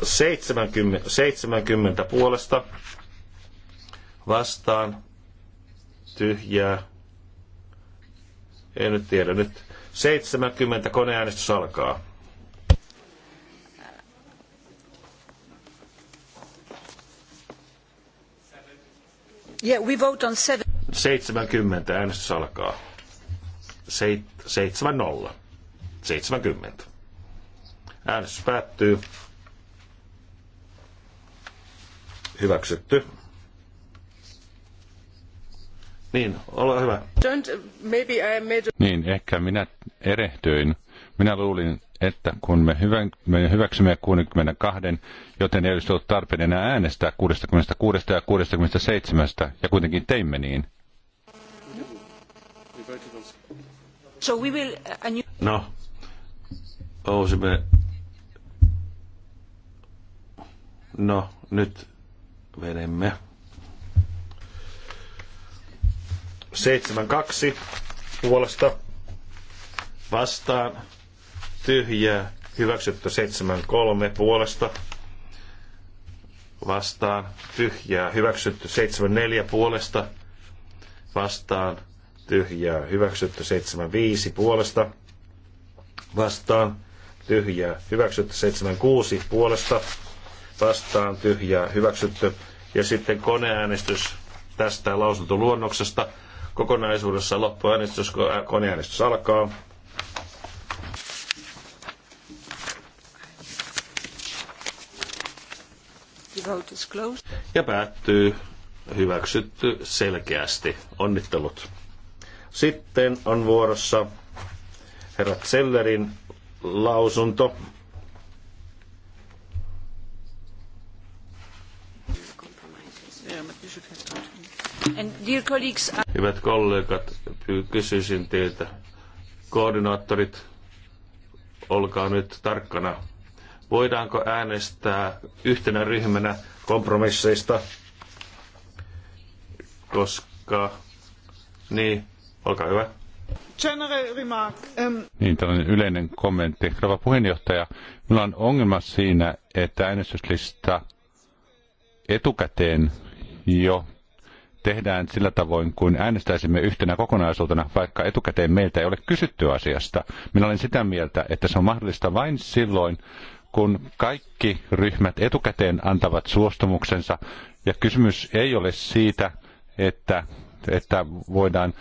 70, 70 puolesta vastaan tyhjää. En nyt tiedä nyt. 70 koneäänestys alkaa. Yeah, we vote on seven. 70 äänestys alkaa. Seit, 70. 70. Äänestys päättyy. Hyväksytty. Niin, ole hyvä. Don't, maybe I made... Niin, ehkä minä erehdyin. Minä luulin, että kun me, hyvä, me hyväksymme 62, joten ei olisi ollut tarpeen enää äänestää 66 ja 67, ja kuitenkin teimme niin. Uh, no, ousimme... No, nyt vedemme. 7-2 puolesta vastaan tyhjää, hyväksytty 7.3 puolesta vastaan, tyhjää, hyväksytty 7.4 puolesta vastaan, tyhjää, hyväksytty 7.5 puolesta vastaan, tyhjää, hyväksytty 7.6 puolesta vastaan, tyhjää, hyväksytty. Ja sitten koneäänestys tästä lausuntoluonnoksesta. Kokonaisuudessa loppuäänestys, äh, koneäänestys alkaa. Vote is closed. Ja päättyy hyväksytty selkeästi. Onnittelut. Sitten on vuorossa herra Zellerin lausunto. Hyvät kollegat, kysyisin teiltä, koordinaattorit, olkaa nyt tarkkana Voidaanko äänestää yhtenä ryhmänä kompromisseista, koska... Niin, olkaa hyvä. General remark. Um... Niin, tällainen yleinen kommentti. Rava puheenjohtaja, minulla on ongelma siinä, että äänestyslista etukäteen jo tehdään sillä tavoin, kuin äänestäisimme yhtenä kokonaisuutena, vaikka etukäteen meiltä ei ole kysytty asiasta. Minä olen sitä mieltä, että se on mahdollista vain silloin, kun kaikki ryhmät etukäteen antavat suostumuksensa. Ja kysymys ei ole siitä, että, että voidaan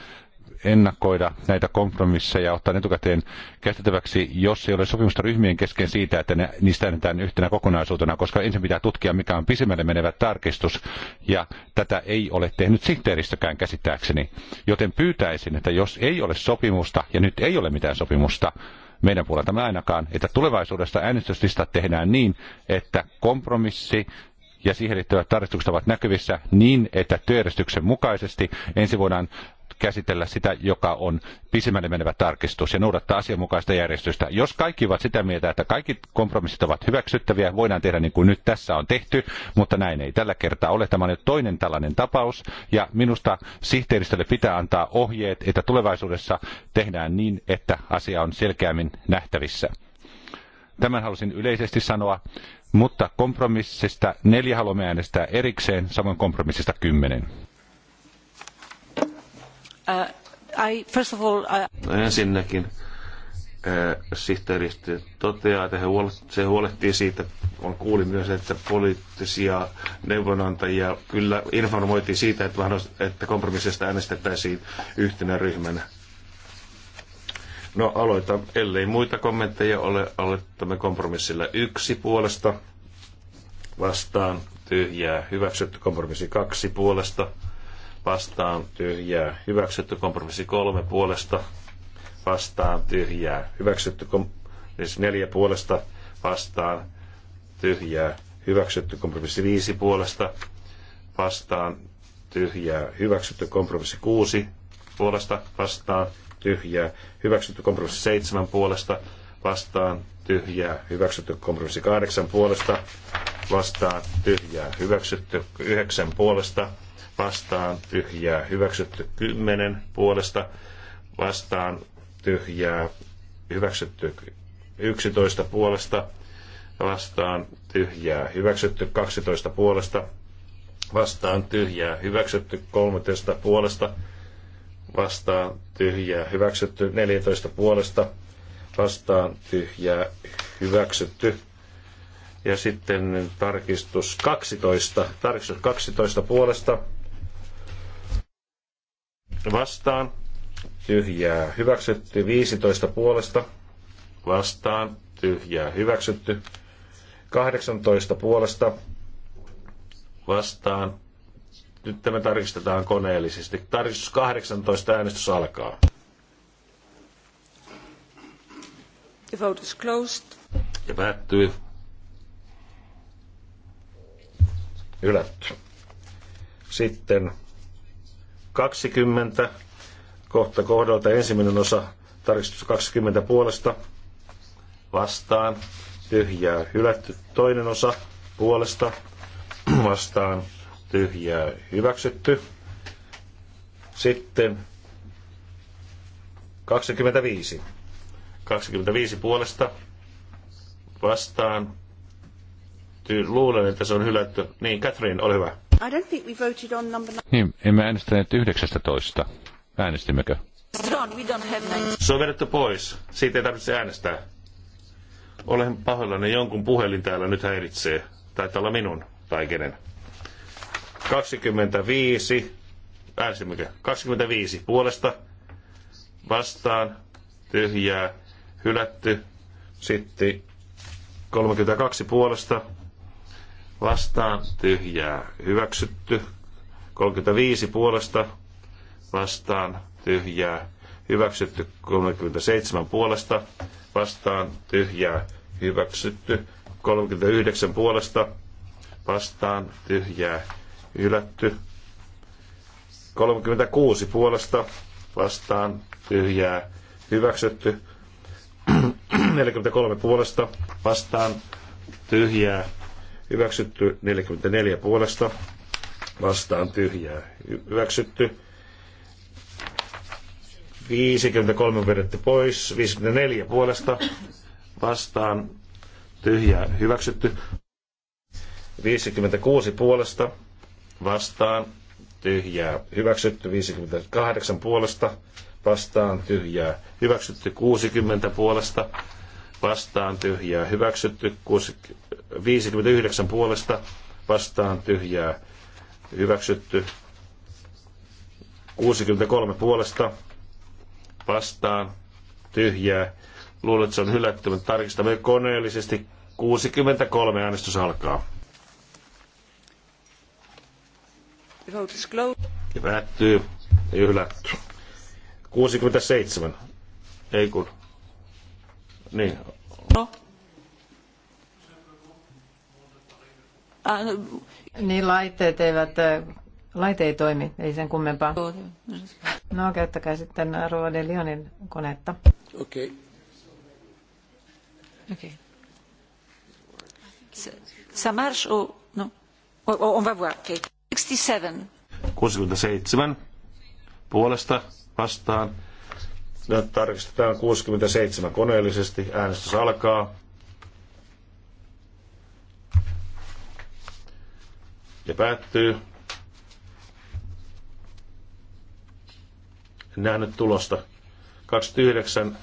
ennakoida näitä kompromisseja ja ottaa ne etukäteen käsiteltäväksi, jos ei ole sopimusta ryhmien kesken siitä, että ne, niistä annetaan yhtenä kokonaisuutena, koska ensin pitää tutkia, mikä on pisimmälle menevä tarkistus, ja tätä ei ole tehnyt sihteeristökään käsittääkseni. Joten pyytäisin, että jos ei ole sopimusta, ja nyt ei ole mitään sopimusta, meidän puoleltamme ainakaan, että tulevaisuudesta äänestyslista tehdään niin, että kompromissi ja siihen liittyvät tarkistukset ovat näkyvissä niin, että työjärjestyksen mukaisesti ensi vuoden käsitellä sitä, joka on pisimmälle menevä tarkistus ja noudattaa asianmukaista järjestystä. Jos kaikki ovat sitä mieltä, että kaikki kompromissit ovat hyväksyttäviä, voidaan tehdä niin kuin nyt tässä on tehty, mutta näin ei tällä kertaa ole. Tämä on nyt toinen tällainen tapaus ja minusta sihteeristölle pitää antaa ohjeet, että tulevaisuudessa tehdään niin, että asia on selkeämmin nähtävissä. Tämän halusin yleisesti sanoa, mutta kompromissista neljä haluamme äänestää erikseen, samoin kompromissista kymmenen. Uh, first of all, No ensinnäkin uh, sihteeristö toteaa, että se huolehtii siitä, on kuuli myös, että poliittisia neuvonantajia kyllä informoitiin siitä, että, että kompromissista äänestettäisiin yhtenä ryhmänä. No aloitan, ellei muita kommentteja ole, aloitamme kompromissilla yksi puolesta vastaan, tyhjää, hyväksytty kompromissi kaksi puolesta vastaan tyhjää, hyväksytty kompromissi kolme puolesta vastaan tyhjää, hyväksytty kompromissi neljä puolesta vastaan tyhjää, hyväksytty kompromissi viisi puolesta vastaan tyhjää, hyväksytty kompromissi kuusi puolesta vastaan tyhjää, hyväksytty kompromissi seitsemän puolesta vastaan tyhjää, hyväksytty kompromissi kahdeksan puolesta vastaan tyhjää, hyväksytty yhdeksän puolesta vastaan tyhjää hyväksytty 10 puolesta vastaan tyhjää hyväksytty 11 puolesta vastaan tyhjää hyväksytty 12 puolesta vastaan tyhjää hyväksytty 13 puolesta vastaan tyhjää hyväksytty 14 puolesta vastaan tyhjää hyväksytty ja sitten tarkistus 12, tarkistus 12 puolesta vastaan, tyhjää hyväksytty, 15 puolesta vastaan, tyhjää hyväksytty, 18 puolesta vastaan, nyt tämä tarkistetaan koneellisesti. Tarkistus 18 äänestys alkaa. The vote is closed. Ja päättyy. Ylätty. Sitten 20, kohta kohdalta ensimmäinen osa, tarkistus 20 puolesta, vastaan, tyhjää hylätty. Toinen osa puolesta, vastaan, tyhjää hyväksytty. Sitten 25. 25 puolesta vastaan. Luulen, että se on hylätty. Niin, Catherine, ole hyvä. I don't think we voted on number... Niin, emme äänestäneet 19. Äänestimmekö? Sovellettu pois. Siitä ei tarvitse äänestää. Olen pahoillani, jonkun puhelin täällä nyt häiritsee. Taitaa olla minun tai kenen. 25. Äänestimmekö? 25 puolesta. Vastaan. Tyhjää. Hylätty. Sitten 32 puolesta vastaan tyhjää hyväksytty. 35 puolesta vastaan tyhjää hyväksytty. 37 puolesta vastaan tyhjää hyväksytty. 39 puolesta vastaan tyhjää hylätty. 36 puolesta vastaan tyhjää hyväksytty. 43 [CLEARS THROAT] puolesta vastaan tyhjää Hyväksytty 44 puolesta. Vastaan tyhjää. Hyväksytty. 53 vedetty pois. 54 puolesta. Vastaan tyhjää. Hyväksytty. 56 puolesta. Vastaan tyhjää. Hyväksytty 58 puolesta, vastaan tyhjää. Hyväksytty 60 puolesta, vastaan tyhjää. Hyväksytty 59 puolesta vastaan tyhjää hyväksytty. 63 puolesta vastaan tyhjää. Luulen, että se on hylätty, mutta tarkistamme koneellisesti. 63 äänestys alkaa. vote is Ja päättyy. Ei hylätty. 67. Ei kun. Niin, Niin laitteet eivät, laite ei toimi, ei sen kummempaa. No käyttäkää sitten de Lionin konetta. Okei. Okay. Okei. Okay. Ça marche au... No. On va voir. Okay. 67. 67. Puolesta vastaan. Nyt tarkistetaan 67 koneellisesti. Äänestys alkaa. ja päättyy. Näen nyt tulosta. 29,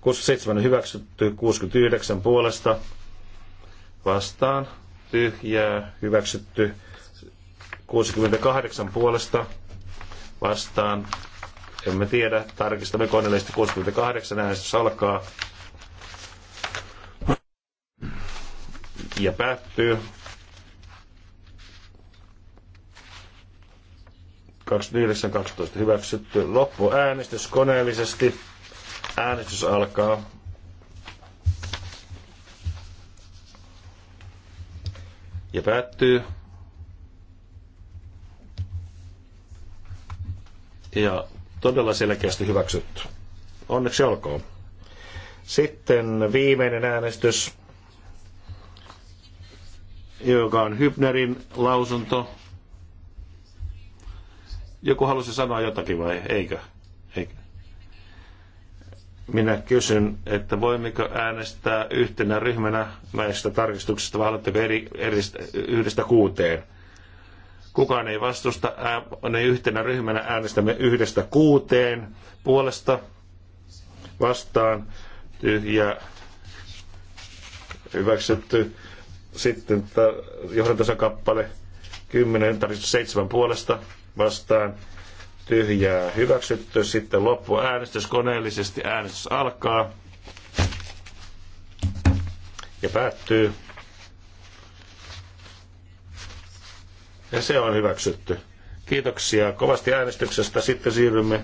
67 hyväksytty, 69 puolesta vastaan, tyhjää, hyväksytty, 68 puolesta vastaan, emme tiedä, tarkistamme koneellisesti 68 äänestys alkaa ja päättyy. 29.12. hyväksytty. Loppuäänestys koneellisesti. Äänestys alkaa. Ja päättyy. Ja todella selkeästi hyväksytty. Onneksi olkoon. Sitten viimeinen äänestys, joka on Hybnerin lausunto joku halusi sanoa jotakin vai eikö? eikö? Minä kysyn, että voimmeko äänestää yhtenä ryhmänä näistä tarkistuksista vai haluatteko eri, eri, yhdestä kuuteen? Kukaan ei vastusta, ne yhtenä ryhmänä äänestämme yhdestä kuuteen puolesta vastaan tyhjä hyväksytty. Sitten johdantosakappale kappale 10 tarkistus 7 puolesta vastaan tyhjää hyväksytty. Sitten loppu äänestys koneellisesti. Äänestys alkaa ja päättyy. Ja se on hyväksytty. Kiitoksia kovasti äänestyksestä. Sitten siirrymme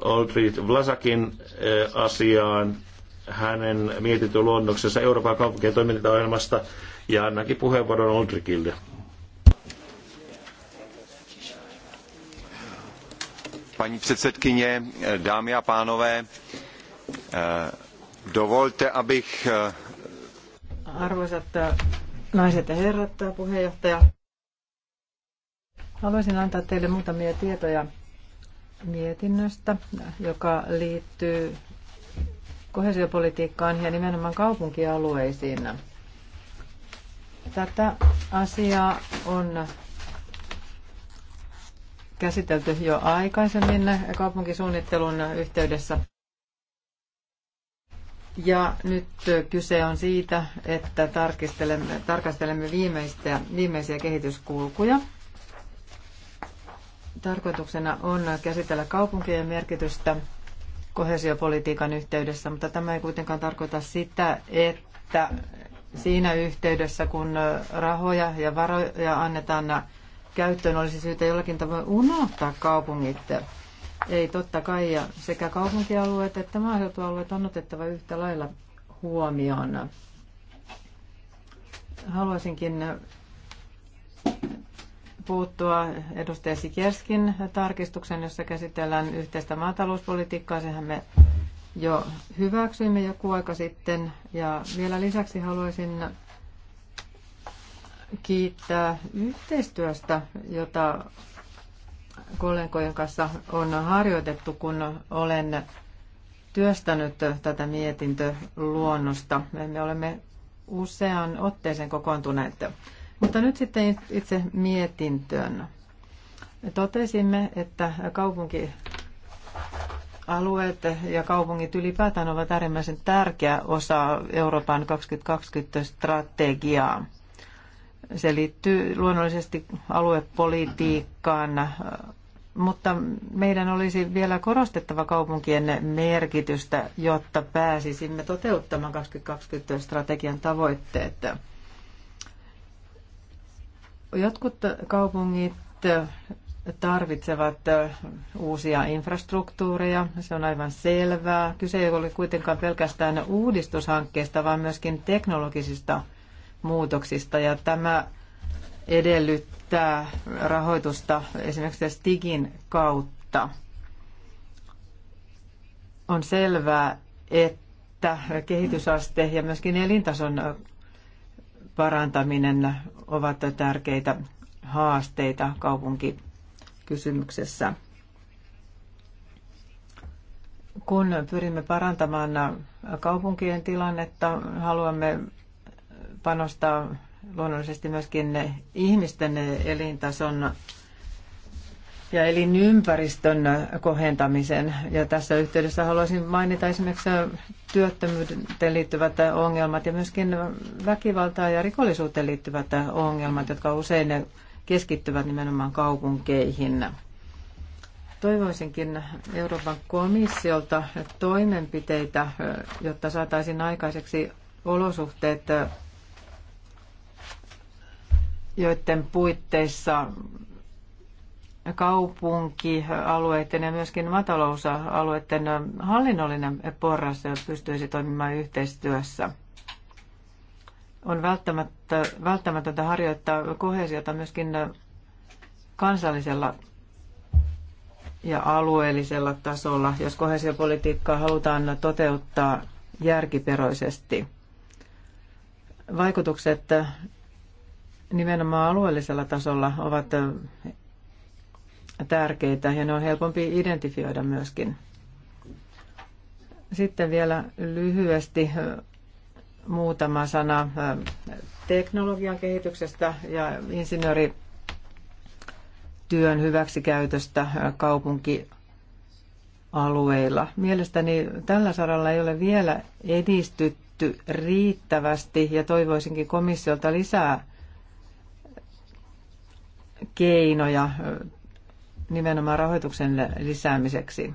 Oldrit Vlasakin eh, asiaan hänen luonnoksensa Euroopan kaupunkien toimintaohjelmasta ja annankin puheenvuoron Oldrikille. paní předsedkyně, dámy a pánové, dovolte, abych... Arvoisat eh, naiset ja herrat, eh, puheenjohtaja. Haluaisin antaa teille muutamia tietoja mietinnöstä, joka liittyy kohesiopolitiikkaan ja nimenomaan kaupunkialueisiin. Tätä asiaa on käsitelty jo aikaisemmin kaupunkisuunnittelun yhteydessä. Ja nyt kyse on siitä, että tarkastelemme, tarkastelemme viimeistä, viimeisiä kehityskulkuja. Tarkoituksena on käsitellä kaupunkien merkitystä kohesiopolitiikan yhteydessä, mutta tämä ei kuitenkaan tarkoita sitä, että siinä yhteydessä, kun rahoja ja varoja annetaan käyttöön olisi syytä jollakin tavoin unohtaa kaupungit. Ei totta kai, ja sekä kaupunkialueet että maaseutualueet on otettava yhtä lailla huomioon. Haluaisinkin puuttua edustaja Sikerskin tarkistuksen, jossa käsitellään yhteistä maatalouspolitiikkaa. Sehän me jo hyväksyimme joku aika sitten. Ja vielä lisäksi haluaisin kiittää yhteistyöstä, jota kollegojen kanssa on harjoitettu, kun olen työstänyt tätä mietintöluonnosta. Me olemme usean otteeseen kokoontuneet. Mutta nyt sitten itse mietintöön. Totesimme, että kaupunkialueet ja kaupungit ylipäätään ovat äärimmäisen tärkeä osa Euroopan 2020-strategiaa. Se liittyy luonnollisesti aluepolitiikkaan, mutta meidän olisi vielä korostettava kaupunkien merkitystä, jotta pääsisimme toteuttamaan 2020-strategian tavoitteet. Jotkut kaupungit tarvitsevat uusia infrastruktuureja, se on aivan selvää. Kyse ei ole kuitenkaan pelkästään uudistushankkeista, vaan myöskin teknologisista muutoksista ja tämä edellyttää rahoitusta esimerkiksi Stigin kautta. On selvää, että kehitysaste ja myöskin elintason parantaminen ovat tärkeitä haasteita kaupunkikysymyksessä. Kun pyrimme parantamaan kaupunkien tilannetta, haluamme panostaa luonnollisesti myöskin ihmisten elintason ja elinympäristön kohentamisen. Ja tässä yhteydessä haluaisin mainita esimerkiksi työttömyyteen liittyvät ongelmat ja myöskin väkivaltaan ja rikollisuuteen liittyvät ongelmat, jotka usein keskittyvät nimenomaan kaupunkeihin. Toivoisinkin Euroopan komissiolta toimenpiteitä, jotta saataisiin aikaiseksi olosuhteet joiden puitteissa kaupunkialueiden ja myöskin matalousalueiden hallinnollinen porras pystyisi toimimaan yhteistyössä. On välttämättä, välttämätöntä harjoittaa kohesiota myöskin kansallisella ja alueellisella tasolla, jos kohesiopolitiikkaa halutaan toteuttaa järkiperoisesti. Vaikutukset nimenomaan alueellisella tasolla ovat tärkeitä ja ne on helpompi identifioida myöskin. Sitten vielä lyhyesti muutama sana teknologian kehityksestä ja insinöörityön hyväksikäytöstä kaupunkialueilla. Mielestäni tällä saralla ei ole vielä edistytty riittävästi ja toivoisinkin komissiolta lisää keinoja nimenomaan rahoituksen lisäämiseksi.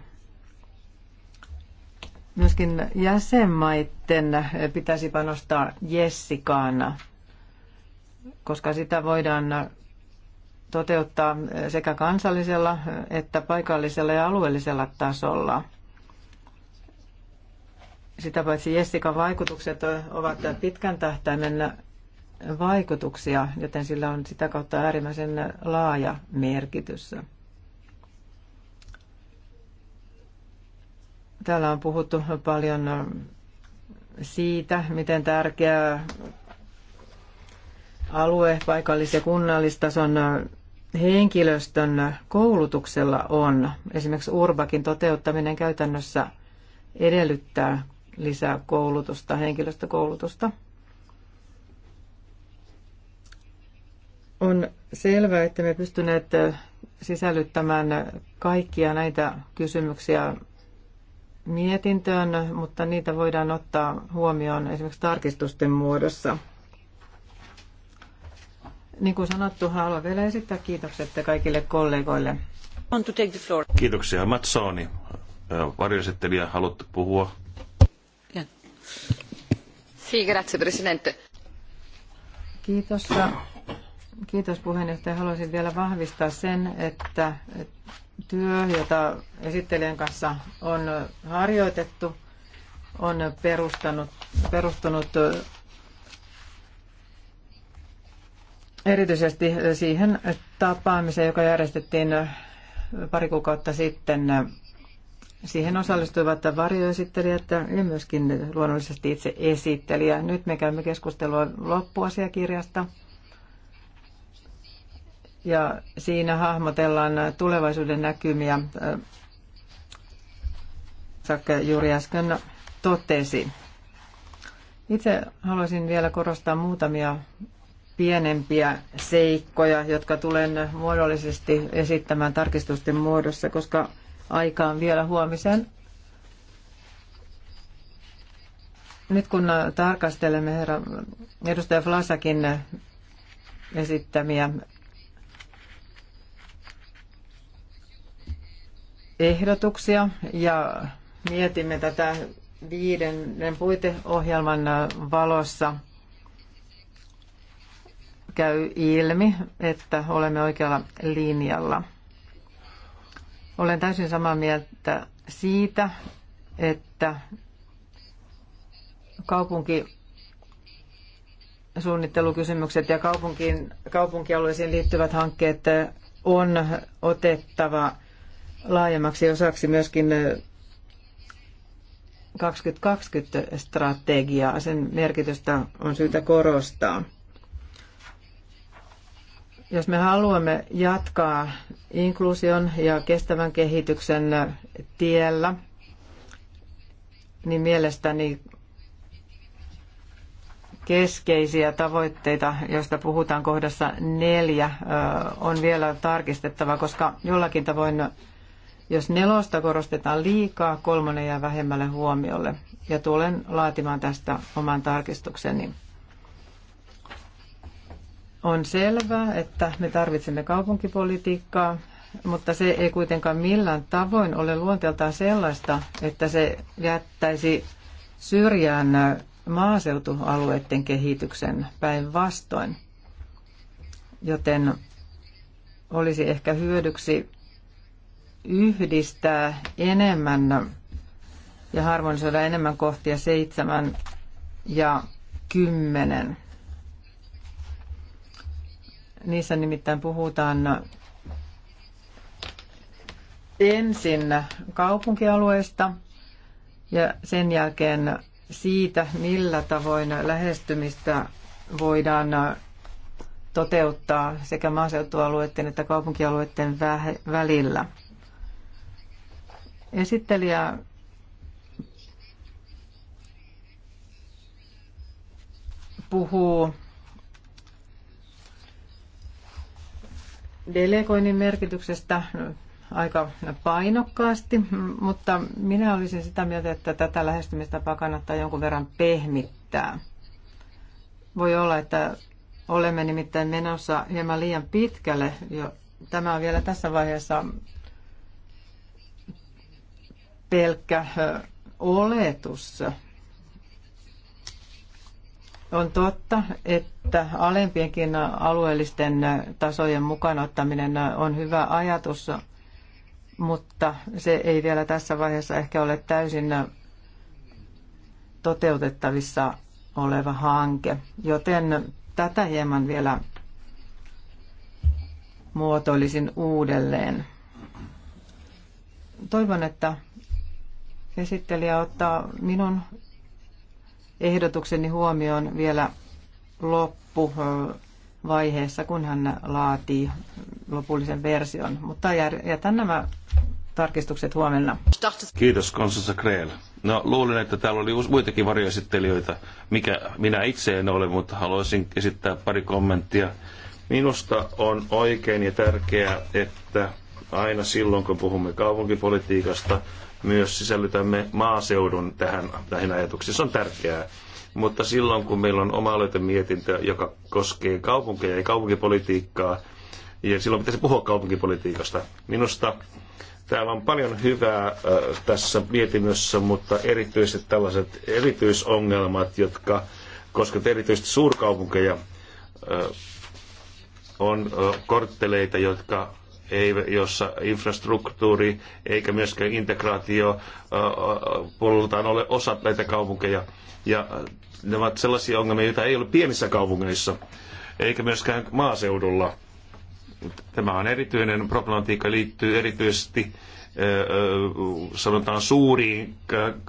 Myöskin jäsenmaiden pitäisi panostaa Jessikaan, koska sitä voidaan toteuttaa sekä kansallisella että paikallisella ja alueellisella tasolla. Sitä paitsi Jessikan vaikutukset ovat pitkän tähtäimen vaikutuksia, joten sillä on sitä kautta äärimmäisen laaja merkitys. Täällä on puhuttu paljon siitä, miten tärkeää alue, paikallis- ja kunnallistason henkilöstön koulutuksella on. Esimerkiksi Urbakin toteuttaminen käytännössä edellyttää lisää koulutusta, henkilöstökoulutusta. On selvää, että me pystyneet sisällyttämään kaikkia näitä kysymyksiä mietintöön, mutta niitä voidaan ottaa huomioon esimerkiksi tarkistusten muodossa. Niin kuin sanottu, haluan vielä esittää kiitokset kaikille kollegoille. to take the floor. Kiitoksia. Matsoni, varjoesittelijä, haluatte puhua? Yeah. Sì, grazie, Presidente. Kiitos Kiitos puheenjohtaja. Haluaisin vielä vahvistaa sen, että työ, jota esittelijän kanssa on harjoitettu, on perustanut, perustunut erityisesti siihen tapaamiseen, joka järjestettiin pari kuukautta sitten. Siihen osallistuivat varjoesittelijät ja myöskin luonnollisesti itse esittelijä. Nyt me käymme keskustelua loppuasiakirjasta – ja siinä hahmotellaan tulevaisuuden näkymiä. Sakke äh, juuri äsken totesi. Itse haluaisin vielä korostaa muutamia pienempiä seikkoja, jotka tulen muodollisesti esittämään tarkistusten muodossa, koska aika on vielä huomisen. Nyt kun tarkastelemme herra edustaja Flasakin esittämiä ehdotuksia ja mietimme tätä viiden puiteohjelman valossa käy ilmi, että olemme oikealla linjalla. Olen täysin samaa mieltä siitä, että kaupunki suunnittelukysymykset ja kaupunkiin, kaupunkialueisiin liittyvät hankkeet on otettava – laajemmaksi osaksi myöskin 2020-strategiaa. Sen merkitystä on syytä korostaa. Jos me haluamme jatkaa inkluusion ja kestävän kehityksen tiellä, niin mielestäni keskeisiä tavoitteita, joista puhutaan kohdassa neljä, on vielä tarkistettava, koska jollakin tavoin jos nelosta korostetaan liikaa, kolmonen jää vähemmälle huomiolle. Ja tulen laatimaan tästä oman tarkistukseni. On selvää, että me tarvitsemme kaupunkipolitiikkaa, mutta se ei kuitenkaan millään tavoin ole luonteeltaan sellaista, että se jättäisi syrjään maaseutualueiden kehityksen päinvastoin. Joten olisi ehkä hyödyksi yhdistää enemmän ja harmonisoida enemmän kohtia seitsemän ja kymmenen. Niissä nimittäin puhutaan ensin kaupunkialueesta ja sen jälkeen siitä, millä tavoin lähestymistä voidaan toteuttaa sekä maaseutualueiden että kaupunkialueiden välillä. Esittelijä puhuu delegoinnin merkityksestä aika painokkaasti, mutta minä olisin sitä mieltä, että tätä lähestymistapaa kannattaa jonkun verran pehmittää. Voi olla, että olemme nimittäin menossa hieman liian pitkälle. Jo. Tämä on vielä tässä vaiheessa pelkkä oletus. On totta, että alempienkin alueellisten tasojen mukanaottaminen on hyvä ajatus, mutta se ei vielä tässä vaiheessa ehkä ole täysin toteutettavissa oleva hanke. Joten tätä hieman vielä muotoilisin uudelleen. Toivon, että esittelijä ottaa minun ehdotukseni huomioon vielä loppuvaiheessa, kun hän laatii lopullisen version. Mutta jätän nämä tarkistukset huomenna. Kiitos Konsensa Kreel. No luulin, että täällä oli muitakin varjoesittelijöitä, mikä minä itse en ole, mutta haluaisin esittää pari kommenttia. Minusta on oikein ja tärkeää, että aina silloin, kun puhumme kaupunkipolitiikasta, myös sisällytämme maaseudun tähän, näihin ajatuksiin. Se on tärkeää. Mutta silloin, kun meillä on oma mietintö, joka koskee kaupunkeja ja kaupunkipolitiikkaa, ja silloin pitäisi puhua kaupunkipolitiikasta. Minusta täällä on paljon hyvää äh, tässä mietinnössä, mutta erityisesti tällaiset erityisongelmat, jotka koskevat erityisesti suurkaupunkeja, äh, on äh, kortteleita, jotka ei, jossa infrastruktuuri eikä myöskään integraatio puoleltaan ole osa näitä kaupunkeja. Ja ne ovat sellaisia ongelmia, joita ei ole pienissä kaupungeissa, eikä myöskään maaseudulla. Tämä on erityinen problematiikka, liittyy erityisesti sanotaan suuriin,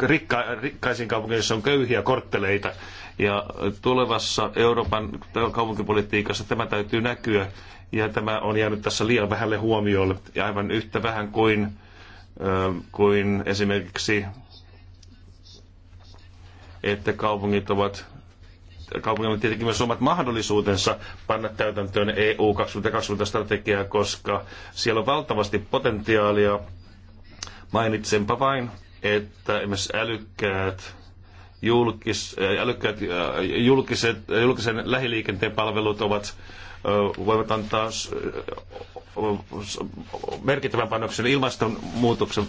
rikka, rikkaisiin kaupunkeihin, joissa on köyhiä kortteleita. Ja tulevassa Euroopan kaupunkipolitiikassa tämä täytyy näkyä ja tämä on jäänyt tässä liian vähälle huomiolle, ja aivan yhtä vähän kuin, kuin esimerkiksi, että kaupungit ovat kaupungilla on tietenkin myös omat mahdollisuutensa panna täytäntöön EU 2020-strategiaa, koska siellä on valtavasti potentiaalia. Mainitsenpa vain, että esimerkiksi älykkäät, julkis, älykkäät julkiset, julkisen lähiliikenteen palvelut ovat voivat antaa merkittävän panoksen ilmastonmuutoksen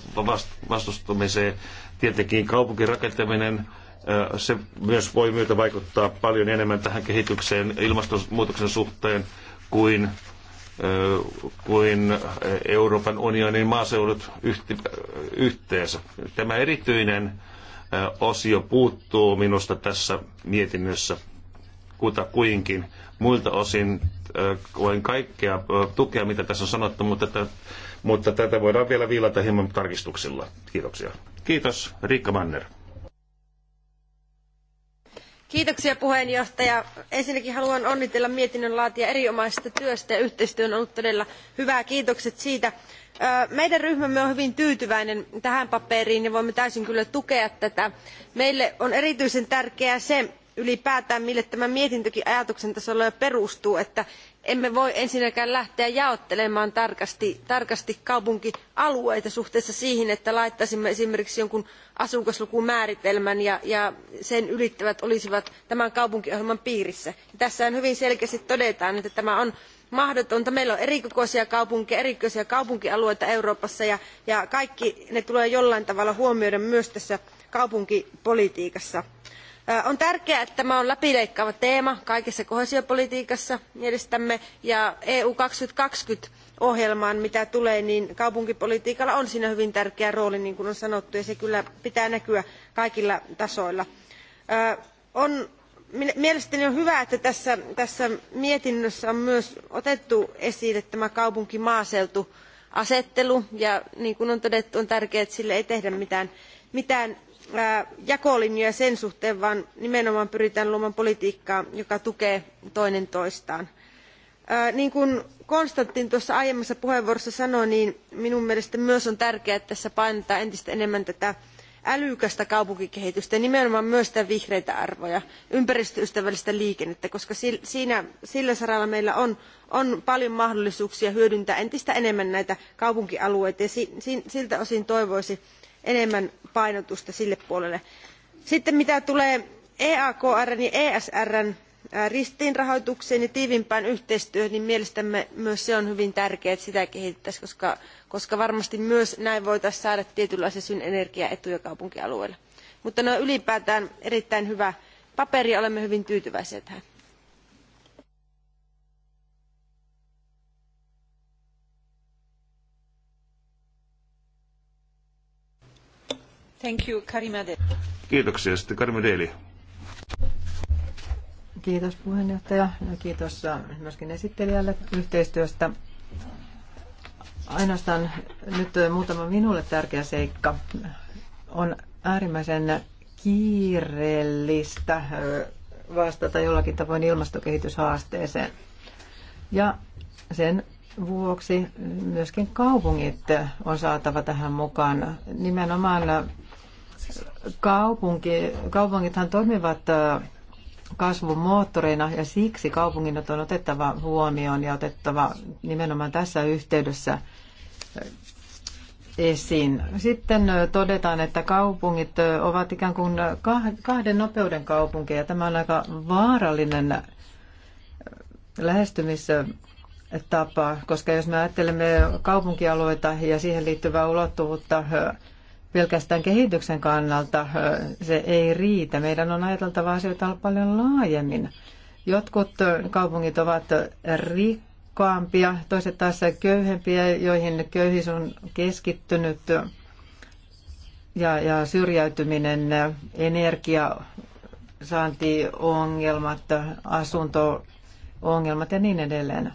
vastustamiseen. Tietenkin kaupunkirakentaminen se myös voi myötä vaikuttaa paljon enemmän tähän kehitykseen ilmastonmuutoksen suhteen kuin, kuin Euroopan unionin maaseudut yhteensä. Tämä erityinen osio puuttuu minusta tässä mietinnössä kutakuinkin. Muilta osin olen kaikkea tukea, mitä tässä on sanottu, mutta, että, mutta tätä voidaan vielä viilata hieman tarkistuksilla. Kiitoksia. Kiitos, Riikka Manner. Kiitoksia puheenjohtaja. Ensinnäkin haluan onnitella mietinnön laatia erinomaisesta työstä ja yhteistyö on ollut todella hyvää. Kiitokset siitä. Meidän ryhmämme on hyvin tyytyväinen tähän paperiin ja voimme täysin kyllä tukea tätä. Meille on erityisen tärkeää se, ylipäätään mille tämä mietintökin ajatuksen tasolla perustuu että emme voi ensinnäkään lähteä jaottelemaan tarkasti, kaupunkialueita suhteessa siihen että laittaisimme esimerkiksi jonkun asukaslukumääritelmän ja, ja sen ylittävät olisivat tämän kaupunkiohjelman piirissä. tässähän hyvin selkeästi todetaan että tämä on mahdotonta. meillä on erikokoisia kaupunkeja erikokoisia kaupunkialueita euroopassa ja kaikki ne tulee jollain tavalla huomioida myös tässä kaupunkipolitiikassa on tärkeää että tämä on läpileikkaava teema kaikessa koheesiopolitiikassa mielestämme ja eu kaksituhatta kaksikymmentä ohjelmaan mitä tulee niin kaupunkipolitiikalla on siinä hyvin tärkeä rooli niin kuin on sanottu ja sen kyllä pitää näkyä kaikilla tasoilla. On, mielestäni on hyvä että tässä, mietinnössä on myös otettu esille tämä kaupunki maaseutu asettelu ja niin kuin on todettu on tärkeää että sille ei tehdä mitään jakolinjoja sen suhteen vaan nimenomaan pyritään luomaan politiikkaa joka tukee toinen toistaan. niin kuin Konstantin tuossa aiemmassa puheenvuorossa sanoi niin minun mielestäni myös on tärkeää että tässä painotetaan entistä enemmän tätä älykästä kaupunkikehitystä ja nimenomaan myös vihreitä arvoja ympäristöystävällistä liikennettä koska siinä, sillä saralla meillä on, on paljon mahdollisuuksia hyödyntää entistä enemmän näitä kaupunkialueita ja si, si, siltä osin toivoisi enemmän painotusta sille puolelle. sitten mitä tulee n e ja n e äh, ristiinrahoitukseen ja tiiviimpään yhteistyöhön niin mielestämme myös se on hyvin tärkeää että sitä kehitettäisiin koska, varmasti myös näin voitaisiin saada tietynlaisia synergiaetuja kaupunkialueille. mutta noin ylipäätään erittäin hyvä paperi ja olemme hyvin tyytyväisiä tähän. Thank you, Karima Kiitoksia. Sitten Karima Deli. Kiitos puheenjohtaja ja kiitos myöskin esittelijälle yhteistyöstä. Ainoastaan nyt muutama minulle tärkeä seikka. On äärimmäisen kiireellistä vastata jollakin tavoin ilmastokehityshaasteeseen. Ja sen vuoksi myöskin kaupungit on saatava tähän mukaan. Nimenomaan Kaupunki, kaupungithan toimivat äh, kasvun moottoreina ja siksi kaupungin on otettava huomioon ja otettava nimenomaan tässä yhteydessä äh, esiin. Sitten äh, todetaan, että kaupungit ovat ikään kuin kahden nopeuden kaupunkeja. Tämä on aika vaarallinen lähestymistapa, koska jos me ajattelemme kaupunkialueita ja siihen liittyvää ulottuvuutta pelkästään kehityksen kannalta se ei riitä. Meidän on ajateltava asioita paljon laajemmin. Jotkut kaupungit ovat rikkaampia, toiset taas köyhempiä, joihin köyhys on keskittynyt ja, ja syrjäytyminen, energia, saantiongelmat, asunto-ongelmat ja niin edelleen.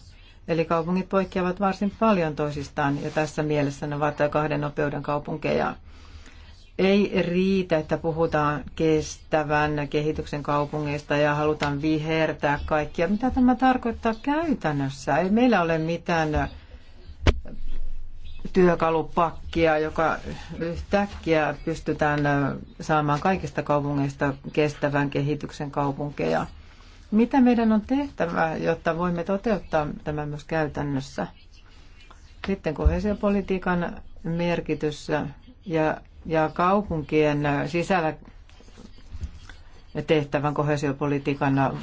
Eli kaupungit poikkeavat varsin paljon toisistaan ja tässä mielessä ne ovat kahden nopeuden kaupunkeja. Ei riitä, että puhutaan kestävän kehityksen kaupungeista ja halutaan vihertää kaikkia. Mitä tämä tarkoittaa käytännössä? Ei meillä ole mitään työkalupakkia, joka yhtäkkiä pystytään saamaan kaikista kaupungeista kestävän kehityksen kaupunkeja. Mitä meidän on tehtävä, jotta voimme toteuttaa tämä myös käytännössä? Sitten kohesiopolitiikan merkitys ja ja kaupunkien sisällä tehtävän kohesiopolitiikan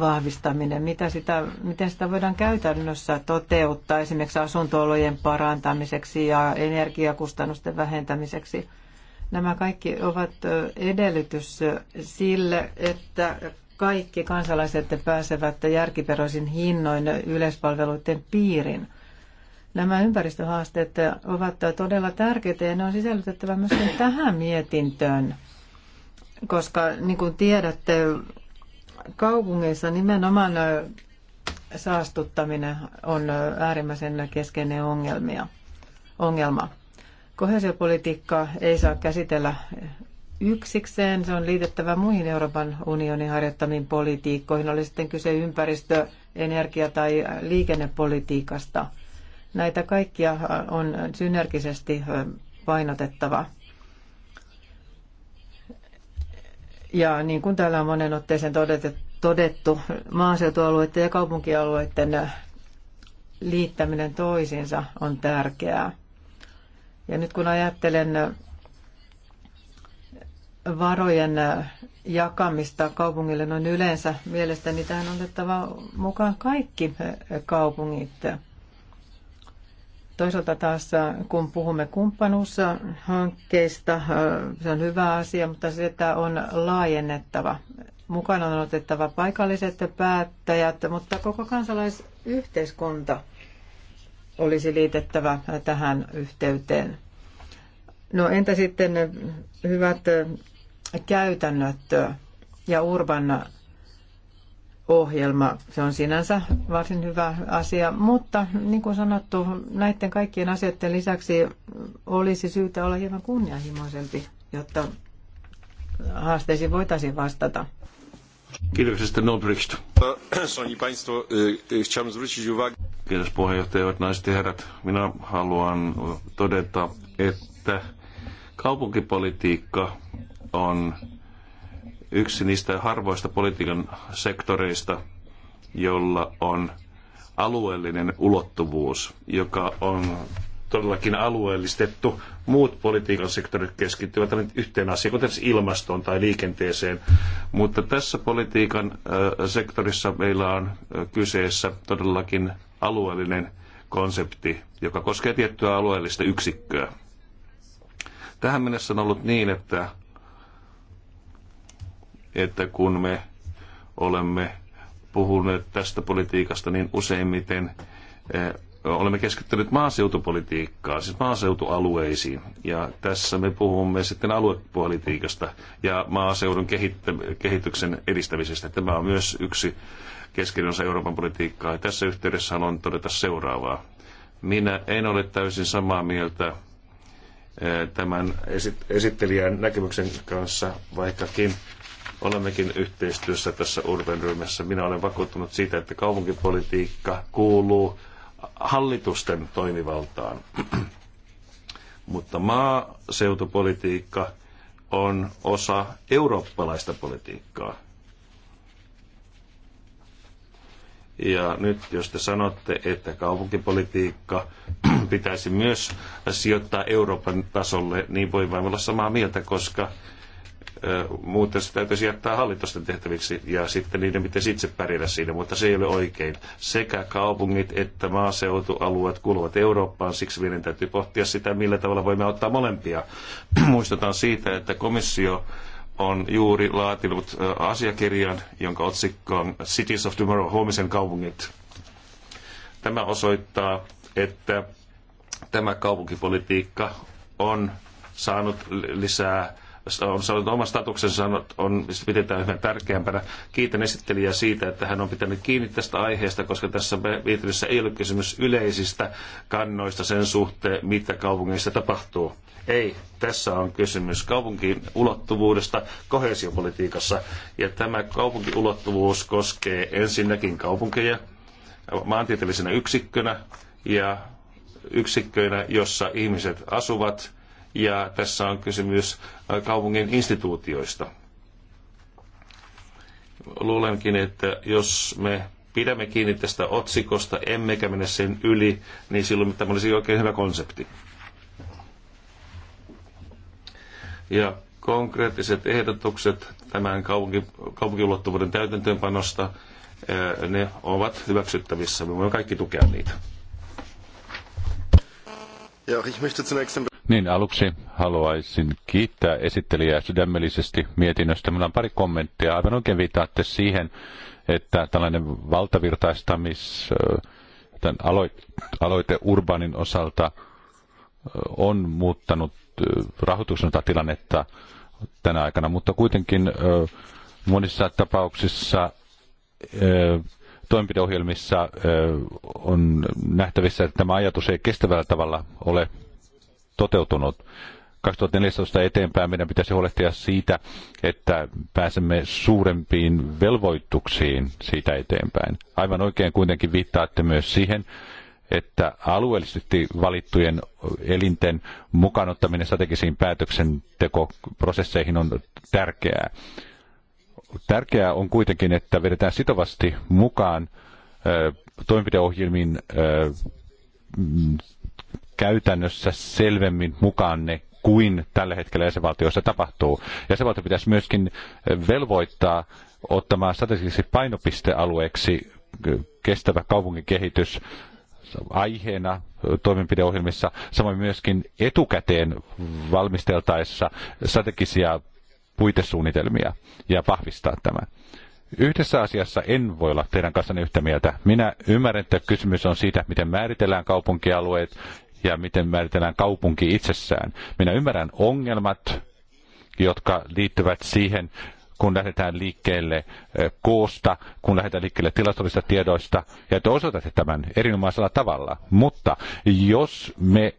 vahvistaminen. Mitä sitä, miten sitä voidaan käytännössä toteuttaa esimerkiksi asuntoolojen parantamiseksi ja energiakustannusten vähentämiseksi? Nämä kaikki ovat edellytys sille, että kaikki kansalaiset pääsevät järkiperäisin hinnoin yleispalveluiden piirin. Nämä ympäristöhaasteet ovat todella tärkeitä ja ne on sisällytettävä myöskin tähän mietintöön, koska niin kuin tiedätte, kaupungeissa nimenomaan saastuttaminen on äärimmäisen keskeinen ongelmia, ongelma. Kohesiopolitiikka ei saa käsitellä yksikseen, se on liitettävä muihin Euroopan unionin harjoittamiin politiikkoihin, oli sitten kyse ympäristö-, energia- tai liikennepolitiikasta – Näitä kaikkia on synergisesti painotettava. Ja niin kuin täällä on monen otteeseen todettu, maaseutualueiden ja kaupunkialueiden liittäminen toisiinsa on tärkeää. Ja nyt kun ajattelen varojen jakamista kaupungille noin yleensä, mielestäni tähän on otettava mukaan kaikki kaupungit – Toisaalta taas, kun puhumme kumppanuushankkeista, se on hyvä asia, mutta sitä on laajennettava. Mukana on otettava paikalliset päättäjät, mutta koko kansalaisyhteiskunta olisi liitettävä tähän yhteyteen. No entä sitten hyvät käytännöt ja urban ohjelma. Se on sinänsä varsin hyvä asia, mutta niin kuin sanottu, näiden kaikkien asioiden lisäksi olisi syytä olla hieman kunnianhimoisempi, jotta haasteisiin voitaisiin vastata. Kiitoksesta Nobrecht. Kiitos puheenjohtaja, hyvät naiset ja herrat. Minä haluan todeta, että kaupunkipolitiikka on yksi niistä harvoista politiikan sektoreista, jolla on alueellinen ulottuvuus, joka on todellakin alueellistettu. Muut politiikan sektorit keskittyvät yhteen asiaan, kuten ilmastoon tai liikenteeseen. Mutta tässä politiikan sektorissa meillä on kyseessä todellakin alueellinen konsepti, joka koskee tiettyä alueellista yksikköä. Tähän mennessä on ollut niin, että että kun me olemme puhuneet tästä politiikasta, niin useimmiten eh, olemme keskittyneet maaseutupolitiikkaan, siis maaseutualueisiin. Ja tässä me puhumme sitten aluepolitiikasta ja maaseudun kehityksen edistämisestä. Tämä on myös yksi keskeinen osa Euroopan politiikkaa. Ja tässä yhteydessä haluan todeta seuraavaa. Minä en ole täysin samaa mieltä eh, tämän esittelijän näkemyksen kanssa, vaikkakin Olemmekin yhteistyössä tässä urban-ryhmässä. Minä olen vakuuttunut siitä, että kaupunkipolitiikka kuuluu hallitusten toimivaltaan. [CLEARS THROAT] Mutta maaseutupolitiikka on osa eurooppalaista politiikkaa. Ja nyt jos te sanotte, että kaupunkipolitiikka [CLEARS THROAT] pitäisi myös sijoittaa Euroopan tasolle, niin voi vain olla samaa mieltä, koska Muuten se täytyisi jättää hallitusten tehtäviksi ja sitten niiden pitäisi itse pärjätä siinä, mutta se ei ole oikein. Sekä kaupungit että maaseutualueet kuuluvat Eurooppaan, siksi meidän täytyy pohtia sitä, millä tavalla voimme ottaa molempia. [CLEARS THROAT] Muistetaan siitä, että komissio on juuri laatinut asiakirjan, jonka otsikko on Cities of Tomorrow, huomisen kaupungit. Tämä osoittaa, että tämä kaupunkipolitiikka on saanut lisää on saanut oman statuksensa, on, on, pidetään hyvin tärkeämpänä. Kiitän esittelijää siitä, että hän on pitänyt kiinni tästä aiheesta, koska tässä mietinnössä ei ole kysymys yleisistä kannoista sen suhteen, mitä kaupungeissa tapahtuu. Ei, tässä on kysymys kaupunkin ulottuvuudesta kohesiopolitiikassa. Ja tämä kaupunkiulottuvuus koskee ensinnäkin kaupunkeja maantieteellisenä yksikkönä ja yksikköinä, jossa ihmiset asuvat – ja tässä on kysymys kaupungin instituutioista. Luulenkin, että jos me pidämme kiinni tästä otsikosta, emmekä mene sen yli, niin silloin tämä olisi oikein hyvä konsepti. Ja konkreettiset ehdotukset tämän kaupunki, kaupunkiulottuvuuden täytäntöönpanosta, ne ovat hyväksyttävissä. Me voimme kaikki tukea niitä. Ja, ich möchte zunächst niin, aluksi haluaisin kiittää esittelijää sydämellisesti mietinnöstä. Minulla on pari kommenttia. Aivan oikein viittaatte siihen, että tällainen valtavirtaistamis tämän aloite Urbanin osalta on muuttanut rahoituksen tilannetta tänä aikana, mutta kuitenkin monissa tapauksissa toimenpideohjelmissa on nähtävissä, että tämä ajatus ei kestävällä tavalla ole toteutunut. 2014 eteenpäin meidän pitäisi huolehtia siitä, että pääsemme suurempiin velvoituksiin siitä eteenpäin. Aivan oikein kuitenkin viittaatte myös siihen, että alueellisesti valittujen elinten mukaanottaminen strategisiin päätöksentekoprosesseihin on tärkeää. Tärkeää on kuitenkin, että vedetään sitovasti mukaan toimenpideohjelmiin käytännössä selvemmin mukaan ne kuin tällä hetkellä jäsenvaltioissa tapahtuu. Jäsenvaltio pitäisi myöskin velvoittaa ottamaan strategiseksi painopistealueeksi kestävä kaupunkikehitys aiheena toimenpideohjelmissa, samoin myöskin etukäteen valmisteltaessa strategisia puitesuunnitelmia ja vahvistaa tämä. Yhdessä asiassa en voi olla teidän kanssanne yhtä mieltä. Minä ymmärrän, että kysymys on siitä, miten määritellään kaupunkialueet ja miten määritellään kaupunki itsessään. Minä ymmärrän ongelmat, jotka liittyvät siihen, kun lähdetään liikkeelle eh, koosta, kun lähdetään liikkeelle tilastollisista tiedoista, ja te osoitatte tämän erinomaisella tavalla. Mutta jos me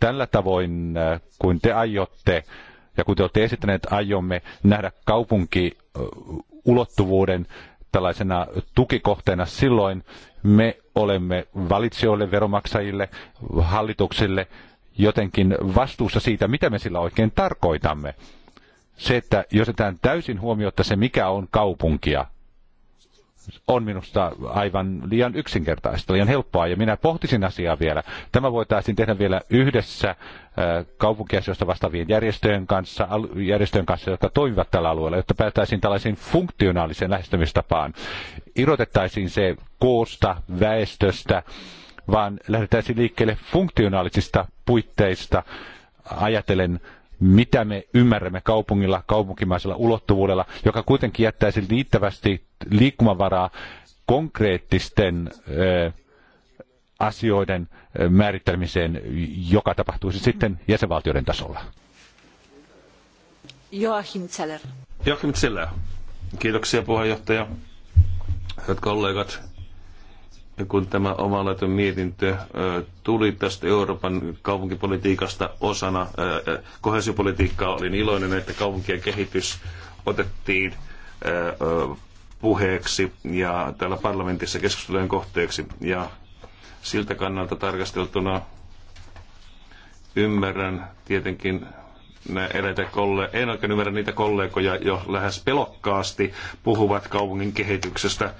tällä tavoin, eh, kuin te aiotte, ja kun te olette esittäneet, aiomme nähdä kaupunkiulottuvuuden eh, tällaisena tukikohteena silloin, me olemme valitsijoille, veromaksajille, hallituksille jotenkin vastuussa siitä, mitä me sillä oikein tarkoitamme. Se, että jos jätetään täysin huomiotta se, mikä on kaupunkia, on minusta aivan liian yksinkertaista, liian helppoa, ja minä pohtisin asiaa vielä. Tämä voitaisiin tehdä vielä yhdessä kaupunkiasioista vastaavien järjestöjen kanssa, järjestöjen kanssa, jotka toimivat tällä alueella, jotta päästäisiin tällaisiin funktionaaliseen lähestymistapaan. Irrotettaisiin se koosta, väestöstä, vaan lähdettäisiin liikkeelle funktionaalisista puitteista, ajatellen mitä me ymmärrämme kaupungilla, kaupunkimaisella ulottuvuudella, joka kuitenkin jättäisi liittävästi liikkumavaraa konkreettisten asioiden määrittämiseen, joka tapahtuisi mhm. sitten jäsenvaltioiden tasolla. Joachim Zeller. Joachim Zeller. Kiitoksia puheenjohtaja. Hyvät kollegat, kun tämä omalaitun mietintö tuli tästä Euroopan kaupunkipolitiikasta osana kohesiopolitiikkaa, olin iloinen, että kaupunkien kehitys otettiin puheeksi ja täällä parlamentissa keskustelujen kohteeksi. Ja siltä kannalta tarkasteltuna ymmärrän tietenkin eräitä kolle- en oikein ymmärrä niitä kollegoja, jo lähes pelokkaasti puhuvat kaupungin kehityksestä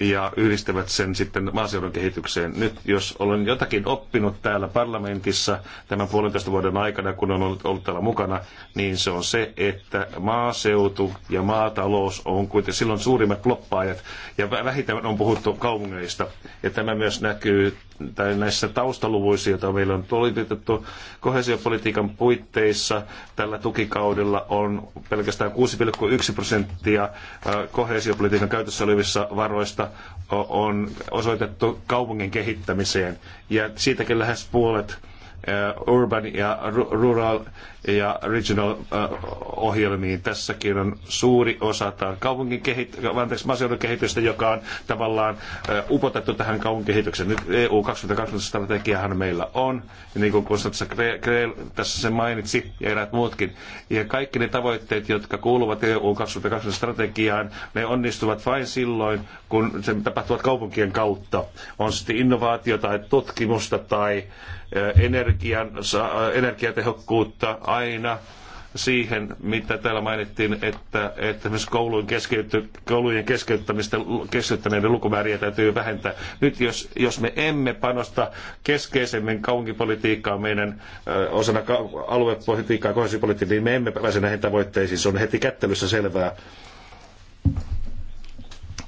ja yhdistävät sen sitten maaseudun kehitykseen. Nyt jos olen jotakin oppinut täällä parlamentissa tämän puolentoista vuoden aikana, kun olen ollut, ollut täällä mukana, niin se on se, että maaseutu ja maatalous on kuitenkin silloin suurimmat loppaajat ja vähiten on puhuttu kaupungeista. Ja tämä myös näkyy tai näissä taustaluvuissa, joita meillä on toimitettu kohesiopolitiikan puitteissa tällä tukikaudella on pelkästään 6,1 prosenttia äh, kohesiopolitiikan käytössä olevissa varoista on osoitettu kaupungin kehittämiseen. Ja siitäkin lähes puolet Eh, urban ja rural ja regional eh, ohjelmiin. Tässäkin on suuri osa tämän kaupungin kehit- anteeksi, maaseudun kehitystä, joka on tavallaan eh, upotettu tähän kaupungin kehitykseen. Nyt EU 2020-strategiahan meillä on, niin kuin Konstantin Kreel tässä sen mainitsi ja eräät muutkin. Ja kaikki ne tavoitteet, jotka kuuluvat EU 2020-strategiaan, ne onnistuvat vain silloin, kun se tapahtuvat kaupunkien kautta. On sitten innovaatio tai tutkimusta tai energian, energiatehokkuutta aina siihen, mitä täällä mainittiin, että, että esimerkiksi koulujen, keskeytty, koulujen keskeyttämistä, keskeyttäneiden lukumääriä täytyy vähentää. Nyt jos, jos me emme panosta keskeisemmin kaupunkipolitiikkaa meidän ö, osana ka- aluepolitiikkaa, kohdallisuuspolitiikkaa, niin me emme pääse näihin tavoitteisiin. Se on heti kättelyssä selvää.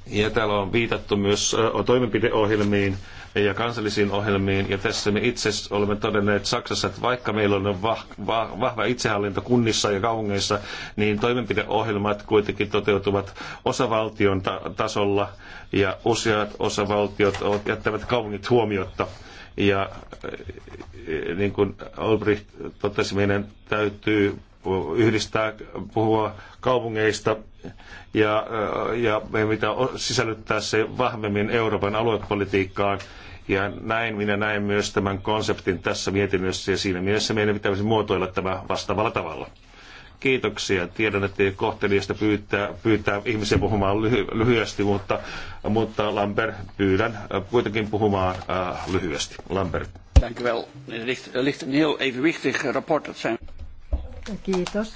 Ja täällä on viitattu myös toimenpideohjelmiin, ja kansallisiin ohjelmiin. Ja tässä me itse olemme todenneet Saksassa, että vaikka meillä on vahva itsehallinto kunnissa ja kaupungeissa, niin toimenpideohjelmat kuitenkin toteutuvat osavaltion tasolla ja useat osavaltiot jättävät kaupungit huomiotta. Ja eh, niin kuin Albrecht totesi, meidän täytyy yhdistää, puhua kaupungeista ja, eh, ja meidän pitää sisällyttää se vahvemmin Euroopan aluepolitiikkaan ja näin minä näen myös tämän konseptin tässä mietinnössä ja siinä mielessä meidän pitäisi muotoilla tämä vastaavalla tavalla. Kiitoksia. Tiedän, että ei kohteliasta pyytää, pyytää ihmisiä puhumaan lyhy, lyhyesti, mutta, mutta Lambert, pyydän äh, kuitenkin puhumaan äh, lyhyesti. Lambert. Er eh, Kiitos.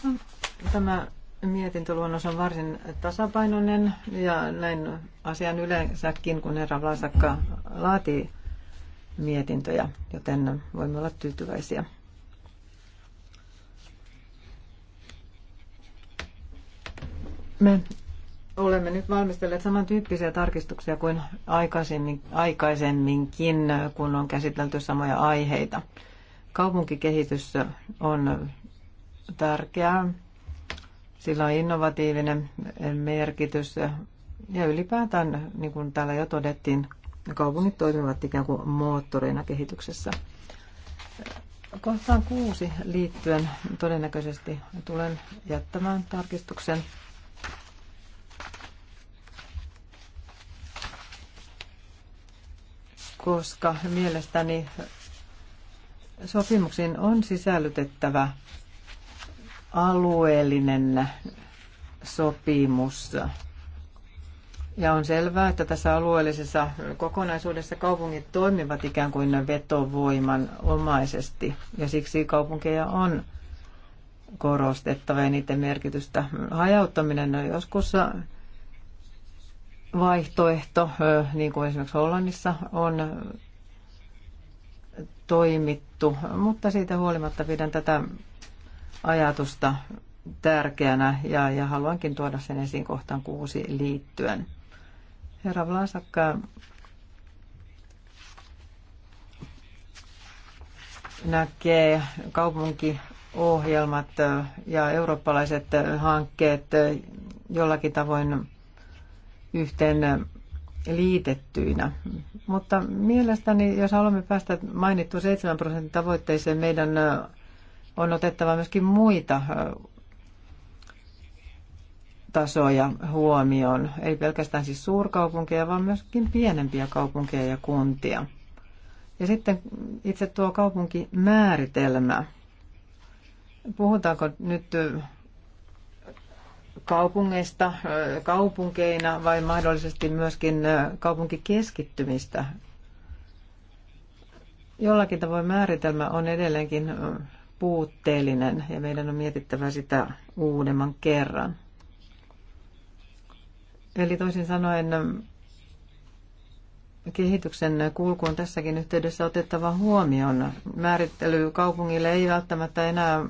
Tämä mietintöluonnos on varsin tasapainoinen ja näin asian yleensäkin, kun herra Vlasakka laatii mietintöjä, joten voimme olla tyytyväisiä. Me olemme nyt valmistelleet samantyyppisiä tarkistuksia kuin aikaisemmin, aikaisemminkin, kun on käsitelty samoja aiheita. Kaupunkikehitys on tärkeää. Sillä on innovatiivinen merkitys ja ylipäätään, niin kuin täällä jo todettiin, kaupungit toimivat ikään kuin moottoreina kehityksessä. Kohtaan kuusi liittyen todennäköisesti tulen jättämään tarkistuksen. koska mielestäni sopimuksiin on sisällytettävä alueellinen sopimus ja on selvää, että tässä alueellisessa kokonaisuudessa kaupungit toimivat ikään kuin vetovoiman omaisesti. Ja siksi kaupunkeja on korostettava ja niiden merkitystä. Hajauttaminen on joskus vaihtoehto, niin kuin esimerkiksi Hollannissa on toimittu, mutta siitä huolimatta pidän tätä ajatusta tärkeänä ja, ja haluankin tuoda sen esiin kohtaan kuusi liittyen. Herra Vlasakka, äh, näkee kaupunkiohjelmat äh, ja eurooppalaiset äh, hankkeet jollakin tavoin yhteen liitettyinä. Mutta mielestäni, jos haluamme päästä mainittuun 7 prosentin tavoitteeseen, meidän on otettava myöskin muita tasoja huomioon. Ei pelkästään siis suurkaupunkeja, vaan myöskin pienempiä kaupunkeja ja kuntia. Ja sitten itse tuo kaupunkimääritelmä. Puhutaanko nyt kaupungeista kaupunkeina vai mahdollisesti myöskin kaupunkikeskittymistä? Jollakin tavoin määritelmä on edelleenkin puutteellinen ja meidän on mietittävä sitä uudemman kerran. Eli toisin sanoen kehityksen kulku on tässäkin yhteydessä otettava huomioon. Määrittely kaupungille ei välttämättä enää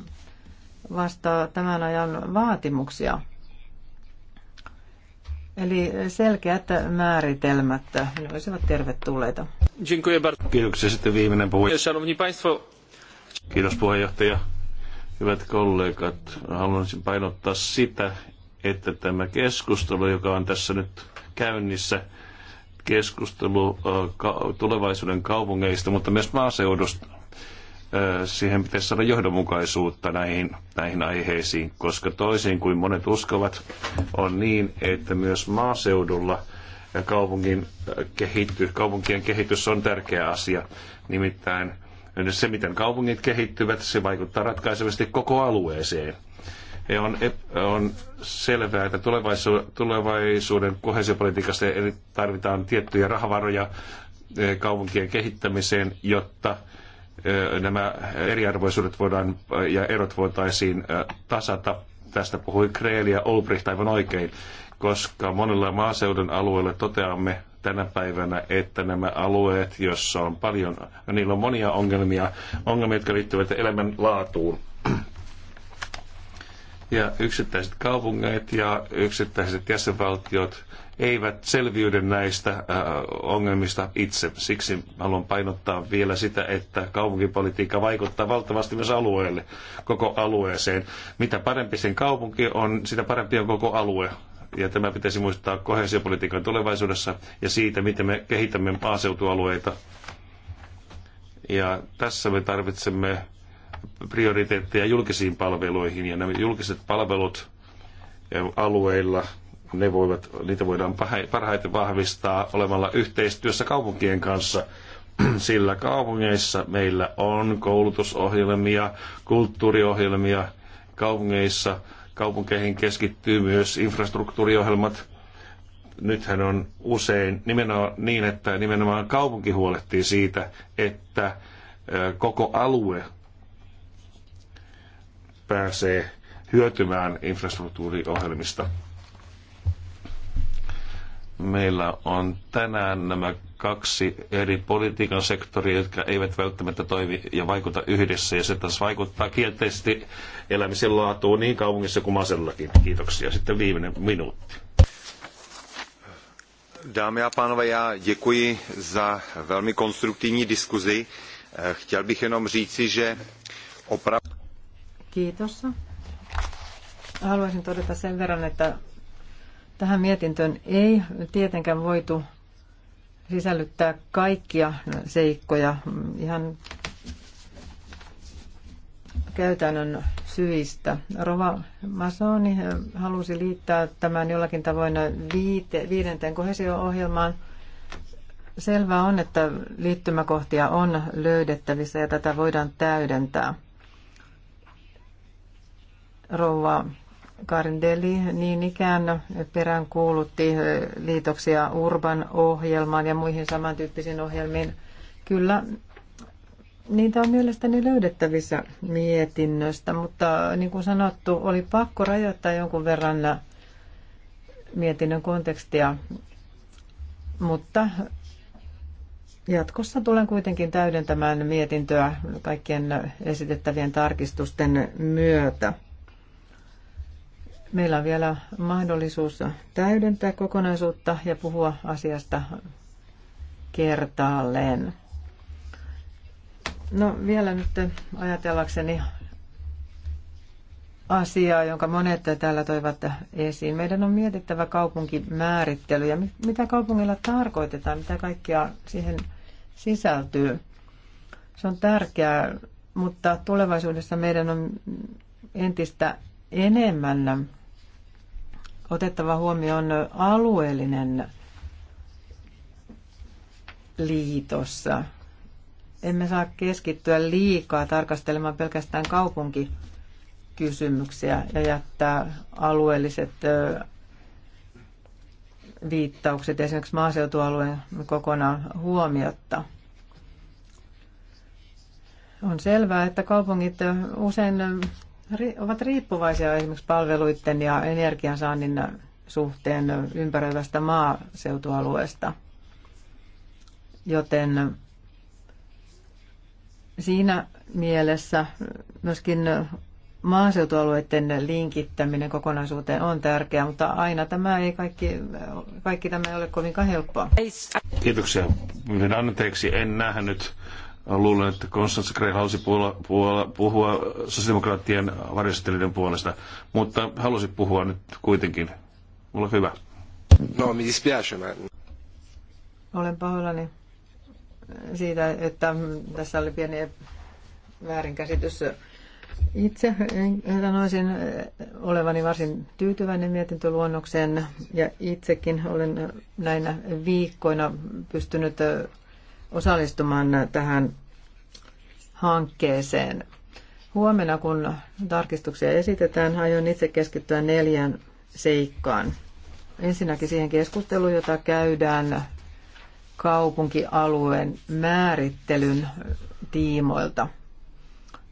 vastaa tämän ajan vaatimuksia. Eli selkeät määritelmät, ne olisivat tervetulleita. Kiitoksia. Sitten viimeinen puhuja. Kiitos puheenjohtaja. Hyvät kollegat, haluaisin painottaa sitä, että tämä keskustelu, joka on tässä nyt käynnissä, keskustelu tulevaisuuden kaupungeista, mutta myös maaseudusta, siihen pitäisi saada johdonmukaisuutta näihin, näihin aiheisiin, koska toisin kuin monet uskovat, on niin, että myös maaseudulla ja kaupungin kehitty, kaupunkien kehitys on tärkeä asia. Nimittäin se, miten kaupungit kehittyvät, se vaikuttaa ratkaisevasti koko alueeseen – on, on selvää, että tulevaisuuden, kohesiopolitiikasta kohesiopolitiikassa tarvitaan tiettyjä rahavaroja eh, kaupunkien kehittämiseen, jotta eh, nämä eriarvoisuudet voidaan eh, ja erot voitaisiin tasata. Tästä puhui Kreel ja Olbricht aivan oikein, koska monilla maaseudun alueilla toteamme tänä päivänä, että nämä alueet, joissa on paljon, niillä on monia ongelmia, ongelmia, jotka liittyvät elämänlaatuun ja yksittäiset kaupungit ja yksittäiset jäsenvaltiot eivät selviydy näistä äh, ongelmista itse. Siksi haluan painottaa vielä sitä, että kaupunkipolitiikka vaikuttaa valtavasti myös alueelle, koko alueeseen. Mitä parempi sen kaupunki on, sitä parempi on koko alue. Ja tämä pitäisi muistaa kohesiopolitiikan tulevaisuudessa ja siitä, miten me kehitämme maaseutualueita. Ja tässä me tarvitsemme prioriteetteja julkisiin palveluihin ja nämä julkiset palvelut eh, alueilla, ne voivat, niitä voidaan parhaiten vahvistaa olemalla yhteistyössä kaupunkien kanssa, [CLEARS THROAT] sillä kaupungeissa meillä on koulutusohjelmia, kulttuuriohjelmia, kaupungeissa kaupunkeihin keskittyy myös infrastruktuuriohjelmat. Nythän on usein nimenomaan niin, että nimenomaan kaupunki huolehtii siitä, että eh, koko alue pääsee hyötymään infrastruktuuriohjelmista. Meillä on tänään nämä kaksi eri politiikan sektoria, jotka eivät välttämättä toimi ja vaikuta yhdessä, ja se taas vaikuttaa kielteisesti elämisen laatuun niin kaupungissa kuin maasellakin. Kiitoksia. Sitten viimeinen minuutti. Dámy a pánové, já děkuji za velmi konstruktivní diskuzi. Chtěl bych jenom říci, že opravdu Kiitos. Haluaisin todeta sen verran, että tähän mietintöön ei tietenkään voitu sisällyttää kaikkia seikkoja ihan käytännön syistä. Rova Masoni halusi liittää tämän jollakin tavoin viite, viidenteen kohesio-ohjelmaan. Selvää on, että liittymäkohtia on löydettävissä ja tätä voidaan täydentää. Rouva Karindeli niin ikään peräänkuulutti liitoksia Urban ohjelmaan ja muihin samantyyppisiin ohjelmiin. Kyllä niitä on mielestäni löydettävissä mietinnöstä, mutta niin kuin sanottu, oli pakko rajoittaa jonkun verran mietinnön kontekstia, mutta jatkossa tulen kuitenkin täydentämään mietintöä kaikkien esitettävien tarkistusten myötä. Meillä on vielä mahdollisuus täydentää kokonaisuutta ja puhua asiasta kertaalleen. No vielä nyt ajatellakseni asiaa, jonka monet täällä toivat esiin. Meidän on mietittävä kaupunkimäärittely ja mitä kaupungilla tarkoitetaan, mitä kaikkea siihen sisältyy. Se on tärkeää, mutta tulevaisuudessa meidän on entistä enemmän otettava huomioon alueellinen liitos. Emme saa keskittyä liikaa tarkastelemaan pelkästään kaupunkikysymyksiä ja jättää alueelliset viittaukset esimerkiksi maaseutualueen kokonaan huomiotta. On selvää, että kaupungit usein ovat riippuvaisia esimerkiksi palveluiden ja energiansaannin suhteen ympäröivästä maaseutualueesta. Joten siinä mielessä myöskin maaseutualueiden linkittäminen kokonaisuuteen on tärkeää, mutta aina tämä ei kaikki, kaikki tämä ei ole kovinkaan helppoa. Kiitoksia. anteeksi, en nähnyt Luulen, että Konstantz Krell halusi puhua, puhua, puhua sosiaalidemokraattien varjostelijoiden puolesta, mutta halusi puhua nyt kuitenkin. Ole hyvä. No, mi dispiace, mä... Olen pahoillani siitä, että tässä oli pieni väärinkäsitys. Itse sanoisin olevani varsin tyytyväinen mietintöluonnokseen ja itsekin olen näinä viikkoina pystynyt osallistumaan tähän hankkeeseen. Huomenna, kun tarkistuksia esitetään, aion itse keskittyä neljän seikkaan. Ensinnäkin siihen keskusteluun, jota käydään kaupunkialueen määrittelyn tiimoilta.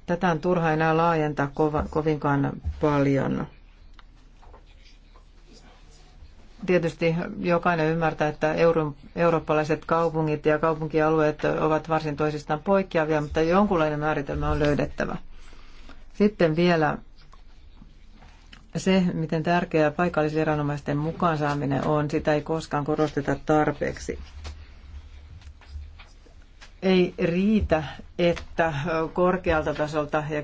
Tätä on turha enää laajentaa kovinkaan paljon. Tietysti jokainen ymmärtää, että euro, eurooppalaiset kaupungit ja kaupunkialueet ovat varsin toisistaan poikkeavia, mutta jonkunlainen määritelmä on löydettävä. Sitten vielä se, miten tärkeää paikallisviranomaisten mukaan saaminen on, sitä ei koskaan korosteta tarpeeksi. Ei riitä, että korkealta tasolta ja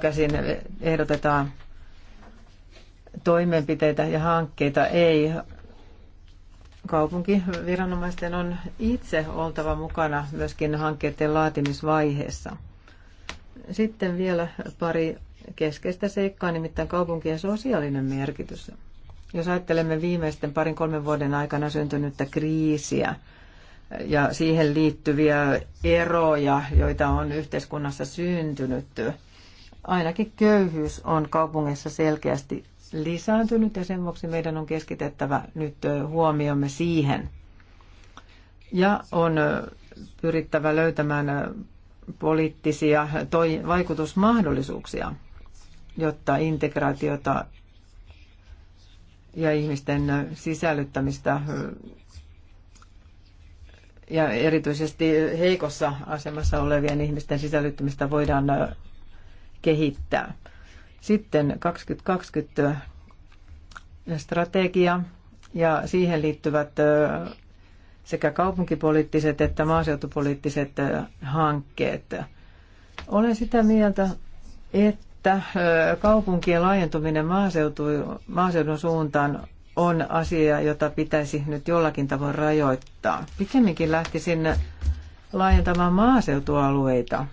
käsin ehdotetaan toimenpiteitä ja hankkeita ei. Kaupunkiviranomaisten on itse oltava mukana myöskin hankkeiden laatimisvaiheessa. Sitten vielä pari keskeistä seikkaa, nimittäin kaupunkien sosiaalinen merkitys. Jos ajattelemme viimeisten parin kolmen vuoden aikana syntynyttä kriisiä ja siihen liittyviä eroja, joita on yhteiskunnassa syntynyt, ainakin köyhyys on kaupungissa selkeästi lisääntynyt ja sen vuoksi meidän on keskitettävä nyt huomiomme siihen. Ja on pyrittävä löytämään poliittisia toi, vaikutusmahdollisuuksia, jotta integraatiota ja ihmisten sisällyttämistä ja erityisesti heikossa asemassa olevien ihmisten sisällyttämistä voidaan kehittää. Sitten 2020 strategia ja siihen liittyvät sekä kaupunkipoliittiset että maaseutupoliittiset hankkeet. Olen sitä mieltä, että kaupunkien laajentuminen maaseutu, maaseudun suuntaan on asia, jota pitäisi nyt jollakin tavoin rajoittaa. Pikemminkin lähtisin laajentamaan maaseutualueita –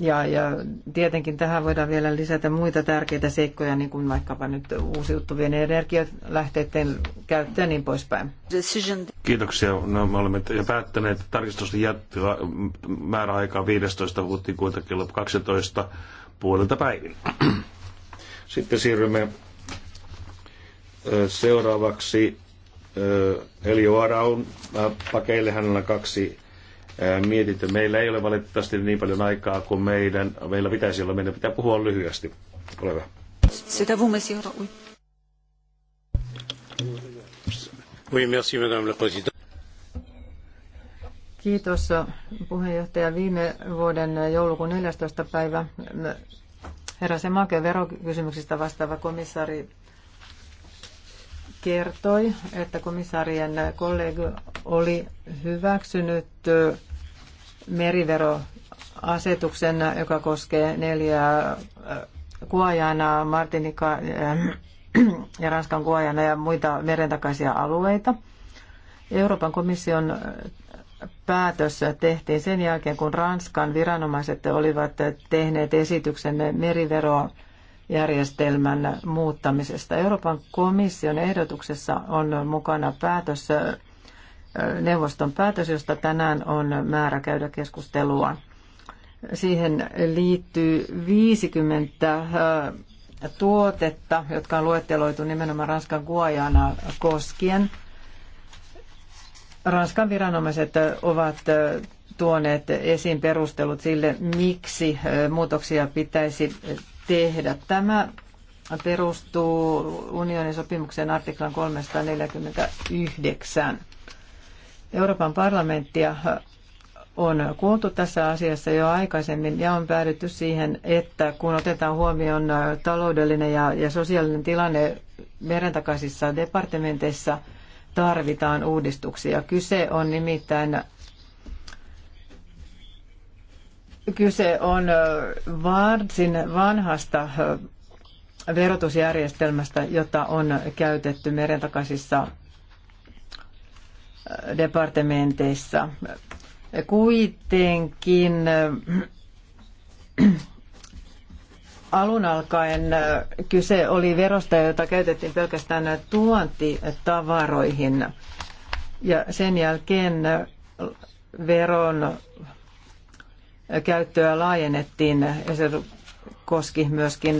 ja, ja tietenkin tähän voidaan vielä lisätä muita tärkeitä seikkoja, niin kuin vaikkapa nyt uusiutuvien energialähteiden käyttö ja niin poispäin. Kiitoksia. No, me olemme jo päättäneet tarkistusten jättöä määräaikaa 15. huhtikuuta kello 12 puolelta päivin. Sitten siirrymme seuraavaksi Elio Araun pakeille. Hänellä on kaksi mietintö. Meillä ei ole valitettavasti niin paljon aikaa kuin meidän, meillä pitäisi olla. Meidän pitää puhua lyhyesti. Ole hyvä. Sitä vous, monsieur. Oui, merci, madame la présidente. Kiitos puheenjohtaja. Viime vuoden joulukuun 14. päivä heräsi Semake verokysymyksistä vastaava komissaari kertoi, että komissaarien kollega oli hyväksynyt meriveroasetuksen, joka koskee neljää kuojana, Martinika ja Ranskan Kuojana ja muita merentakaisia alueita. Euroopan komission päätös tehtiin sen jälkeen, kun Ranskan viranomaiset olivat tehneet esityksen meriveroa järjestelmän muuttamisesta. Euroopan komission ehdotuksessa on mukana päätös, neuvoston päätös, josta tänään on määrä käydä keskustelua. Siihen liittyy 50 tuotetta, jotka on luetteloitu nimenomaan Ranskan Guajana koskien. Ranskan viranomaiset ovat tuoneet esiin perustelut sille, miksi muutoksia pitäisi tehdä. Tämä perustuu unionin sopimuksen artiklan 349. Euroopan parlamenttia on kuultu tässä asiassa jo aikaisemmin ja on päädytty siihen, että kun otetaan huomioon taloudellinen ja, ja sosiaalinen tilanne merentakaisissa departementeissa, tarvitaan uudistuksia. Kyse on nimittäin Kyse on varsin vanhasta verotusjärjestelmästä, jota on käytetty merentakaisissa departementeissa. Kuitenkin [CLEARS THROAT] alun alkaen kyse oli verosta, jota käytettiin pelkästään tuontitavaroihin. Ja sen jälkeen veron käyttöä laajennettiin ja se koski myöskin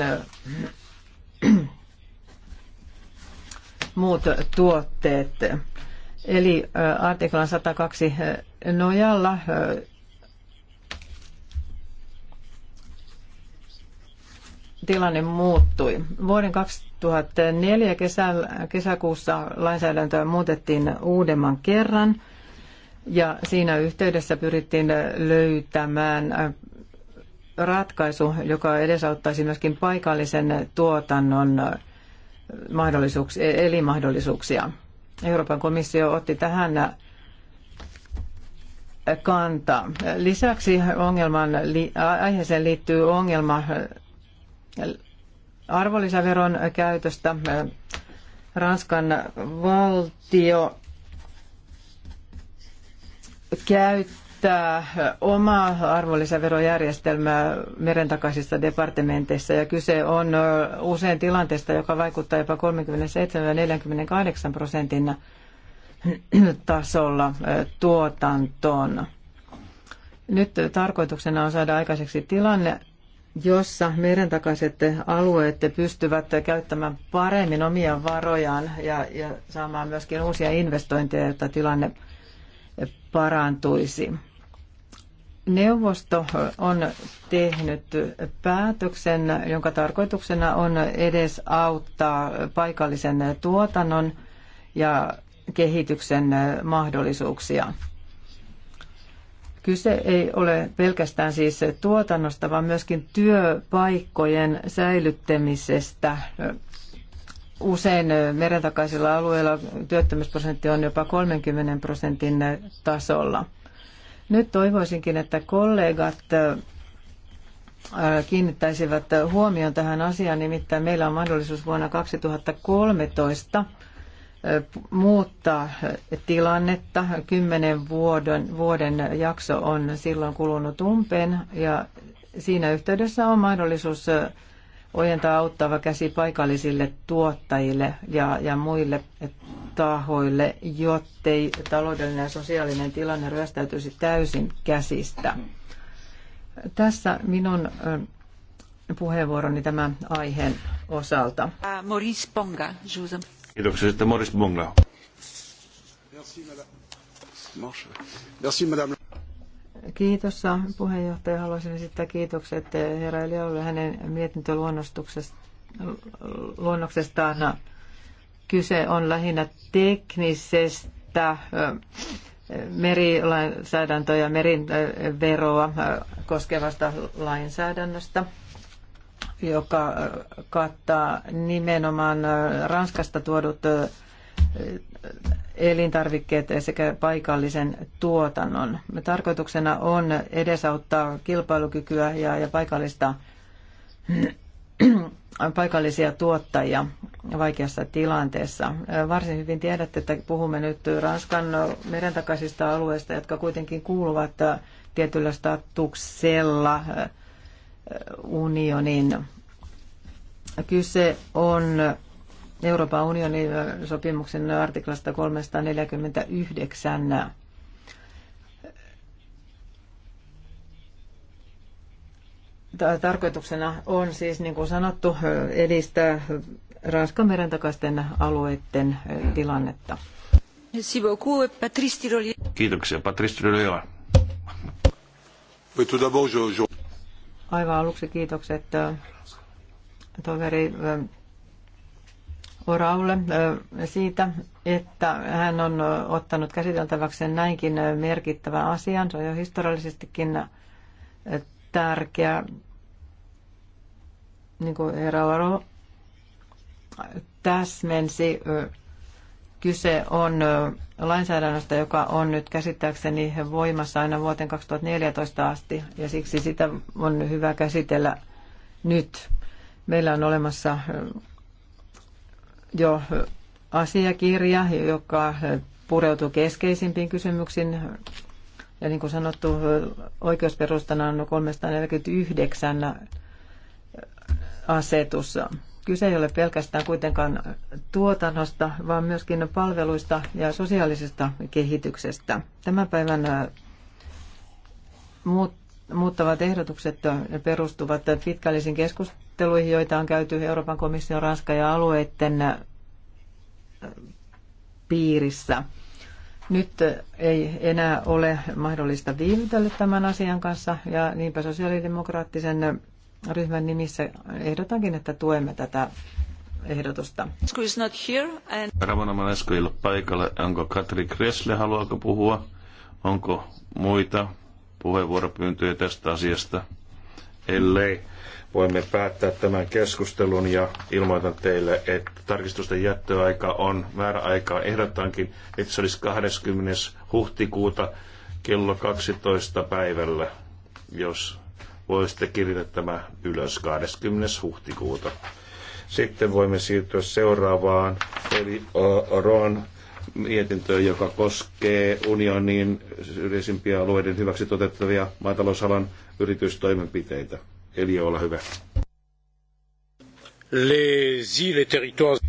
muut tuotteet. Eli artiklan 102 nojalla tilanne muuttui. Vuoden 2004 kesä, kesäkuussa lainsäädäntöä muutettiin uudemman kerran – ja siinä yhteydessä pyrittiin löytämään äh, ratkaisu, joka edesauttaisi myöskin paikallisen tuotannon äh, mahdollisuuksia, e-, elimahdollisuuksia. Euroopan komissio otti tähän äh, kantaa. Lisäksi ongelman, aiheeseen liittyy ongelma arvonlisäveron käytöstä. Ranskan valtio käyttää omaa arvonlisäverojärjestelmää merentakaisissa departementeissa ja kyse on usein tilanteesta, joka vaikuttaa jopa 37 ja 48 prosentin tasolla tuotantoon. Nyt tarkoituksena on saada aikaiseksi tilanne, jossa merentakaiset alueet pystyvät käyttämään paremmin omia varojaan ja, ja saamaan myöskin uusia investointeja, jotta tilanne parantuisi. Neuvosto on tehnyt päätöksen, jonka tarkoituksena on edes auttaa paikallisen tuotannon ja kehityksen mahdollisuuksia. Kyse ei ole pelkästään siis tuotannosta, vaan myöskin työpaikkojen säilyttämisestä Usein merentakaisilla alueilla työttömyysprosentti on jopa 30 prosentin tasolla. Nyt toivoisinkin, että kollegat kiinnittäisivät huomion tähän asiaan, nimittäin meillä on mahdollisuus vuonna 2013 muuttaa tilannetta. Kymmenen vuoden, vuoden jakso on silloin kulunut umpeen ja siinä yhteydessä on mahdollisuus ojentaa auttava käsi paikallisille tuottajille ja, ja muille tahoille, jottei taloudellinen ja sosiaalinen tilanne ryöstäytyisi täysin käsistä. Tässä minun puheenvuoroni tämän aiheen osalta. Uh, Maurice Bonga, Kiitoksia että Maurice Bonga. Merci, madame. Merci, madame Kiitos puheenjohtaja. Haluaisin esittää kiitokset herra Eliolle hänen mietintöluonnoksestaan. Kyse on lähinnä teknisestä merilainsäädäntöä ja meriveroa koskevasta lainsäädännöstä, joka kattaa nimenomaan Ranskasta tuodut elintarvikkeet sekä paikallisen tuotannon. Tarkoituksena on edesauttaa kilpailukykyä ja, ja paikallista, [CLEARS THROAT] paikallisia tuottajia vaikeassa tilanteessa. Varsin hyvin tiedätte, että puhumme nyt Ranskan merentakaisista alueista, jotka kuitenkin kuuluvat tietyllä statuksella eh, unionin. Kyse on Euroopan unionin sopimuksen artiklasta 349. Tarkoituksena on siis, niin kuin sanottu, edistää Ranskan meren takaisten alueiden tilannetta. Kiitoksia. Patrice Tirolier. Aivan aluksi kiitokset toveri Oraulle siitä, että hän on ottanut käsiteltäväkseen näinkin merkittävän asian. Se on jo historiallisestikin tärkeä, niin kuin herra Oro täsmensi. Kyse on lainsäädännöstä, joka on nyt käsittääkseni voimassa aina vuoteen 2014 asti, ja siksi sitä on hyvä käsitellä nyt. Meillä on olemassa jo asiakirja, joka pureutuu keskeisimpiin kysymyksiin. Ja niin kuin sanottu, oikeusperustana on 349 asetus. Kyse ei ole pelkästään kuitenkaan tuotannosta, vaan myöskin palveluista ja sosiaalisesta kehityksestä. Tämän päivän muut muuttavat ehdotukset perustuvat pitkällisiin keskusteluihin, joita on käyty Euroopan komission, Ranska ja alueiden piirissä. Nyt ei enää ole mahdollista viivytellä tämän asian kanssa ja niinpä sosiaalidemokraattisen ryhmän nimissä ehdotankin, että tuemme tätä ehdotusta. Ramona Manesko ei ole paikalla. Onko Katri Kressle, haluaako puhua? Onko muita? puheenvuoropyyntöjä tästä asiasta. Ellei voimme päättää tämän keskustelun ja ilmoitan teille, että tarkistusten jättöaika on määräaikaa ehdotankin, että se olisi 20. huhtikuuta kello 12 päivällä, jos voisitte kirjata tämä ylös 20. huhtikuuta. Sitten voimme siirtyä seuraavaan, eli Ron mietintöä, joka koskee unionin yleisimpiä alueiden hyväksi toteuttavia maatalousalan yritystoimenpiteitä. Eli olla hyvä. Les îles territoires.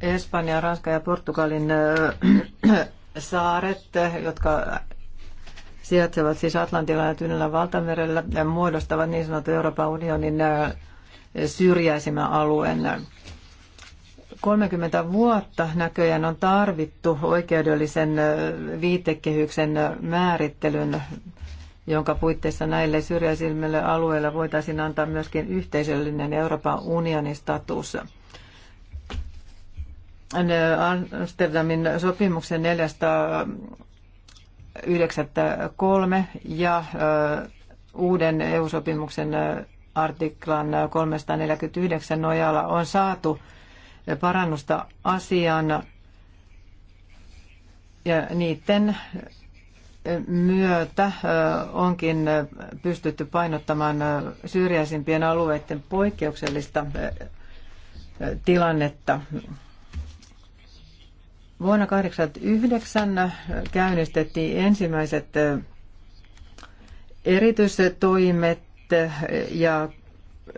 Espanja, Ranska ja Portugalin äh, [CLEARS THROAT] saaret, jotka sijaitsevat siis Atlantilla ja Tyynellä valtamerellä, muodostavat niin sanotun Euroopan unionin äh, syrjäisimmän alueen 30 vuotta näköjään on tarvittu oikeudellisen viitekehyksen määrittelyn, jonka puitteissa näille syrjäisimmille alueille voitaisiin antaa myöskin yhteisöllinen Euroopan unionin status. Amsterdamin sopimuksen 493 ja uuden EU-sopimuksen artiklan 349 nojalla on saatu parannusta asiaan ja niiden myötä onkin pystytty painottamaan syrjäisimpien alueiden poikkeuksellista tilannetta. Vuonna 1989 käynnistettiin ensimmäiset erityistoimet ja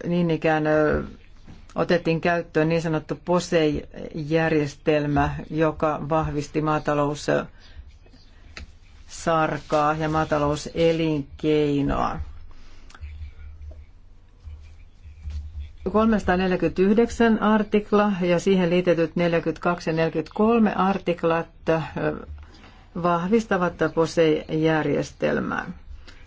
niin ikään otettiin käyttöön niin sanottu POSEI-järjestelmä, joka vahvisti maataloussarkaa ja maatalouselinkeinoa. 349 artikla ja siihen liitetyt 42 ja 43 artiklat äh, vahvistavat POSEI-järjestelmää.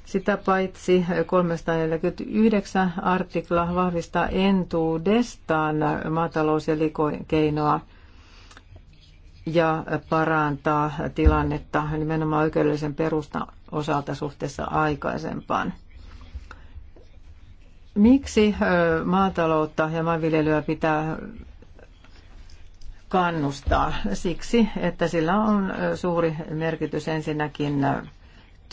Sitä paitsi 349 artikla vahvistaa entuudestaan maatalous- ja likokeinoa ja parantaa tilannetta nimenomaan oikeudellisen perustan osalta suhteessa aikaisempaan. Miksi maataloutta ja maanviljelyä pitää kannustaa? Siksi, että sillä on suuri merkitys ensinnäkin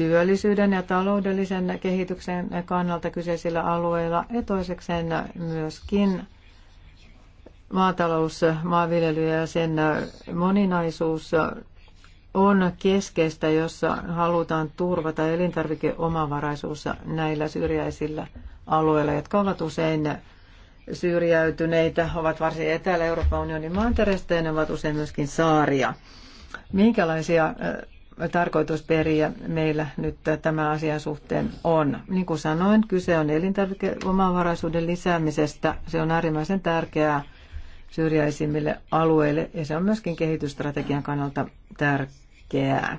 työllisyyden ja taloudellisen kehityksen kannalta kyseisillä alueilla ja toisekseen myöskin maatalous, maanviljely ja sen moninaisuus on keskeistä, jossa halutaan turvata elintarvikeomavaraisuus näillä syrjäisillä alueilla, jotka ovat usein syrjäytyneitä, ovat varsin etelä Euroopan unionin maantereistä ja ne ovat usein myöskin saaria. Minkälaisia tarkoitusperiä meillä nyt tämän asian suhteen on. Niin kuin sanoin, kyse on elintarvikeomavaraisuuden lisäämisestä. Se on äärimmäisen tärkeää syrjäisimmille alueille ja se on myöskin kehitysstrategian kannalta tärkeää.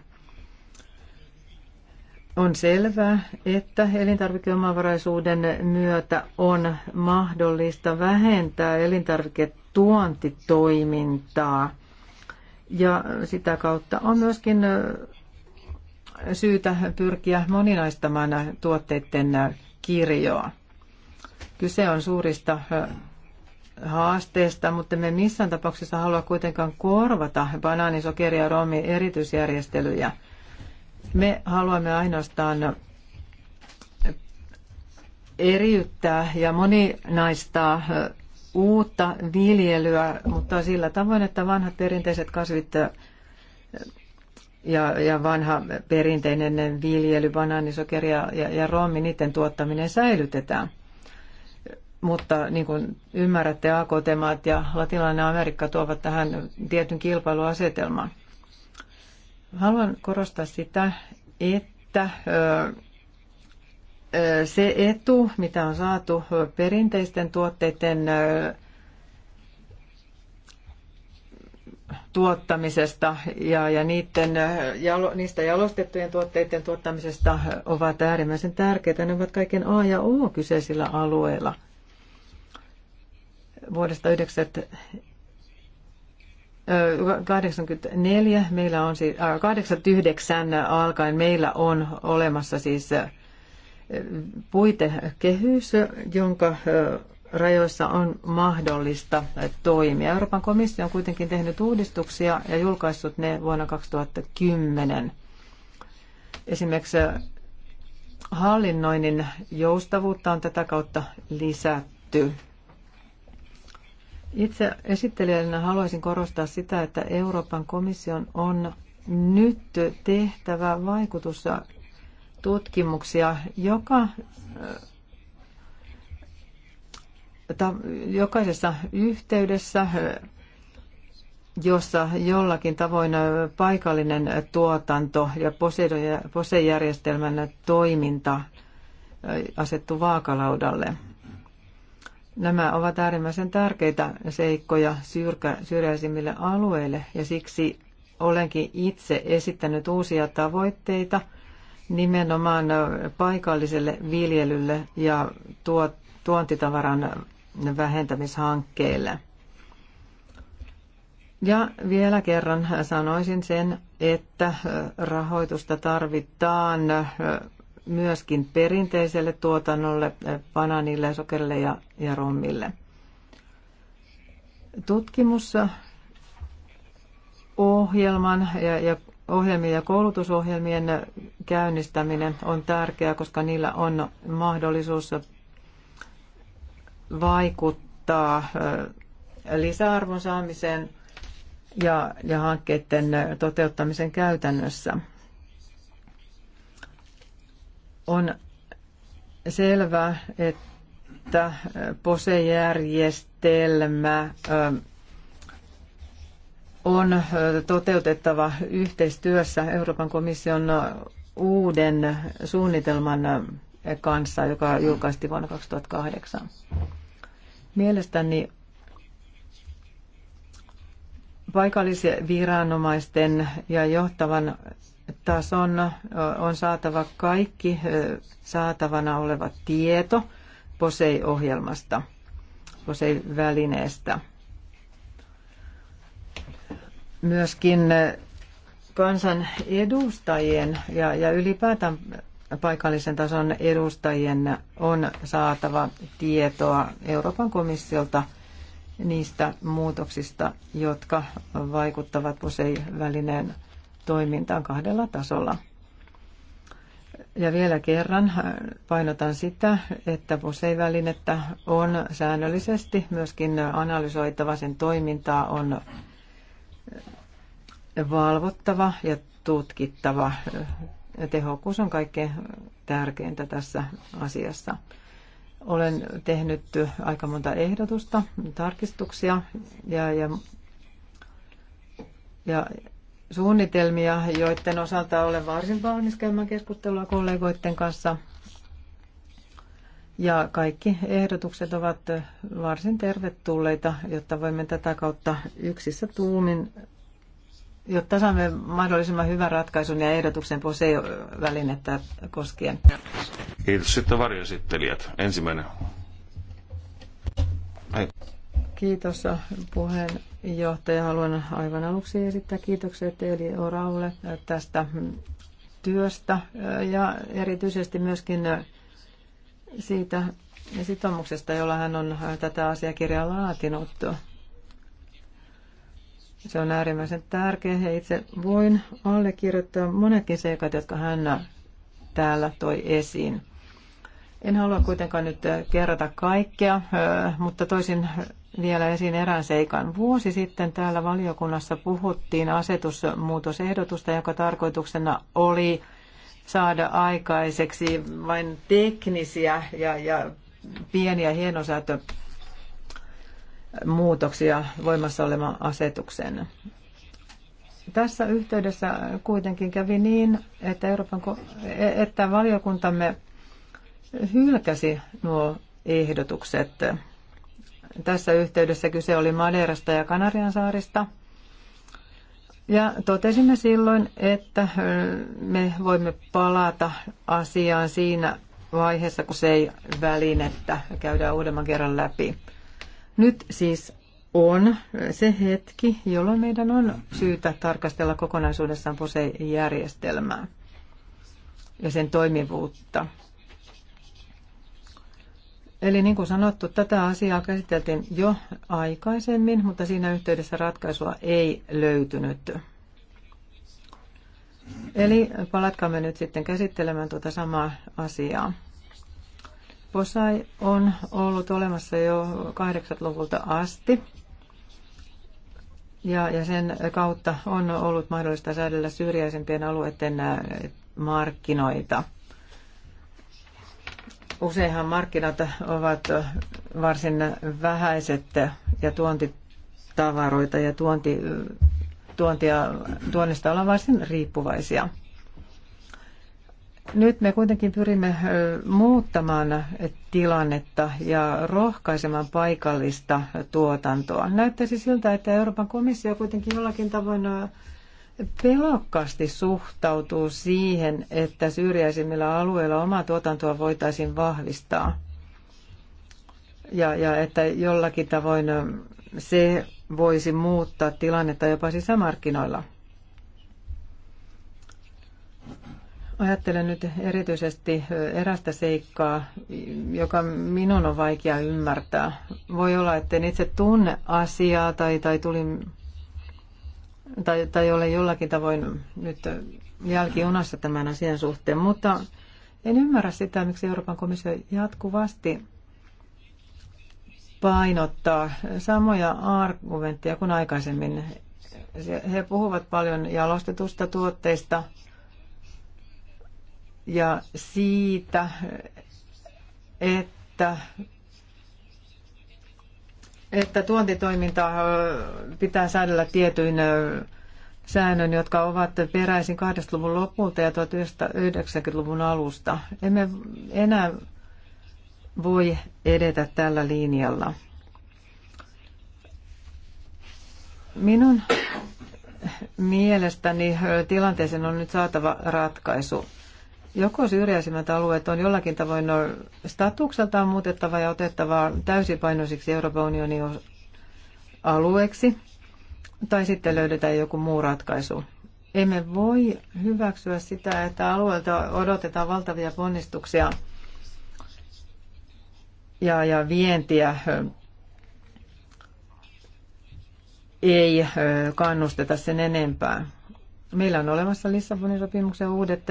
On selvää, että elintarvikeomavaraisuuden myötä on mahdollista vähentää elintarviketuontitoimintaa – ja sitä kautta on myöskin syytä pyrkiä moninaistamaan tuotteiden kirjoa. Kyse on suurista haasteesta, mutta me missään tapauksessa halua kuitenkaan korvata banaanisokeria ja romi erityisjärjestelyjä. Me haluamme ainoastaan eriyttää ja moninaistaa uutta viljelyä, mutta sillä tavoin, että vanhat perinteiset kasvit ja, ja vanha perinteinen viljely, banaanisokeri ja, ja, ja rommi, niiden tuottaminen säilytetään. Mutta niin kuin ymmärrätte, AKT-maat ja latinalainen Amerikka tuovat tähän tietyn kilpailuasetelman. Haluan korostaa sitä, että ö, se etu, mitä on saatu perinteisten tuotteiden tuottamisesta ja, ja niiden, jalo, niistä jalostettujen tuotteiden tuottamisesta ovat äärimmäisen tärkeitä. Ne ovat kaiken A ja O kyseisillä alueilla. Vuodesta 1984 meillä on siis, 89 alkaen meillä on olemassa siis puitekehys, jonka rajoissa on mahdollista toimia. Euroopan komissio on kuitenkin tehnyt uudistuksia ja julkaissut ne vuonna 2010. Esimerkiksi hallinnoinnin joustavuutta on tätä kautta lisätty. Itse esittelijänä haluaisin korostaa sitä, että Euroopan komission on nyt tehtävä vaikutus tutkimuksia, joka jokaisessa yhteydessä, jossa jollakin tavoin paikallinen tuotanto ja posejärjestelmän toiminta asettu vaakalaudalle. Nämä ovat äärimmäisen tärkeitä seikkoja syrjäisimmille alueille ja siksi olenkin itse esittänyt uusia tavoitteita – nimenomaan paikalliselle viljelylle ja tuontitavaran vähentämishankkeelle. Ja vielä kerran sanoisin sen, että rahoitusta tarvitaan myöskin perinteiselle tuotannolle, bananille, sokerille ja, ja rommille. Tutkimusohjelman ja, ja ohjelmien ja koulutusohjelmien käynnistäminen on tärkeää, koska niillä on mahdollisuus vaikuttaa lisäarvon saamiseen ja, ja hankkeiden toteuttamisen käytännössä. On selvä, että POSE-järjestelmä on toteutettava yhteistyössä Euroopan komission uuden suunnitelman kanssa, joka julkaistiin vuonna 2008. Mielestäni paikallisviranomaisten ja johtavan tason on saatava kaikki saatavana oleva tieto POSEI-ohjelmasta, POSEI-välineestä – myöskin kansan edustajien ja, ja ylipäätään paikallisen tason edustajien on saatava tietoa Euroopan komissiolta niistä muutoksista, jotka vaikuttavat usein välineen toimintaan kahdella tasolla. Ja vielä kerran painotan sitä, että posei välinettä on säännöllisesti myöskin analysoitava, sen toimintaa on valvottava ja tutkittava. Tehokkuus on kaikkein tärkeintä tässä asiassa. Olen tehnyt aika monta ehdotusta, tarkistuksia ja, ja, ja suunnitelmia, joiden osalta olen varsin valmis käymään keskustelua kollegoiden kanssa – ja kaikki ehdotukset ovat varsin tervetulleita, jotta voimme tätä kautta yksissä tuumin, jotta saamme mahdollisimman hyvän ratkaisun ja ehdotuksen POSEO-välinettä koskien. Kiitos. Sitten varjoesittelijät. Ensimmäinen. Hei. Kiitos puheenjohtaja. Haluan aivan aluksi esittää kiitokset Eli Oraulle tästä työstä ja erityisesti myöskin siitä sitoumuksesta, jolla hän on äh, tätä asiakirjaa laatinut. Se on äärimmäisen tärkeä ja itse voin allekirjoittaa monetkin seikat, jotka hän täällä toi esiin. En halua kuitenkaan nyt äh, kerrata kaikkea, äh, mutta toisin vielä esiin erään seikan. Vuosi sitten täällä valiokunnassa puhuttiin asetusmuutosehdotusta, joka tarkoituksena oli saada aikaiseksi vain teknisiä ja, ja pieniä hienosäätö muutoksia voimassa olevan asetukseen. Tässä yhteydessä kuitenkin kävi niin, että, Euroopan, e- että valiokuntamme hylkäsi nuo ehdotukset. Tässä yhteydessä kyse oli Madeirasta ja Kanarian saarista – ja totesimme silloin, että me voimme palata asiaan siinä vaiheessa, kun se ei välinettä käydään uudemman kerran läpi. Nyt siis on se hetki, jolloin meidän on syytä tarkastella kokonaisuudessaan posei järjestelmää ja sen toimivuutta. Eli niin kuin sanottu, tätä asiaa käsiteltiin jo aikaisemmin, mutta siinä yhteydessä ratkaisua ei löytynyt. Eli palatkaamme nyt sitten käsittelemään tuota samaa asiaa. Posai on ollut olemassa jo 80-luvulta asti. Ja, ja sen kautta on ollut mahdollista säädellä syrjäisempien alueiden markkinoita. Useinhan markkinat ovat varsin vähäiset ja tuontitavaroita ja tuonti, tuontia, tuonnista ollaan varsin riippuvaisia. Nyt me kuitenkin pyrimme muuttamaan tilannetta ja rohkaisemaan paikallista tuotantoa. Näyttäisi siltä, että Euroopan komissio kuitenkin jollakin tavoin pelokkaasti suhtautuu siihen, että syrjäisimmillä alueilla omaa tuotantoa voitaisiin vahvistaa. Ja, ja että jollakin tavoin se voisi muuttaa tilannetta jopa sisämarkkinoilla. Ajattelen nyt erityisesti erästä seikkaa, joka minun on vaikea ymmärtää. Voi olla, että en itse tunne asiaa tai, tai tulin tai, tai ole jollakin tavoin nyt jälkijunassa tämän asian suhteen, mutta en ymmärrä sitä, miksi Euroopan komissio jatkuvasti painottaa samoja argumentteja kuin aikaisemmin. He puhuvat paljon jalostetusta tuotteista ja siitä, että että tuontitoiminta äh, pitää säädellä tietyin äh, säännön, jotka ovat peräisin 20 luvun lopulta ja 1990-luvun alusta. Emme enää voi edetä tällä linjalla. Minun mielestäni tilanteeseen on nyt saatava ratkaisu. Joko syrjäisimmät alueet on jollakin tavoin no, statukseltaan muutettava ja otettava täysipainoisiksi Euroopan unionin alueeksi, tai sitten löydetään joku muu ratkaisu. Emme voi hyväksyä sitä, että alueelta odotetaan valtavia ponnistuksia ja, ja vientiä ei kannusteta sen enempää. Meillä on olemassa Lissabonin sopimuksen uudet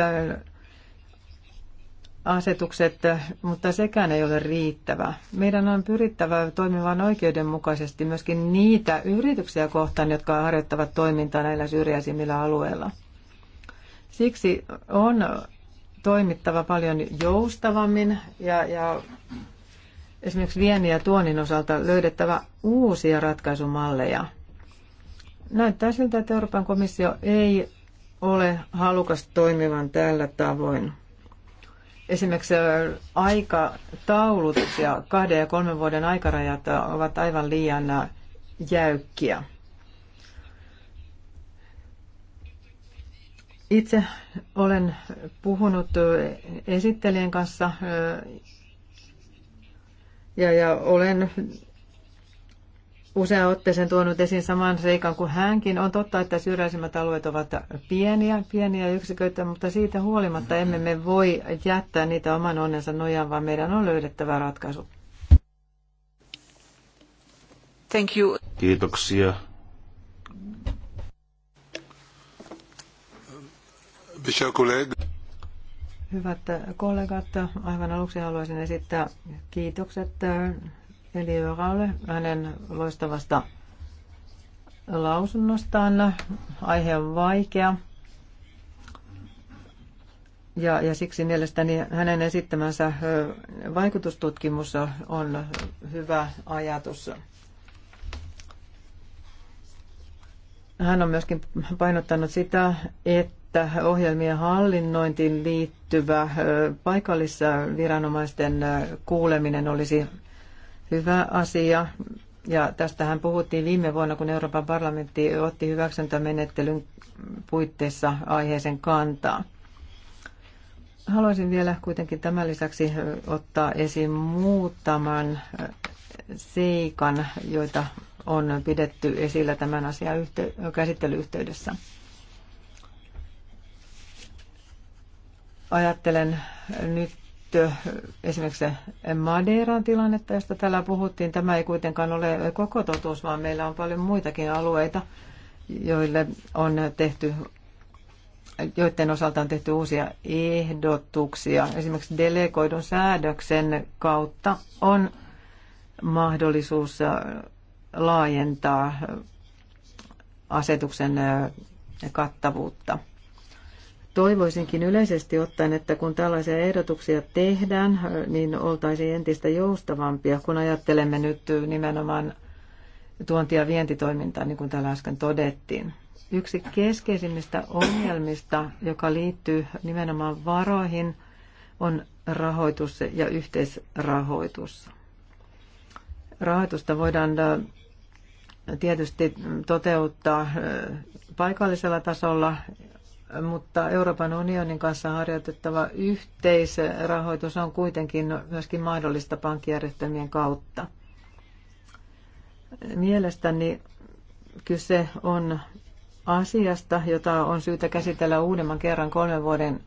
asetukset, mutta sekään ei ole riittävä. Meidän on pyrittävä toimimaan oikeudenmukaisesti myöskin niitä yrityksiä kohtaan, jotka harjoittavat toimintaa näillä syrjäisimmillä alueilla. Siksi on toimittava paljon joustavammin ja, ja esimerkiksi viennin ja tuonnin osalta löydettävä uusia ratkaisumalleja. Näyttää siltä, että Euroopan komissio ei ole halukas toimivan tällä tavoin. Esimerkiksi äh, aikataulut ja kahden ja kolmen vuoden aikarajat äh, ovat aivan liian äh, jäykkiä. Itse olen puhunut esittelijän kanssa ja, ja olen usean otteeseen tuonut esiin saman seikan kuin hänkin. On totta, että syrjäisimmät alueet ovat pieniä, pieniä yksiköitä, mutta siitä huolimatta emme me voi jättää niitä oman onnensa nojaan, vaan meidän on löydettävä ratkaisu. Thank you. Kiitoksia. Hyvät kollegat, aivan aluksi haluaisin esittää kiitokset Eli Joralle hänen loistavasta lausunnostaan. Aihe on vaikea. Ja, ja siksi mielestäni hänen esittämänsä vaikutustutkimus on hyvä ajatus. Hän on myöskin painottanut sitä, että ohjelmien hallinnointiin liittyvä paikallisviranomaisten kuuleminen olisi hyvä asia. Ja tästähän puhuttiin viime vuonna, kun Euroopan parlamentti otti hyväksyntämenettelyn puitteissa aiheeseen kantaa. Haluaisin vielä kuitenkin tämän lisäksi ottaa esiin muutaman seikan, joita on pidetty esillä tämän asian yhtey- käsittelyyhteydessä. Ajattelen nyt Eh, esimerkiksi Madeiran tilannetta, josta täällä puhuttiin. Tämä ei kuitenkaan ole koko totuus, vaan meillä on paljon muitakin alueita, joille on tehty joiden osalta on tehty uusia ehdotuksia. Esimerkiksi delegoidun säädöksen kautta on mahdollisuus eh, laajentaa asetuksen eh, kattavuutta. Toivoisinkin yleisesti ottaen, että kun tällaisia ehdotuksia tehdään, niin oltaisiin entistä joustavampia, kun ajattelemme nyt nimenomaan tuonti- ja vientitoimintaa, niin kuin täällä äsken todettiin. Yksi keskeisimmistä ongelmista, joka liittyy nimenomaan varoihin, on rahoitus ja yhteisrahoitus. Rahoitusta voidaan äh, tietysti toteuttaa äh, paikallisella tasolla mutta Euroopan unionin kanssa harjoitettava yhteisrahoitus on kuitenkin myöskin mahdollista pankkijärjestelmien kautta. Mielestäni kyse on asiasta, jota on syytä käsitellä uudemman kerran kolmen vuoden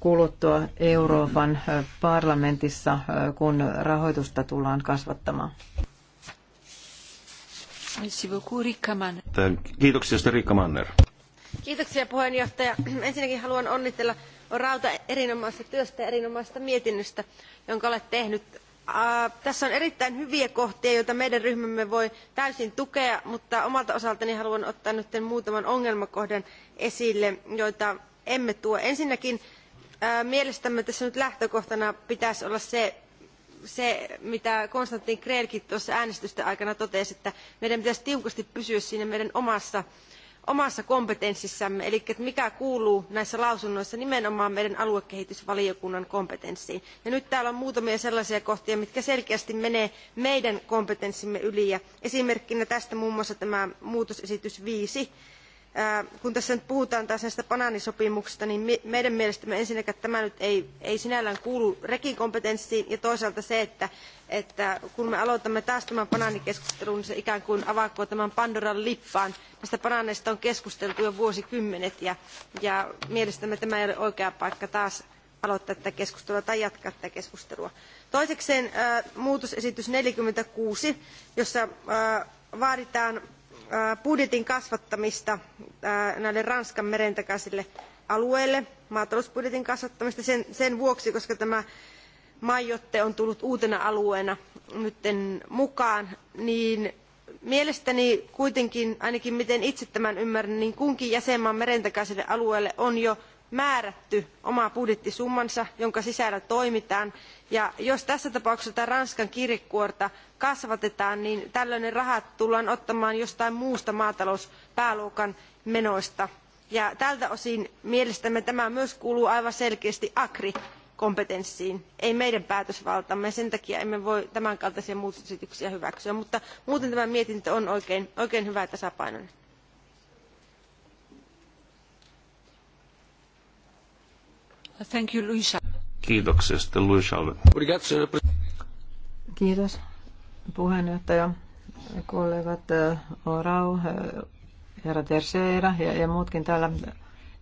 kuluttua Euroopan parlamentissa, kun rahoitusta tullaan kasvattamaan. Kiitoksia, Riikka Manner. Kiitoksia puhemies Ensinnäkin haluan onnitella Rauta erinomaisesta työstä ja erinomaisesta mietinnöstä, jonka olet tehnyt. tässä on erittäin hyviä kohtia, joita meidän ryhmämme voi täysin tukea, mutta omalta osaltani haluan ottaa nyt muutaman ongelmakohdan esille, joita emme tue. Ensinnäkin mielestämme tässä nyt lähtökohtana pitäisi olla se, mitä Konstantin Kreelkin tuossa äänestysten aikana totesi, että meidän pitäisi tiukasti pysyä siinä meidän omassa omassa kompetenssissamme eli mikä kuuluu näissä lausunnoissa nimenomaan meidän aluekehitysvaliokunnan kompetenssiin. Ja nyt täällä on muutamia sellaisia kohtia jotka selkeästi menevät meidän kompetenssimme yli ja esimerkkinä tästä muun muassa tämä muutosesitys viisi kun tässä nyt puhutaan taas näistä banaanisopimuksista niin meidän mielestämme ensinnäkään tämä nyt ei, ei sinällään kuulu rekin kompetenssiin ja toisaalta se että, että kun me aloitamme taas tämän banaanikeskustelun niin se ikään kuin avaa tämän pandoran lippaan. näistä banaaneista on keskusteltu jo vuosikymmenet ja, ja mielestämme tämä ei ole oikea paikka taas aloittaa tätä keskustelua tai jatkaa tätä keskustelua. toiseksi muutosesitys neljäkymmentäkuusi jossa vaaditaan budjetin kasvattamista näille ranskan merentakaisille alueille maatalousbudjetin kasvattamista sen, sen vuoksi koska tämä maiotte on tullut uutena alueena nyt mukaan niin mielestäni kuitenkin ainakin miten itse tämän ymmärrän niin kunkin jäsenmaan merentakaiselle alueelle on jo määrätty oma budjettisummansa jonka sisällä toimitaan ja jos tässä tapauksessa tätä ranskan kirjekuorta kasvatetaan niin tällöin ne rahat tullaan ottamaan jostain muusta maatalouspääluokan menoista. Ja tältä osin mielestämme tämä myös kuuluu aivan selkeästi agri kompetenssiin ei meidän päätösvaltaamme ja sen takia emme voi tämän kaltaisia muutosesityksiä hyväksyä mutta muuten tämä mietintö on oikein, oikein hyvä ja tasapainoinen. Thank you, Luisa. Kiitoksia sitten Luisalle. Kiitos puheenjohtaja, kollegat eh, Orau, eh, herra Terseira ja, ja muutkin täällä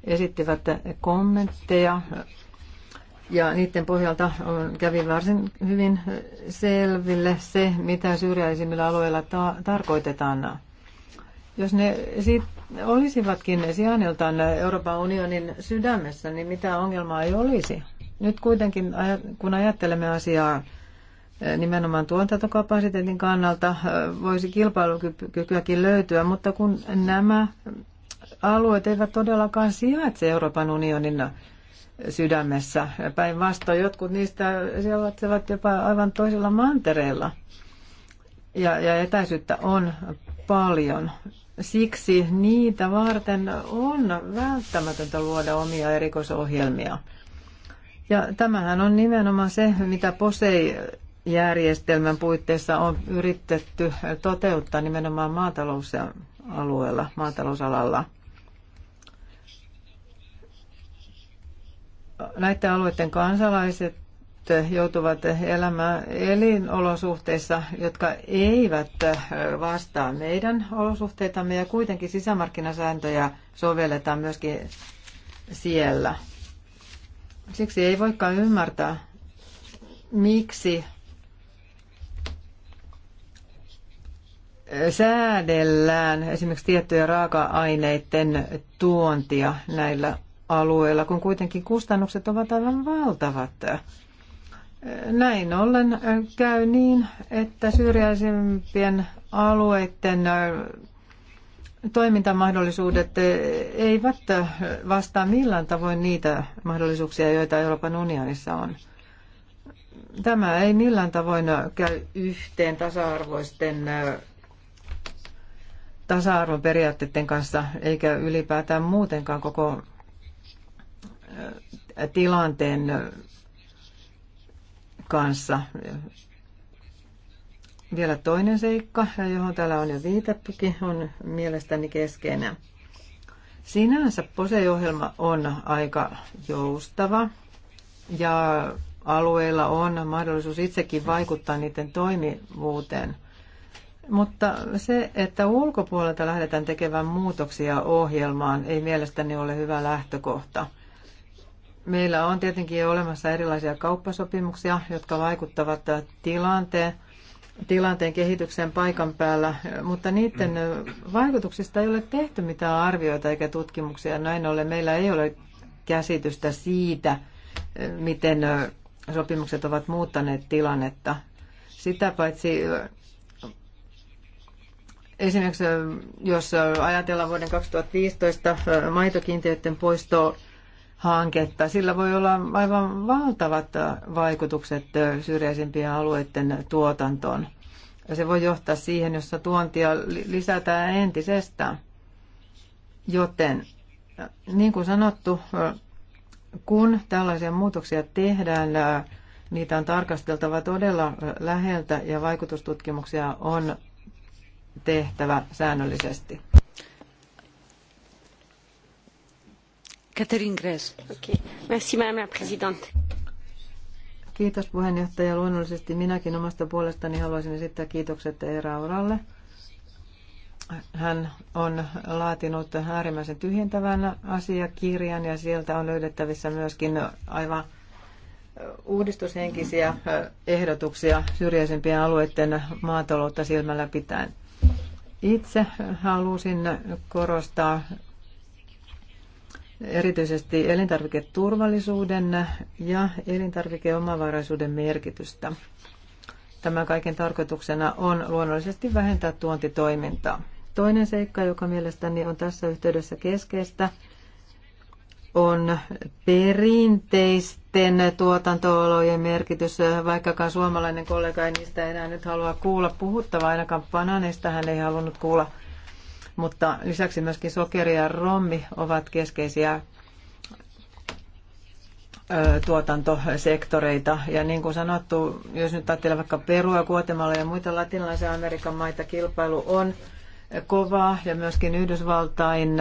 esittivät kommentteja. Ja niiden pohjalta on, kävi varsin hyvin selville se, mitä syrjäisimmillä alueilla ta- tarkoitetaan jos ne sit olisivatkin sijainniltaan Euroopan unionin sydämessä, niin mitä ongelmaa ei olisi? Nyt kuitenkin, kun ajattelemme asiaa eh, nimenomaan tuotantokapasiteetin kannalta, eh, voisi kilpailukykyäkin löytyä, mutta kun nämä alueet eivät todellakaan sijaitse Euroopan unionin sydämessä. Päinvastoin jotkut niistä sijaitsevat jopa aivan toisilla mantereilla. Ja, ja etäisyyttä on paljon. Siksi niitä varten on välttämätöntä luoda omia erikoisohjelmia. Ja tämähän on nimenomaan se, mitä POSEI-järjestelmän puitteissa on yritetty toteuttaa nimenomaan maatalousalueella, maatalousalalla. Näiden alueiden kansalaiset joutuvat elämään elinolosuhteissa, jotka eivät vastaa meidän olosuhteitamme ja kuitenkin sisämarkkinasääntöjä sovelletaan myöskin siellä. Siksi ei voikaan ymmärtää, miksi säädellään esimerkiksi tiettyjä raaka-aineiden tuontia näillä alueilla, kun kuitenkin kustannukset ovat aivan valtavat. Näin ollen käy niin, että syrjäisempien alueiden toimintamahdollisuudet eivät vastaa millään tavoin niitä mahdollisuuksia, joita Euroopan unionissa on. Tämä ei millään tavoin käy yhteen tasa-arvoisten tasa-arvon periaatteiden kanssa, eikä ylipäätään muutenkaan koko tilanteen kanssa. Vielä toinen seikka, johon täällä on jo viitattukin, on mielestäni keskeinen. Sinänsä POSE-ohjelma on aika joustava ja alueilla on mahdollisuus itsekin vaikuttaa niiden toimivuuteen. Mutta se, että ulkopuolelta lähdetään tekemään muutoksia ohjelmaan, ei mielestäni ole hyvä lähtökohta – Meillä on tietenkin jo olemassa erilaisia kauppasopimuksia, jotka vaikuttavat tilanteen, tilanteen kehitykseen paikan päällä, mutta niiden vaikutuksista ei ole tehty mitään arvioita eikä tutkimuksia. Näin ollen meillä ei ole käsitystä siitä, miten sopimukset ovat muuttaneet tilannetta. Sitä paitsi esimerkiksi jos ajatellaan vuoden 2015 maitokiintiöiden poistoa, hanketta. Sillä voi olla aivan valtavat vaikutukset syrjäisimpien alueiden tuotantoon. Ja se voi johtaa siihen, jossa tuontia lisätään entisestään. Joten niin kuin sanottu, kun tällaisia muutoksia tehdään, niitä on tarkasteltava todella läheltä ja vaikutustutkimuksia on tehtävä säännöllisesti. Catherine Gress. madame la présidente. Kiitos puheenjohtaja. Luonnollisesti minäkin omasta puolestani haluaisin esittää kiitokset Eera Oralle. Hän on laatinut äärimmäisen tyhjentävän asiakirjan ja sieltä on löydettävissä myöskin aivan uudistushenkisiä ehdotuksia syrjäisempien alueiden maataloutta silmällä pitäen. Itse halusin korostaa erityisesti elintarviketurvallisuuden ja elintarvikeomavaraisuuden merkitystä. Tämän kaiken tarkoituksena on luonnollisesti vähentää tuontitoimintaa. Toinen seikka, joka mielestäni on tässä yhteydessä keskeistä, on perinteisten tuotantoolojen merkitys, vaikkakaan suomalainen kollega ei niistä enää nyt halua kuulla puhuttavaa, ainakaan bananeista hän ei halunnut kuulla mutta lisäksi myöskin sokeri ja rommi ovat keskeisiä tuotantosektoreita. Ja niin kuin sanottu, jos nyt ajattelee vaikka Perua, Guatemala ja muita latinalaisia Amerikan maita, kilpailu on kovaa ja myöskin Yhdysvaltain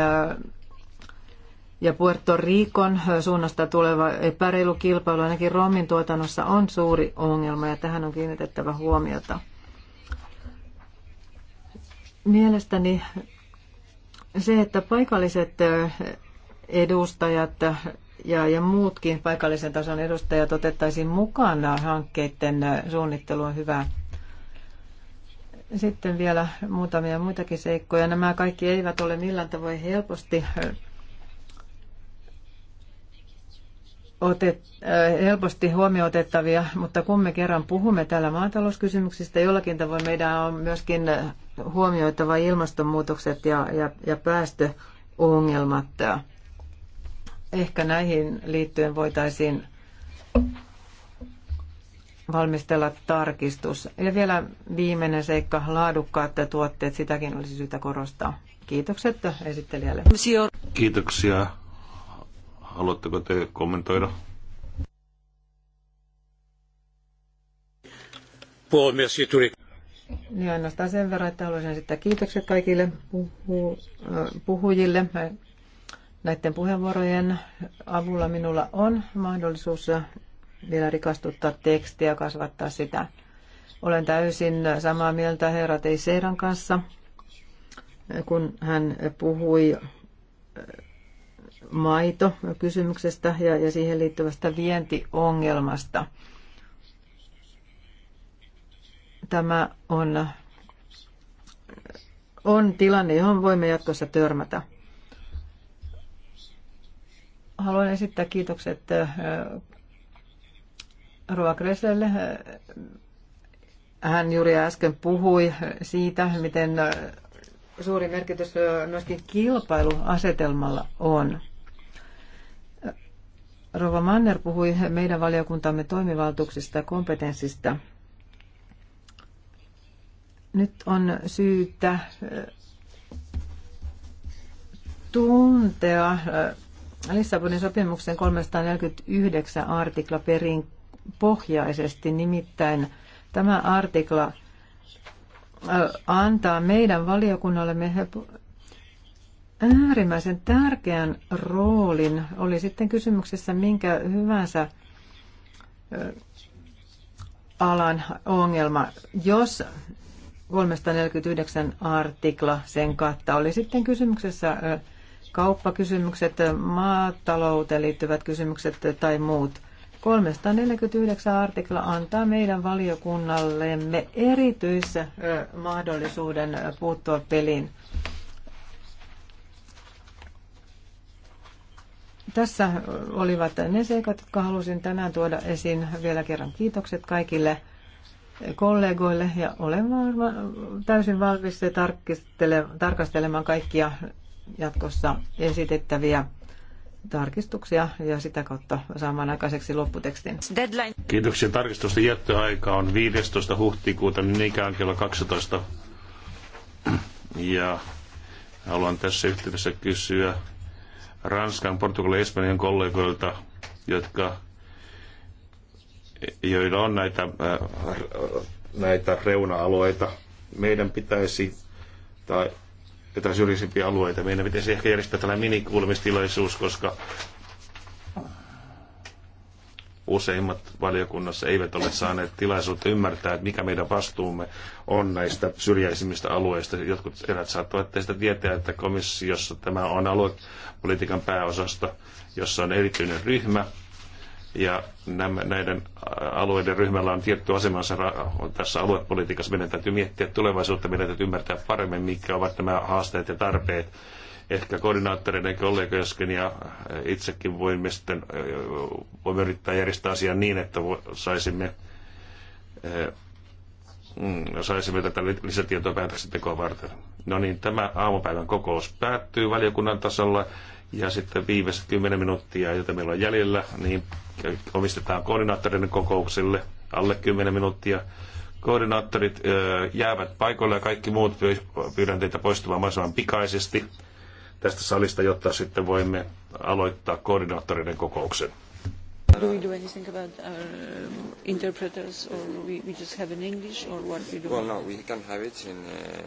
ja Puerto Ricon suunnasta tuleva epäreilu kilpailu ainakin romin tuotannossa on suuri ongelma ja tähän on kiinnitettävä huomiota. Mielestäni se, että paikalliset edustajat ja, ja muutkin paikallisen tason edustajat otettaisiin mukana hankkeiden suunnitteluun hyvä. Sitten vielä muutamia muitakin seikkoja. Nämä kaikki eivät ole millään tavoin helposti otet, helposti huomioitettavia mutta kun me kerran puhumme täällä maatalouskysymyksistä, jollakin tavoin meidän on myöskin huomioitava ilmastonmuutokset ja, ja, ja päästöongelmat. Ehkä näihin liittyen voitaisiin valmistella tarkistus. Ja vielä viimeinen seikka, laadukkaat tuotteet, sitäkin olisi syytä korostaa. Kiitokset esittelijälle. Kiitoksia. Haluatteko te kommentoida? Puhemies, tuli niin ainoastaan sen verran, että haluaisin sitten kiitokset kaikille puhu, puhujille. Näiden puheenvuorojen avulla minulla on mahdollisuus vielä rikastuttaa tekstiä ja kasvattaa sitä. Olen täysin samaa mieltä herra Teiseran kanssa, kun hän puhui äh, maito kysymyksestä ja, ja siihen liittyvästä vientiongelmasta – Tämä on, on tilanne, johon voimme jatkossa törmätä. Haluan esittää kiitokset Roa Kreslelle. Hän juuri äsken puhui siitä, miten suuri merkitys myöskin kilpailuasetelmalla on. Rova Manner puhui meidän valiokuntamme toimivaltuuksista ja kompetenssista – nyt on syytä tuntea Lissabonin sopimuksen 349 artikla perin pohjaisesti, nimittäin tämä artikla antaa meidän valiokunnallemme äärimmäisen tärkeän roolin, oli sitten kysymyksessä minkä hyvänsä alan ongelma. Jos 349 artikla sen kautta Oli sitten kysymyksessä kauppakysymykset, maatalouteen liittyvät kysymykset tai muut. 349 artikla antaa meidän valiokunnallemme erityisen mahdollisuuden puuttua peliin. Tässä olivat ne seikat, jotka halusin tänään tuoda esiin. Vielä kerran kiitokset kaikille kollegoille ja olen varma, täysin valmis tarkastelemaan kaikkia jatkossa esitettäviä tarkistuksia ja sitä kautta saamaan aikaiseksi lopputekstin. Deadline. Kiitoksia. Tarkistusten jättöaika on 15. huhtikuuta, niin ikään kello 12. Ja haluan tässä yhteydessä kysyä Ranskan, Portugalin ja Espanjan kollegoilta, jotka joilla on näitä, äh, näitä reuna-alueita, meidän pitäisi, tai jotain syrjäisempiä alueita, meidän pitäisi ehkä järjestää tällainen minikuulemistilaisuus, koska useimmat valiokunnassa eivät ole saaneet tilaisuutta ymmärtää, että mikä meidän vastuumme on näistä syrjäisimmistä alueista. Jotkut erät saattavat teistä tietää, että komissiossa tämä on aluepolitiikan pääosasta, jossa on erityinen ryhmä, ja nämä, näiden alueiden ryhmällä on tietty asemansa tässä aluepolitiikassa. Meidän täytyy miettiä tulevaisuutta, meidän täytyy ymmärtää paremmin, mitkä ovat nämä haasteet ja tarpeet. Ehkä koordinaattoreiden kollegojaskin ja itsekin voimme sitten voimme yrittää järjestää asian niin, että saisimme mm, saisimme tätä lisätietoa päätöksentekoa varten. No niin, tämä aamupäivän kokous päättyy valiokunnan tasolla ja sitten viimeiset 10 minuuttia, joita meillä on jäljellä, niin omistetaan koordinaattorin kokoukselle alle 10 minuuttia. Koordinaattorit jäävät paikoille ja kaikki muut pyydän teitä poistumaan mahdollisimman pikaisesti tästä salista, jotta sitten voimme aloittaa koordinaattoreiden kokouksen. Do we do anything about our uh, interpreters or we, we just have in English or what we do? Well, no, we can have it in... Uh...